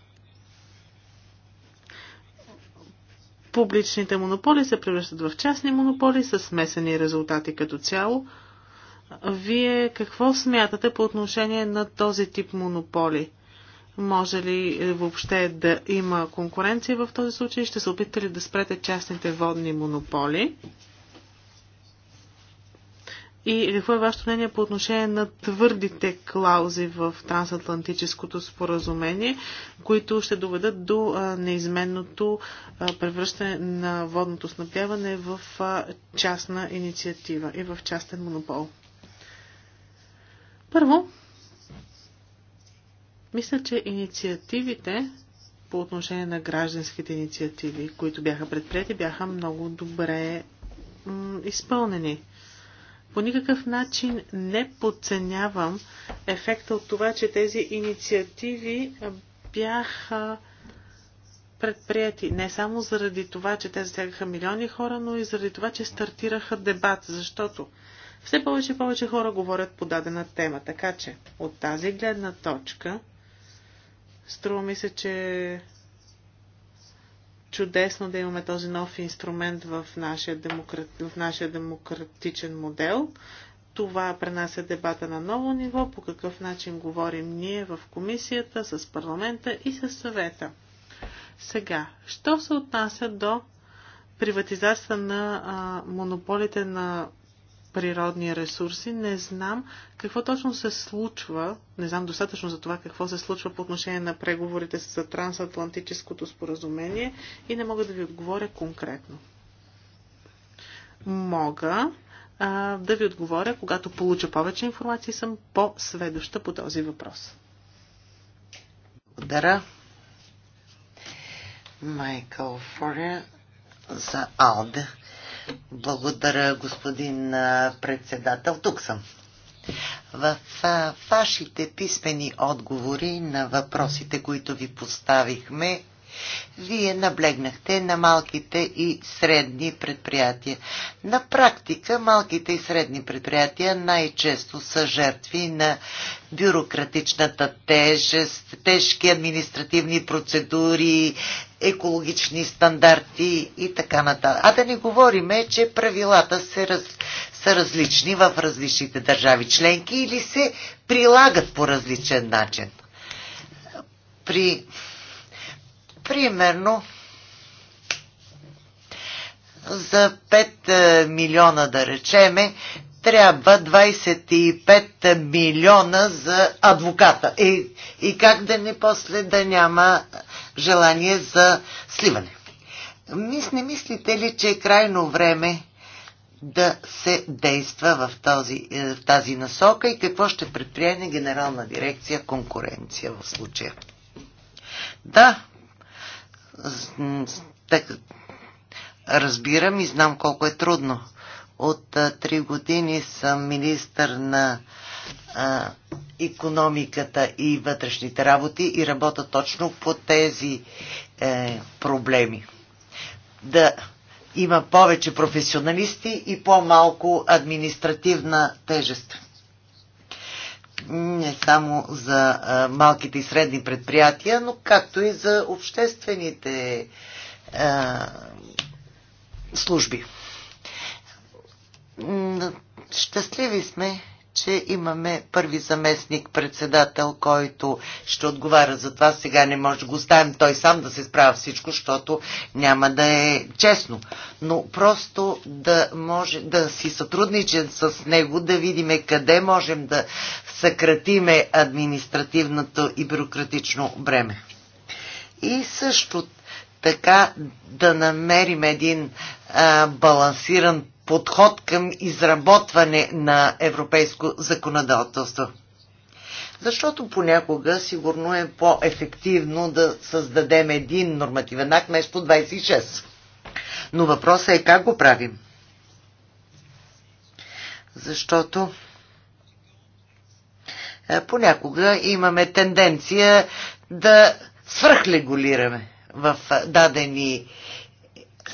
Публичните монополи се превръщат в частни монополи с смесени резултати като цяло. Вие какво смятате по отношение на този тип монополи? Може ли е, въобще да има конкуренция в този случай? Ще се опитате ли да спрете частните водни монополи? И какво е вашето мнение по отношение на твърдите клаузи в трансатлантическото споразумение, които ще доведат до неизменното превръщане на водното снабдяване в частна инициатива и в частен монопол? Първо, мисля, че инициативите по отношение на гражданските инициативи, които бяха предприяти, бяха много добре изпълнени. По никакъв начин не подценявам ефекта от това, че тези инициативи бяха предприяти не само заради това, че те засягаха милиони хора, но и заради това, че стартираха дебат, защото все повече и повече хора говорят по дадена тема. Така че, от тази гледна точка, Струва ми се, че чудесно да имаме този нов инструмент в нашия, демократ... в нашия демократичен модел. Това пренася дебата на ново ниво, по какъв начин говорим ние в комисията, с парламента и с съвета. Сега, що се отнася до приватизация на а, монополите на природни ресурси. Не знам какво точно се случва, не знам достатъчно за това какво се случва по отношение на преговорите за трансатлантическото споразумение и не мога да ви отговоря конкретно. Мога а, да ви отговоря, когато получа повече информация и съм по-сведоща по този въпрос. Благодаря. Майкъл Фория за Алде. Благодаря, господин председател. Тук съм. В вашите писмени отговори на въпросите, които ви поставихме, вие наблегнахте на малките и средни предприятия. На практика малките и средни предприятия най-често са жертви на бюрократичната тежест, тежки административни процедури, екологични стандарти и така нататък. А да не говориме, че правилата се раз, са различни в различните държави членки или се прилагат по различен начин. При, примерно, за 5 е, милиона да речеме, трябва 25 милиона за адвоката. И, и как да не после да няма желание за сливане. Мис, не мислите ли, че е крайно време да се действа в, този, е, в тази насока и какво ще предприеме Генерална дирекция конкуренция в случая? Да, так, разбирам и знам колко е трудно. От е, три години съм министър на а, економиката и вътрешните работи и работа точно по тези е, проблеми. Да има повече професионалисти и по-малко административна тежест. Не само за а, малките и средни предприятия, но както и за обществените а, служби. Щастливи сме, че имаме първи заместник председател, който ще отговаря за това. Сега не може да го оставим той сам да се справя всичко, защото няма да е честно. Но просто да може да си сътрудничен с него, да видиме къде можем да съкратиме административното и бюрократично бреме. И също така да намерим един а, балансиран подход към изработване на европейско законодателство. Защото понякога сигурно е по-ефективно да създадем един нормативен акт вместо 26. Но въпросът е как го правим. Защото е, понякога имаме тенденция да свръхрегулираме в е, дадени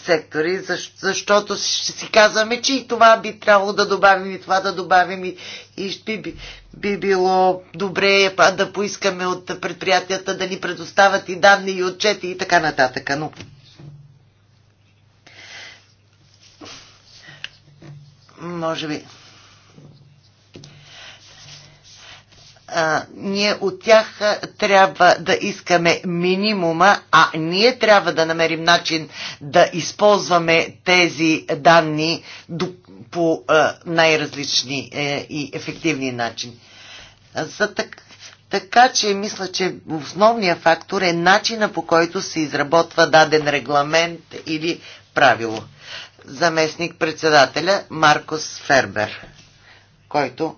сектори, защото ще си казваме, че и това би трябвало да добавим, и това да добавим, и, и би, би, би било добре да поискаме от предприятията да ни предоставят и данни, и отчети, и така нататък. Но... Може би. а, ние от тях трябва да искаме минимума, а ние трябва да намерим начин да използваме тези данни по най-различни е, и ефективни начини. За так, така че мисля, че основният фактор е начина по който се изработва даден регламент или правило. Заместник председателя Маркос Фербер, който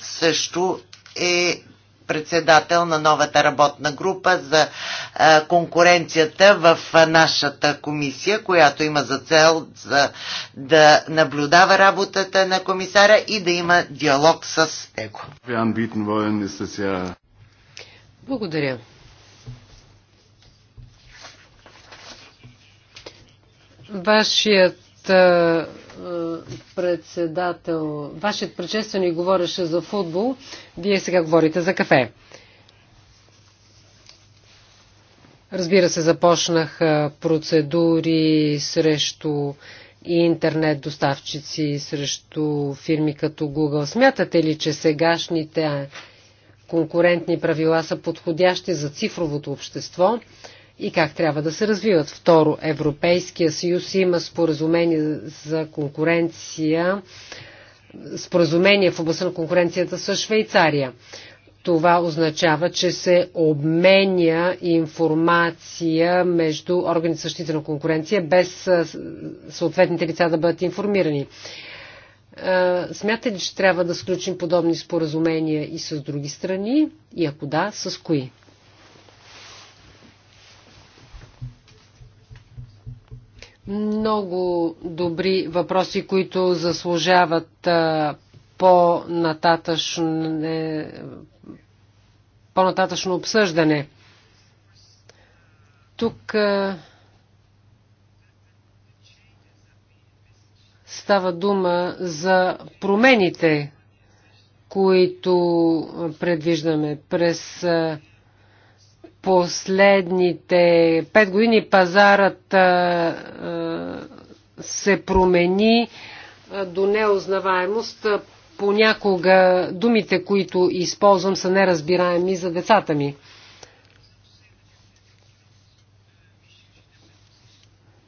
също е председател на новата работна група за конкуренцията в нашата комисия, която има за цел за да наблюдава работата на комисара и да има диалог с него. Благодаря. Вашият е, председател, вашият предшественик говореше за футбол, вие сега говорите за кафе. Разбира се, започнах процедури срещу интернет доставчици, срещу фирми като Google. Смятате ли, че сегашните конкурентни правила са подходящи за цифровото общество? и как трябва да се развиват. Второ, Европейския съюз има споразумение за конкуренция, споразумение в областта на конкуренцията с Швейцария. Това означава, че се обменя информация между органите същите на конкуренция, без съответните лица да бъдат информирани. Смятате ли, че трябва да сключим подобни споразумения и с други страни? И ако да, с кои? много добри въпроси, които заслужават по-нататъчно по обсъждане. Тук става дума за промените, които предвиждаме през последните пет години пазарът се промени до неузнаваемост. Понякога думите, които използвам, са неразбираеми за децата ми.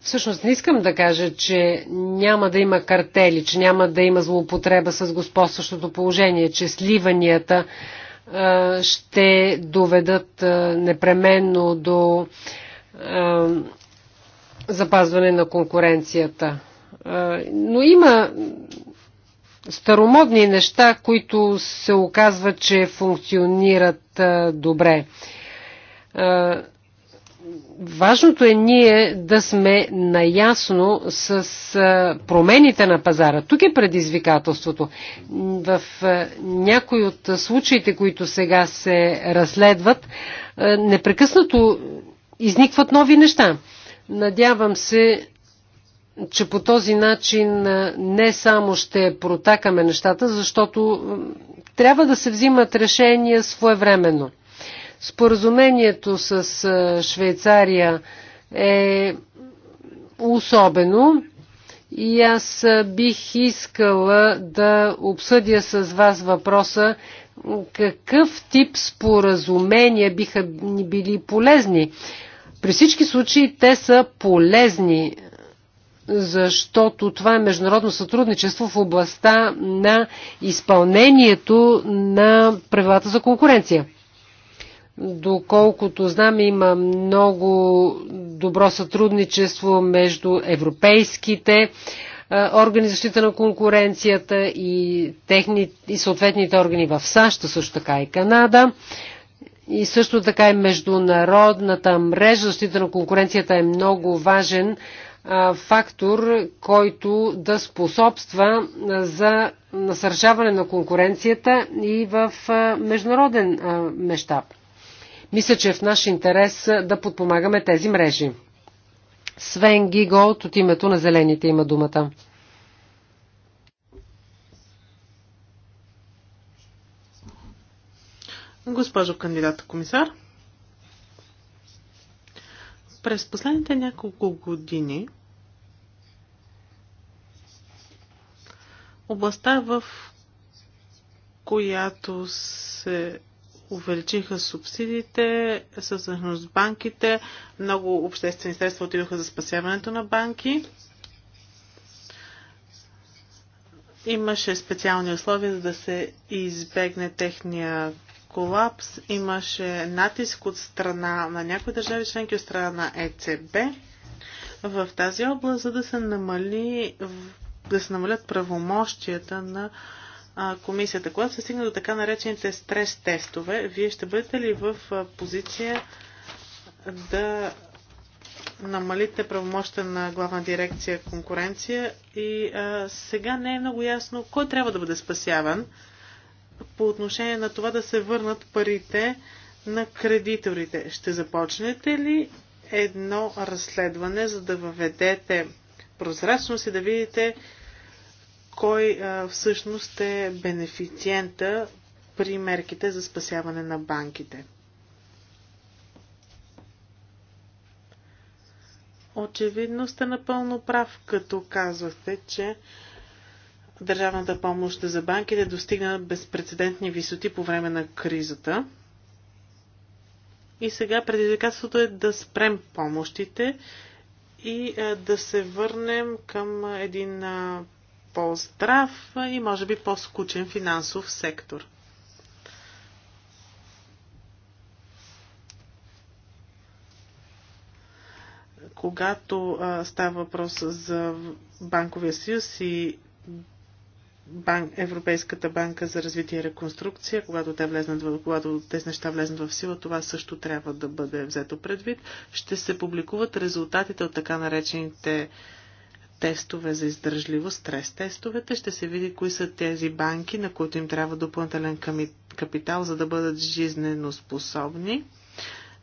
Всъщност не искам да кажа, че няма да има картели, че няма да има злоупотреба с господстващото положение, че сливанията е, ще доведат е, непременно до е, запазване на конкуренцията. Но има старомодни неща, които се оказва, че функционират добре важното е ние да сме наясно с промените на пазара. Тук е предизвикателството. В някои от случаите, които сега се разследват, непрекъснато изникват нови неща. Надявам се, че по този начин не само ще протакаме нещата, защото трябва да се взимат решения своевременно. Споразумението с Швейцария е особено и аз бих искала да обсъдя с вас въпроса какъв тип споразумения биха ни били полезни. При всички случаи те са полезни, защото това е международно сътрудничество в областта на изпълнението на правилата за конкуренция. Доколкото знам, има много добро сътрудничество между европейските органи за защита на конкуренцията и, техни, и съответните органи в САЩ, също така и Канада. И също така и международната мрежа за защита на конкуренцията е много важен фактор, който да способства за насърчаване на конкуренцията и в международен мащаб. Мисля, че е в наш интерес е, да подпомагаме тези мрежи. Свен Гиголт от името на Зелените има думата. Госпожо кандидата комисар, през последните няколко години областта, в която се увеличиха субсидиите, съсъщност банките, много обществени средства отидоха за спасяването на банки. Имаше специални условия, за да се избегне техния колапс. Имаше натиск от страна на някои държави членки, от страна на ЕЦБ в тази област, за да се намали да се намалят правомощията на комисията. Когато се стигне до така наречените стрес тестове, вие ще бъдете ли в позиция да намалите правомощта на главна дирекция конкуренция и а, сега не е много ясно кой трябва да бъде спасяван по отношение на това да се върнат парите на кредиторите. Ще започнете ли едно разследване, за да въведете прозрачност и да видите кой всъщност е бенефициента при мерките за спасяване на банките. Очевидно сте напълно прав, като казвате, че държавната помощ за банките достигна безпредседентни висоти по време на кризата. И сега предизвикателството е да спрем помощите и да се върнем към един по-здрав и може би по-скучен финансов сектор. Когато а, става въпрос за банковия съюз и бан, Европейската банка за развитие и реконструкция, когато те, влезнат в, когато тези неща влезнат в сила, това също трябва да бъде взето предвид. Ще се публикуват резултатите от така наречените тестове за издържливост, стрес тестовете. Ще се види кои са тези банки, на които им трябва допълнителен капитал, за да бъдат жизнено способни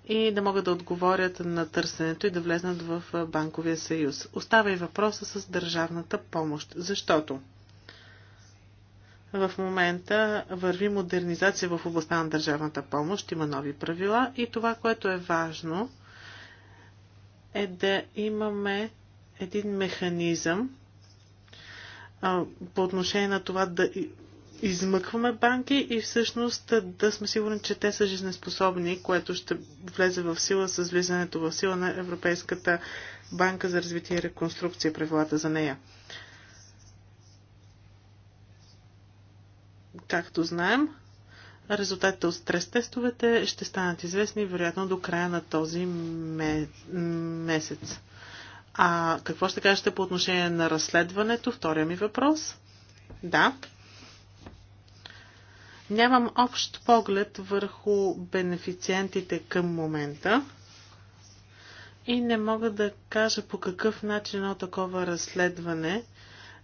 и да могат да отговорят на търсенето и да влезнат в банковия съюз. Остава и въпроса с държавната помощ. Защото в момента върви модернизация в областта на държавната помощ, има нови правила и това, което е важно, е да имаме един механизъм а, по отношение на това да измъкваме банки и всъщност да сме сигурни, че те са жизнеспособни, което ще влезе в сила с влизането в сила на Европейската банка за развитие и реконструкция, правилата за нея. Както знаем, резултатите от стрес-тестовете ще станат известни вероятно до края на този месец. А какво ще кажете по отношение на разследването? Втория ми въпрос. Да. Нямам общ поглед върху бенефициентите към момента и не мога да кажа по какъв начин едно такова разследване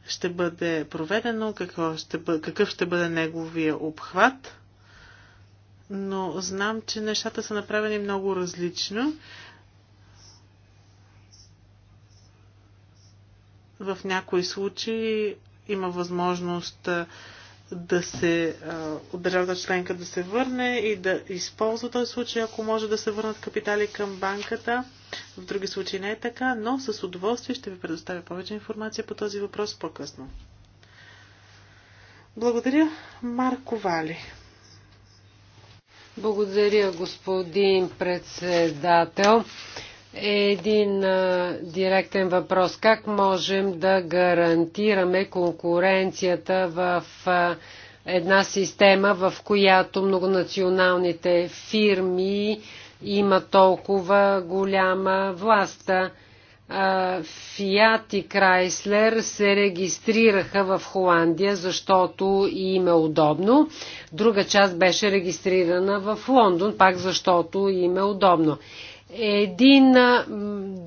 ще бъде проведено, какво ще бъ... какъв ще бъде неговия обхват. Но знам, че нещата са направени много различно В някои случаи има възможност да се, от държавата членка да се върне и да използва този случай, ако може да се върнат капитали към банката. В други случаи не е така, но с удоволствие ще ви предоставя повече информация по този въпрос по-късно. Благодаря, Марко Вали. Благодаря, господин председател един а, директен въпрос. Как можем да гарантираме конкуренцията в а, една система, в която многонационалните фирми има толкова голяма власт? Фиат и Крайслер се регистрираха в Холандия, защото им е удобно. Друга част беше регистрирана в Лондон, пак защото им е удобно един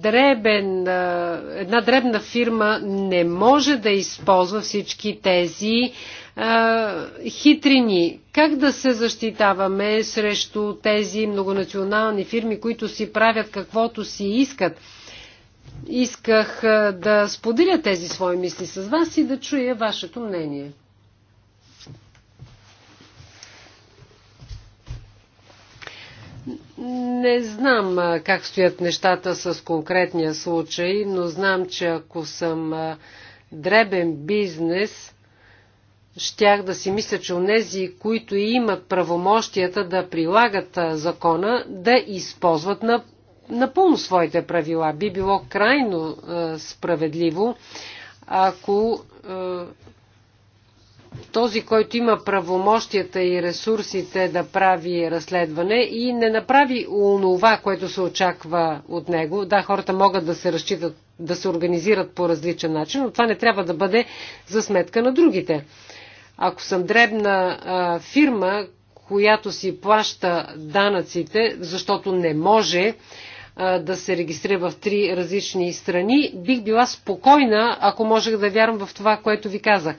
дребен, една дребна фирма не може да използва всички тези хитрини. Как да се защитаваме срещу тези многонационални фирми, които си правят каквото си искат? Исках да споделя тези свои мисли с вас и да чуя вашето мнение. Не знам как стоят нещата с конкретния случай, но знам, че ако съм дребен бизнес, щях да си мисля, че онези, които имат правомощията да прилагат закона, да използват на, напълно своите правила. Би било крайно справедливо, ако този, който има правомощията и ресурсите да прави разследване и не направи онова, което се очаква от него. Да, хората могат да се разчитат, да се организират по различен начин, но това не трябва да бъде за сметка на другите. Ако съм дребна а, фирма, която си плаща данъците, защото не може а, да се регистрира в три различни страни, бих била спокойна, ако можех да вярвам в това, което ви казах.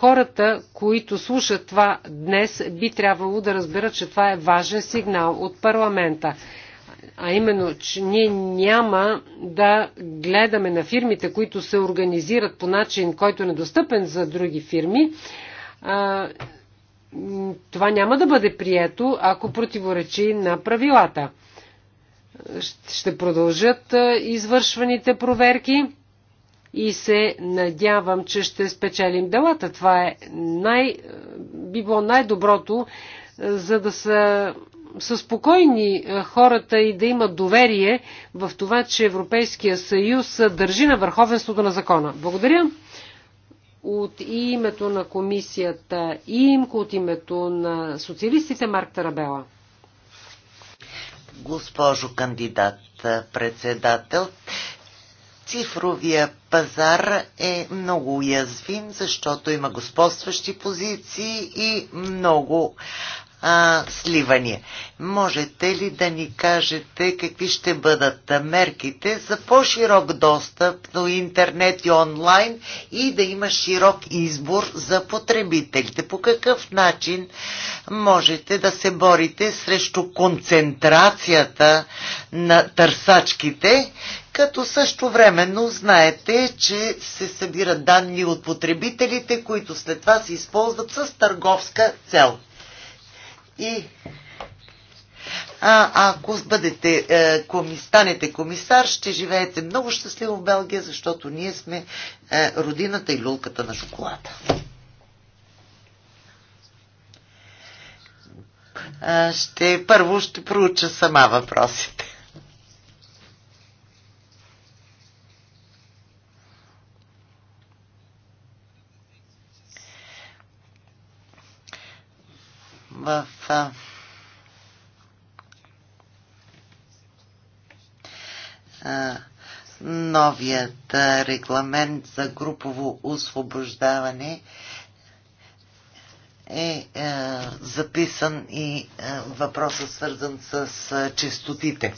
Хората, които слушат това днес, би трябвало да разберат, че това е важен сигнал от парламента. А именно, че ние няма да гледаме на фирмите, които се организират по начин, който е недостъпен за други фирми. Това няма да бъде прието, ако противоречи на правилата. Ще продължат извършваните проверки и се надявам, че ще спечелим делата. Това е най, би било най-доброто, е, за да са, са спокойни е, хората и да имат доверие в това, че Европейския съюз държи на върховенството на закона. Благодаря. От името на комисията ИМКО, от името на социалистите Марк Тарабела. Госпожо кандидат председател, Цифровия пазар е много уязвим, защото има господстващи позиции и много а, сливания. Можете ли да ни кажете какви ще бъдат мерките за по-широк достъп до интернет и онлайн и да има широк избор за потребителите? По какъв начин можете да се борите срещу концентрацията на търсачките, като също времено знаете, че се събират данни от потребителите, които след това се използват с търговска цел. И а, ако бъдете, е, коми, станете комисар, ще живеете много щастливо в Белгия, защото ние сме е, родината и люлката на шоколада. Е, ще, първо ще проуча сама въпросите. в новият регламент за групово освобождаване е, записан и въпроса свързан с честотите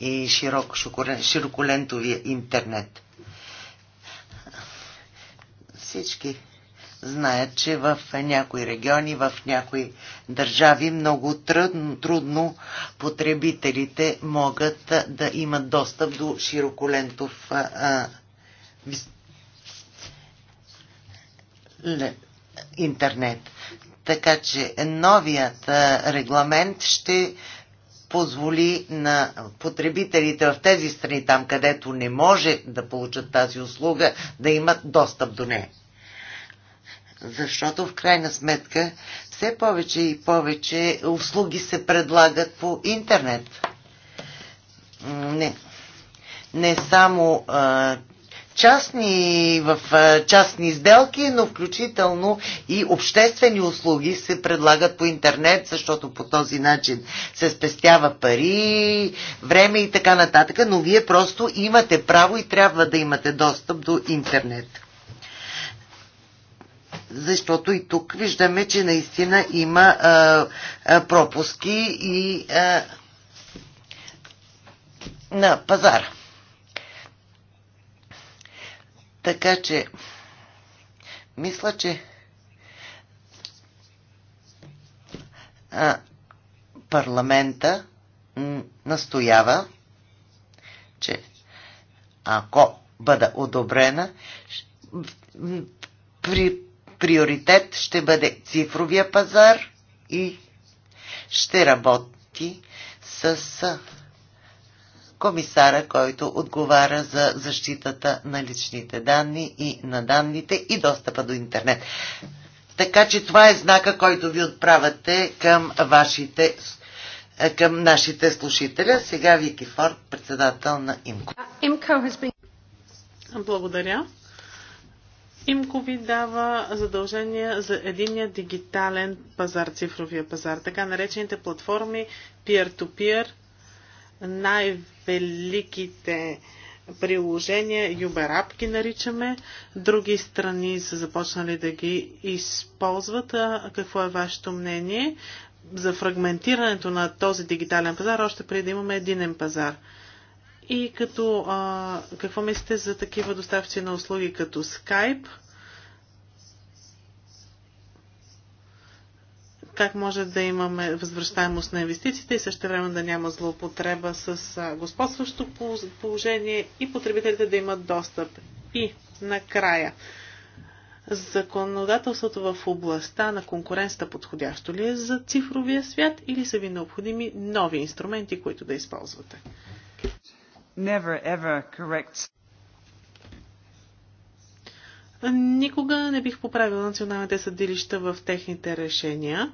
и широк, широколентовия интернет. Всички знаят, че в някои региони, в някои държави много трудно, трудно потребителите могат да имат достъп до широколентов а, вис... Л... интернет. Така че новият регламент ще позволи на потребителите в тези страни, там където не може да получат тази услуга, да имат достъп до нея защото в крайна сметка все повече и повече услуги се предлагат по интернет. Не, не само а, частни, в а, частни сделки, но включително и обществени услуги се предлагат по интернет, защото по този начин се спестява пари, време и така нататък, но вие просто имате право и трябва да имате достъп до интернет защото и тук виждаме, че наистина има а, а, пропуски и а, на пазара. Така че, мисля, че а, парламента настоява, че ако бъда одобрена, при приоритет ще бъде цифровия пазар и ще работи с комисара, който отговаря за защитата на личните данни и на данните и достъпа до интернет. Така че това е знака, който ви отправяте към вашите е, към нашите слушателя. Сега Вики Форд, председател на ИМКО. Благодаря. Имко ви дава задължения за единия дигитален пазар, цифровия пазар, така наречените платформи peer-to-peer, най-великите приложения, Юберапки наричаме. Други страни са започнали да ги използват. А какво е вашето мнение за фрагментирането на този дигитален пазар, още преди да имаме единен пазар? И като а, какво мислите за такива доставчи на услуги като Skype? Как може да имаме възвръщаемост на инвестициите и също време да няма злоупотреба с господстващо положение и потребителите да имат достъп? И накрая, законодателството в областта на конкуренцията подходящо ли е за цифровия свят или са ви необходими нови инструменти, които да използвате? never ever correct. Никога не бих поправила националните съдилища в техните решения,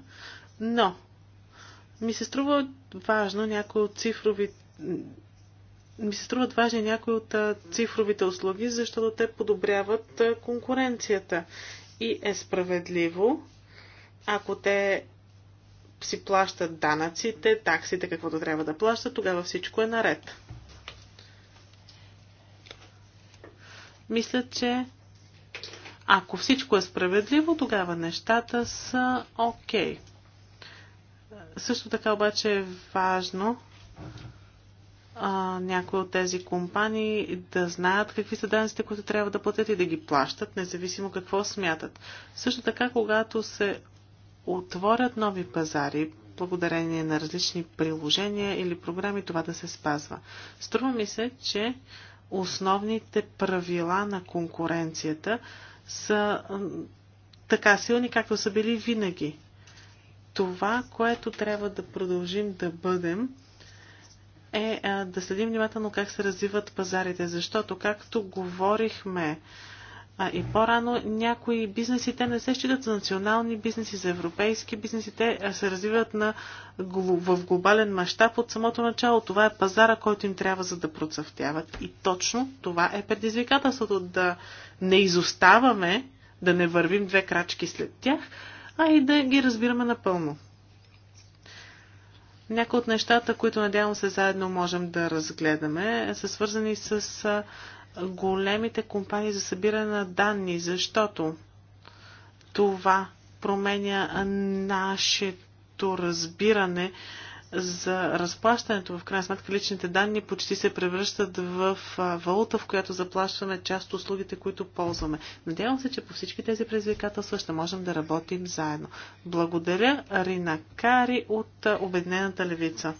но ми се струва важно някои от цифрови ми се струват важни някои от цифровите услуги, защото те подобряват конкуренцията. И е справедливо, ако те си плащат данъците, таксите, каквото трябва да плащат, тогава всичко е наред. Мисля, че ако всичко е справедливо, тогава нещата са окей. Okay. Също така обаче е важно а, някои от тези компании да знаят какви са данците, които трябва да платят и да ги плащат, независимо какво смятат. Също така, когато се отворят нови пазари, благодарение на различни приложения или програми, това да се спазва. Струва ми се, че основните правила на конкуренцията са така силни, както са били винаги. Това, което трябва да продължим да бъдем, е да следим внимателно как се развиват пазарите, защото както говорихме а и по-рано някои бизнеси, те не се считат за национални бизнеси, за европейски бизнеси, те се развиват на, в глобален мащаб от самото начало. Това е пазара, който им трябва за да процъфтяват. И точно това е предизвикателството да не изоставаме, да не вървим две крачки след тях, а и да ги разбираме напълно. Някои от нещата, които надявам се заедно можем да разгледаме, са свързани с големите компании за събиране на данни, защото това променя нашето разбиране за разплащането. В крайна сметка личните данни почти се превръщат в валута, в която заплащаме част от услугите, които ползваме. Надявам се, че по всички тези предизвикателства ще можем да работим заедно. Благодаря Рина Кари от Обеднената левица.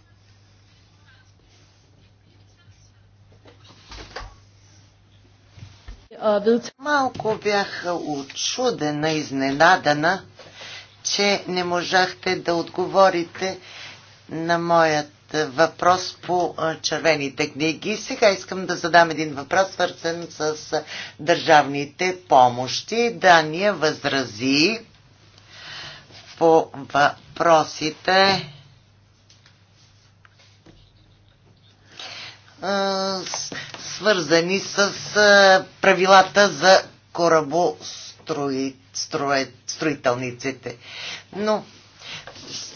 Малко бях очудена, изненадана, че не можахте да отговорите на моят въпрос по червените книги. Сега искам да задам един въпрос, свързан с държавните помощи. Дания възрази по въпросите свързани с правилата за корабостроителниците. Но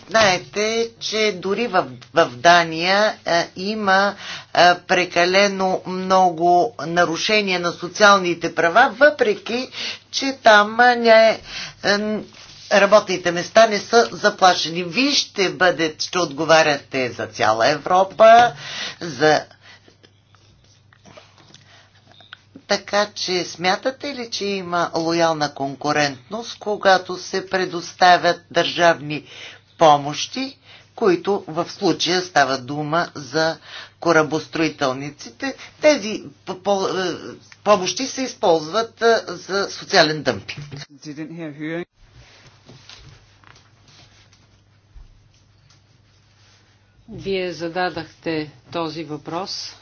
знаете, че дори в, в Дания а, има а, прекалено много нарушения на социалните права, въпреки, че там а, не, а, работните места не са заплашени. Вие ще бъдете, ще отговаряте за цяла Европа, за Така че смятате ли, че има лоялна конкурентност, когато се предоставят държавни помощи, които в случая става дума за корабостроителниците? Тези е, помощи се използват е, за социален дъмпинг. Вие зададахте този въпрос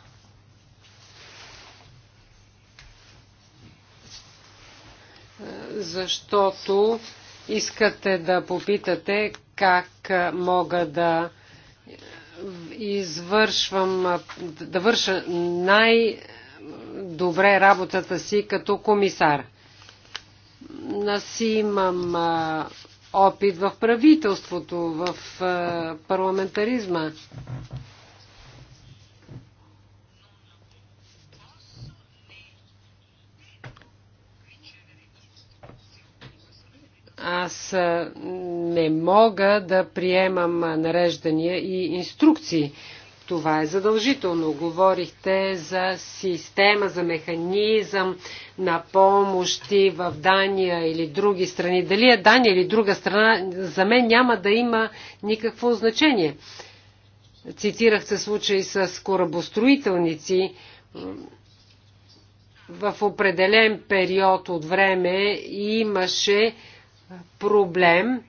защото искате да попитате как мога да извършвам, да върша най-добре работата си като комисар. Аз имам опит в правителството, в парламентаризма. Аз не мога да приемам нареждания и инструкции. Това е задължително. Говорихте за система, за механизъм на помощи в Дания или други страни. Дали е Дания или друга страна, за мен няма да има никакво значение. Цитирахте случаи с корабостроителници. В определен период от време имаше проблем,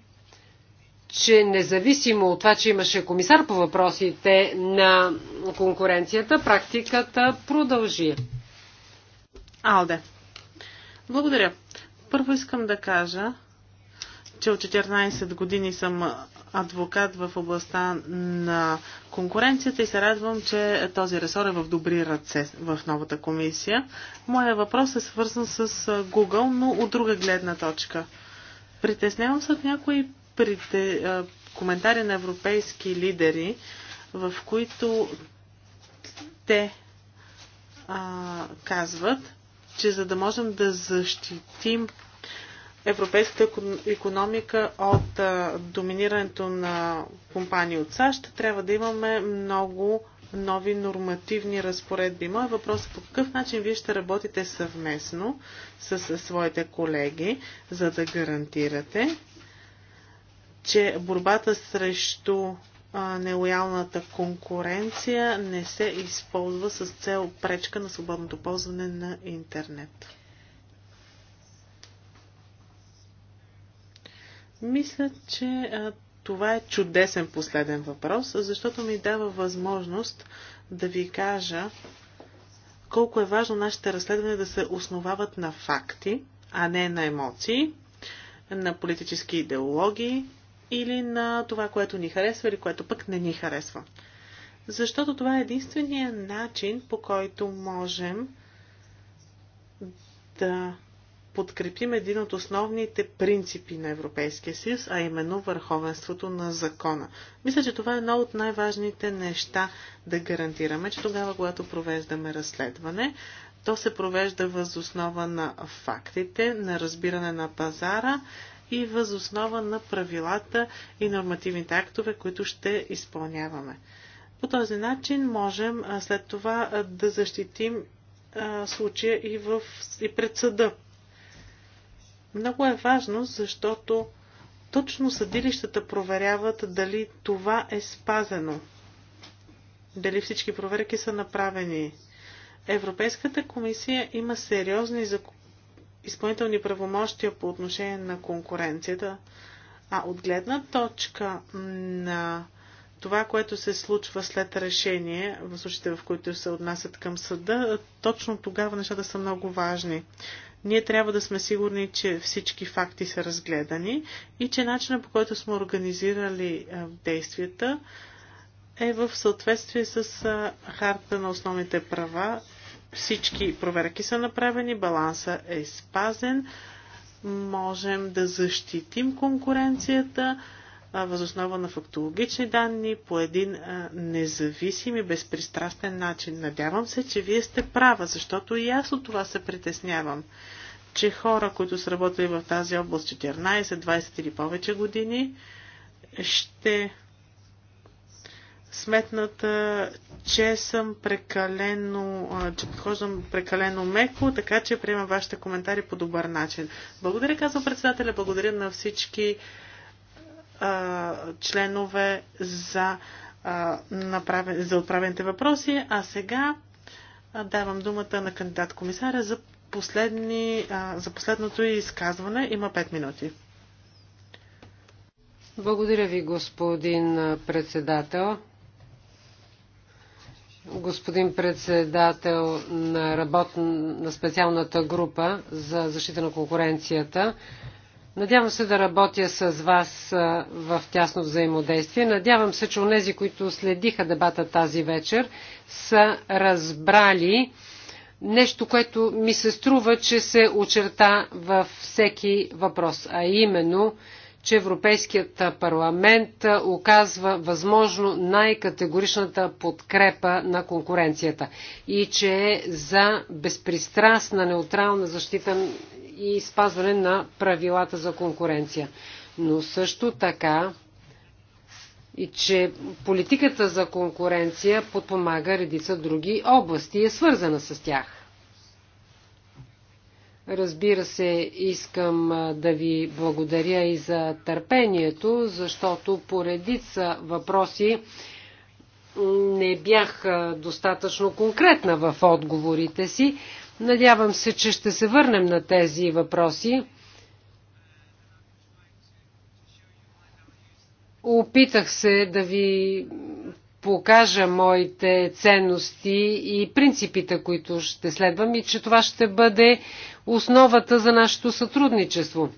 че независимо от това, че имаше комисар по въпросите на конкуренцията, практиката продължи. Алде. Благодаря. Първо искам да кажа, че от 14 години съм адвокат в областта на конкуренцията и се радвам, че този ресор е в добри ръце в новата комисия. Моя въпрос е свързан с Google, но от друга гледна точка – Притеснявам се от някои прите, коментари на европейски лидери, в които те а, казват, че за да можем да защитим европейската економика от а, доминирането на компании от САЩ, трябва да имаме много нови нормативни разпоредби. Моят въпрос е по какъв начин вие ще работите съвместно с своите колеги, за да гарантирате, че борбата срещу нелоялната конкуренция не се използва с цел пречка на свободното ползване на интернет. Мисля, че това е чудесен последен въпрос, защото ми дава възможност да ви кажа колко е важно нашите разследвания да се основават на факти, а не на емоции, на политически идеологии или на това, което ни харесва или което пък не ни харесва. Защото това е единствения начин, по който можем да подкрепим един от основните принципи на Европейския съюз, а именно върховенството на закона. Мисля, че това е едно от най-важните неща да гарантираме, че тогава, когато провеждаме разследване, то се провежда въз основа на фактите, на разбиране на пазара и въз основа на правилата и нормативните актове, които ще изпълняваме. По този начин можем след това да защитим случая и, в, и пред съда много е важно, защото точно съдилищата проверяват дали това е спазено. Дали всички проверки са направени. Европейската комисия има сериозни изпълнителни правомощия по отношение на конкуренцията, а от гледна точка на това, което се случва след решение, в случаите в които се отнасят към съда, точно тогава нещата са много важни. Ние трябва да сме сигурни, че всички факти са разгледани и че начинът по който сме организирали действията е в съответствие с харта на основните права. Всички проверки са направени, баланса е спазен, можем да защитим конкуренцията възоснова на фактологични данни по един а, независим и безпристрастен начин. Надявам се, че вие сте права, защото и аз от това се притеснявам, че хора, които са работили в тази област 14, 20 или повече години, ще сметнат, че съм прекалено, че подхождам прекалено меко, така че приемам вашите коментари по добър начин. Благодаря, казвам председателя, благодаря на всички а, членове за, а, за отправените въпроси, а сега а, давам думата на кандидат комисаря за, последни, а, за последното изказване. Има 5 минути. Благодаря ви, господин председател. Господин председател на, работ... на специалната група за защита на конкуренцията, Надявам се да работя с вас в тясно взаимодействие. Надявам се, че онези, които следиха дебата тази вечер, са разбрали нещо, което ми се струва, че се очерта във всеки въпрос, а именно, че Европейският парламент оказва възможно най-категоричната подкрепа на конкуренцията и че е за безпристрастна неутрална защита и спазване на правилата за конкуренция. Но също така и че политиката за конкуренция подпомага редица други области и е свързана с тях. Разбира се, искам да ви благодаря и за търпението, защото по редица въпроси не бях достатъчно конкретна в отговорите си. Надявам се, че ще се върнем на тези въпроси. Опитах се да ви покажа моите ценности и принципите, които ще следвам и че това ще бъде основата за нашето сътрудничество.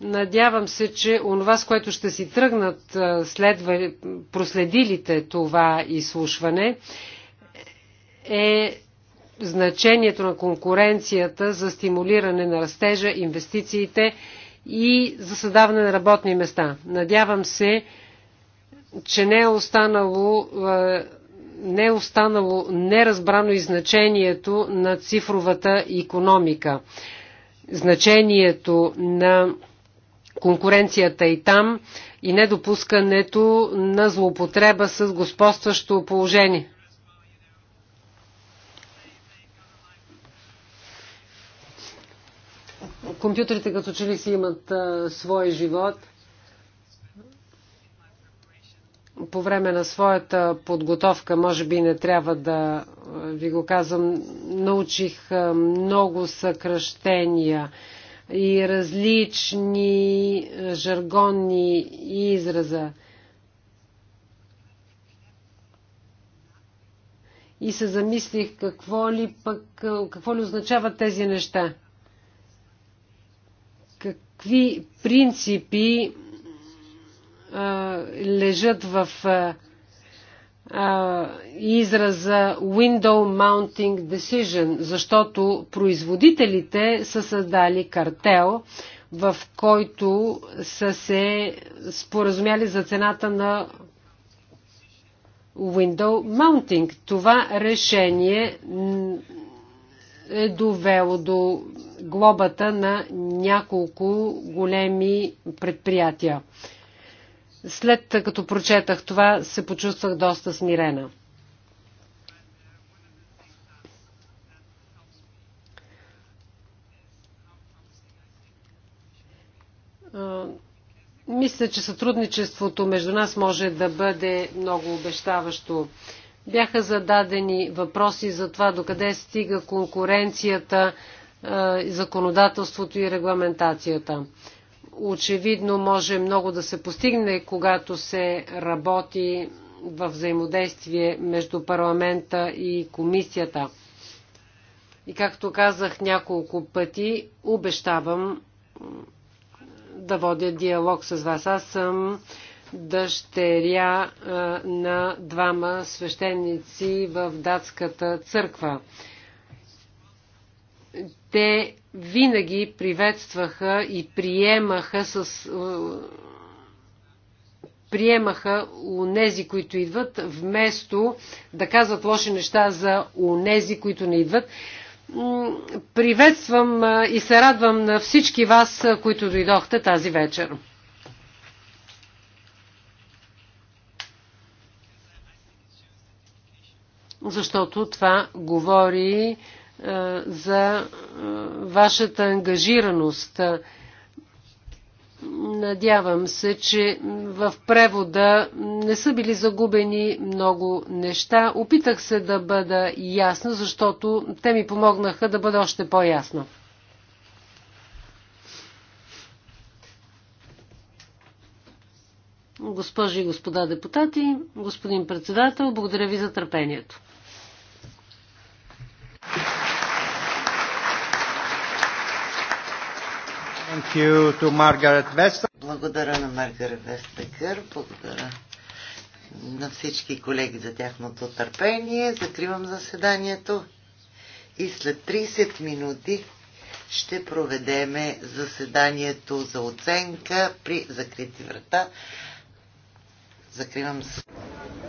Надявам се, че онова, с което ще си тръгнат следва, проследилите това изслушване, е значението на конкуренцията за стимулиране на растежа, инвестициите и за създаване на работни места. Надявам се, че не е останало, е, не е останало неразбрано и значението на цифровата економика. Значението на конкуренцията и там и недопускането на злоупотреба с господстващо положение. компютрите като че ли си имат а, свой живот. По време на своята подготовка, може би не трябва да ви го казвам, научих много съкръщения и различни жаргонни израза. И се замислих какво ли пък, какво ли означават тези неща какви принципи лежат в израза window mounting decision, защото производителите са създали картел, в който са се споразумяли за цената на window mounting. Това решение е довело до глобата на няколко големи предприятия. След като прочетах това, се почувствах доста смирена. Мисля, че сътрудничеството между нас може да бъде много обещаващо. Бяха зададени въпроси за това докъде стига конкуренцията, е, законодателството и регламентацията. Очевидно може много да се постигне, когато се работи в взаимодействие между парламента и комисията. И както казах няколко пъти, обещавам да водя диалог с вас. Аз съм дъщеря на двама свещеници в датската църква. Те винаги приветстваха и приемаха с приемаха унези, които идват, вместо да казват лоши неща за унези, които не идват. Приветствам и се радвам на всички вас, които дойдохте тази вечер. защото това говори е, за е, вашата ангажираност. Надявам се, че в превода не са били загубени много неща. Опитах се да бъда ясна, защото те ми помогнаха да бъда още по-ясна. Госпожи и господа депутати, господин председател, благодаря ви за търпението. Благодаря на Маргарет Вестъкър. Благодаря на всички колеги за тяхното търпение. Закривам заседанието и след 30 минути ще проведеме заседанието за оценка при закрити врата. Закривам заседанието.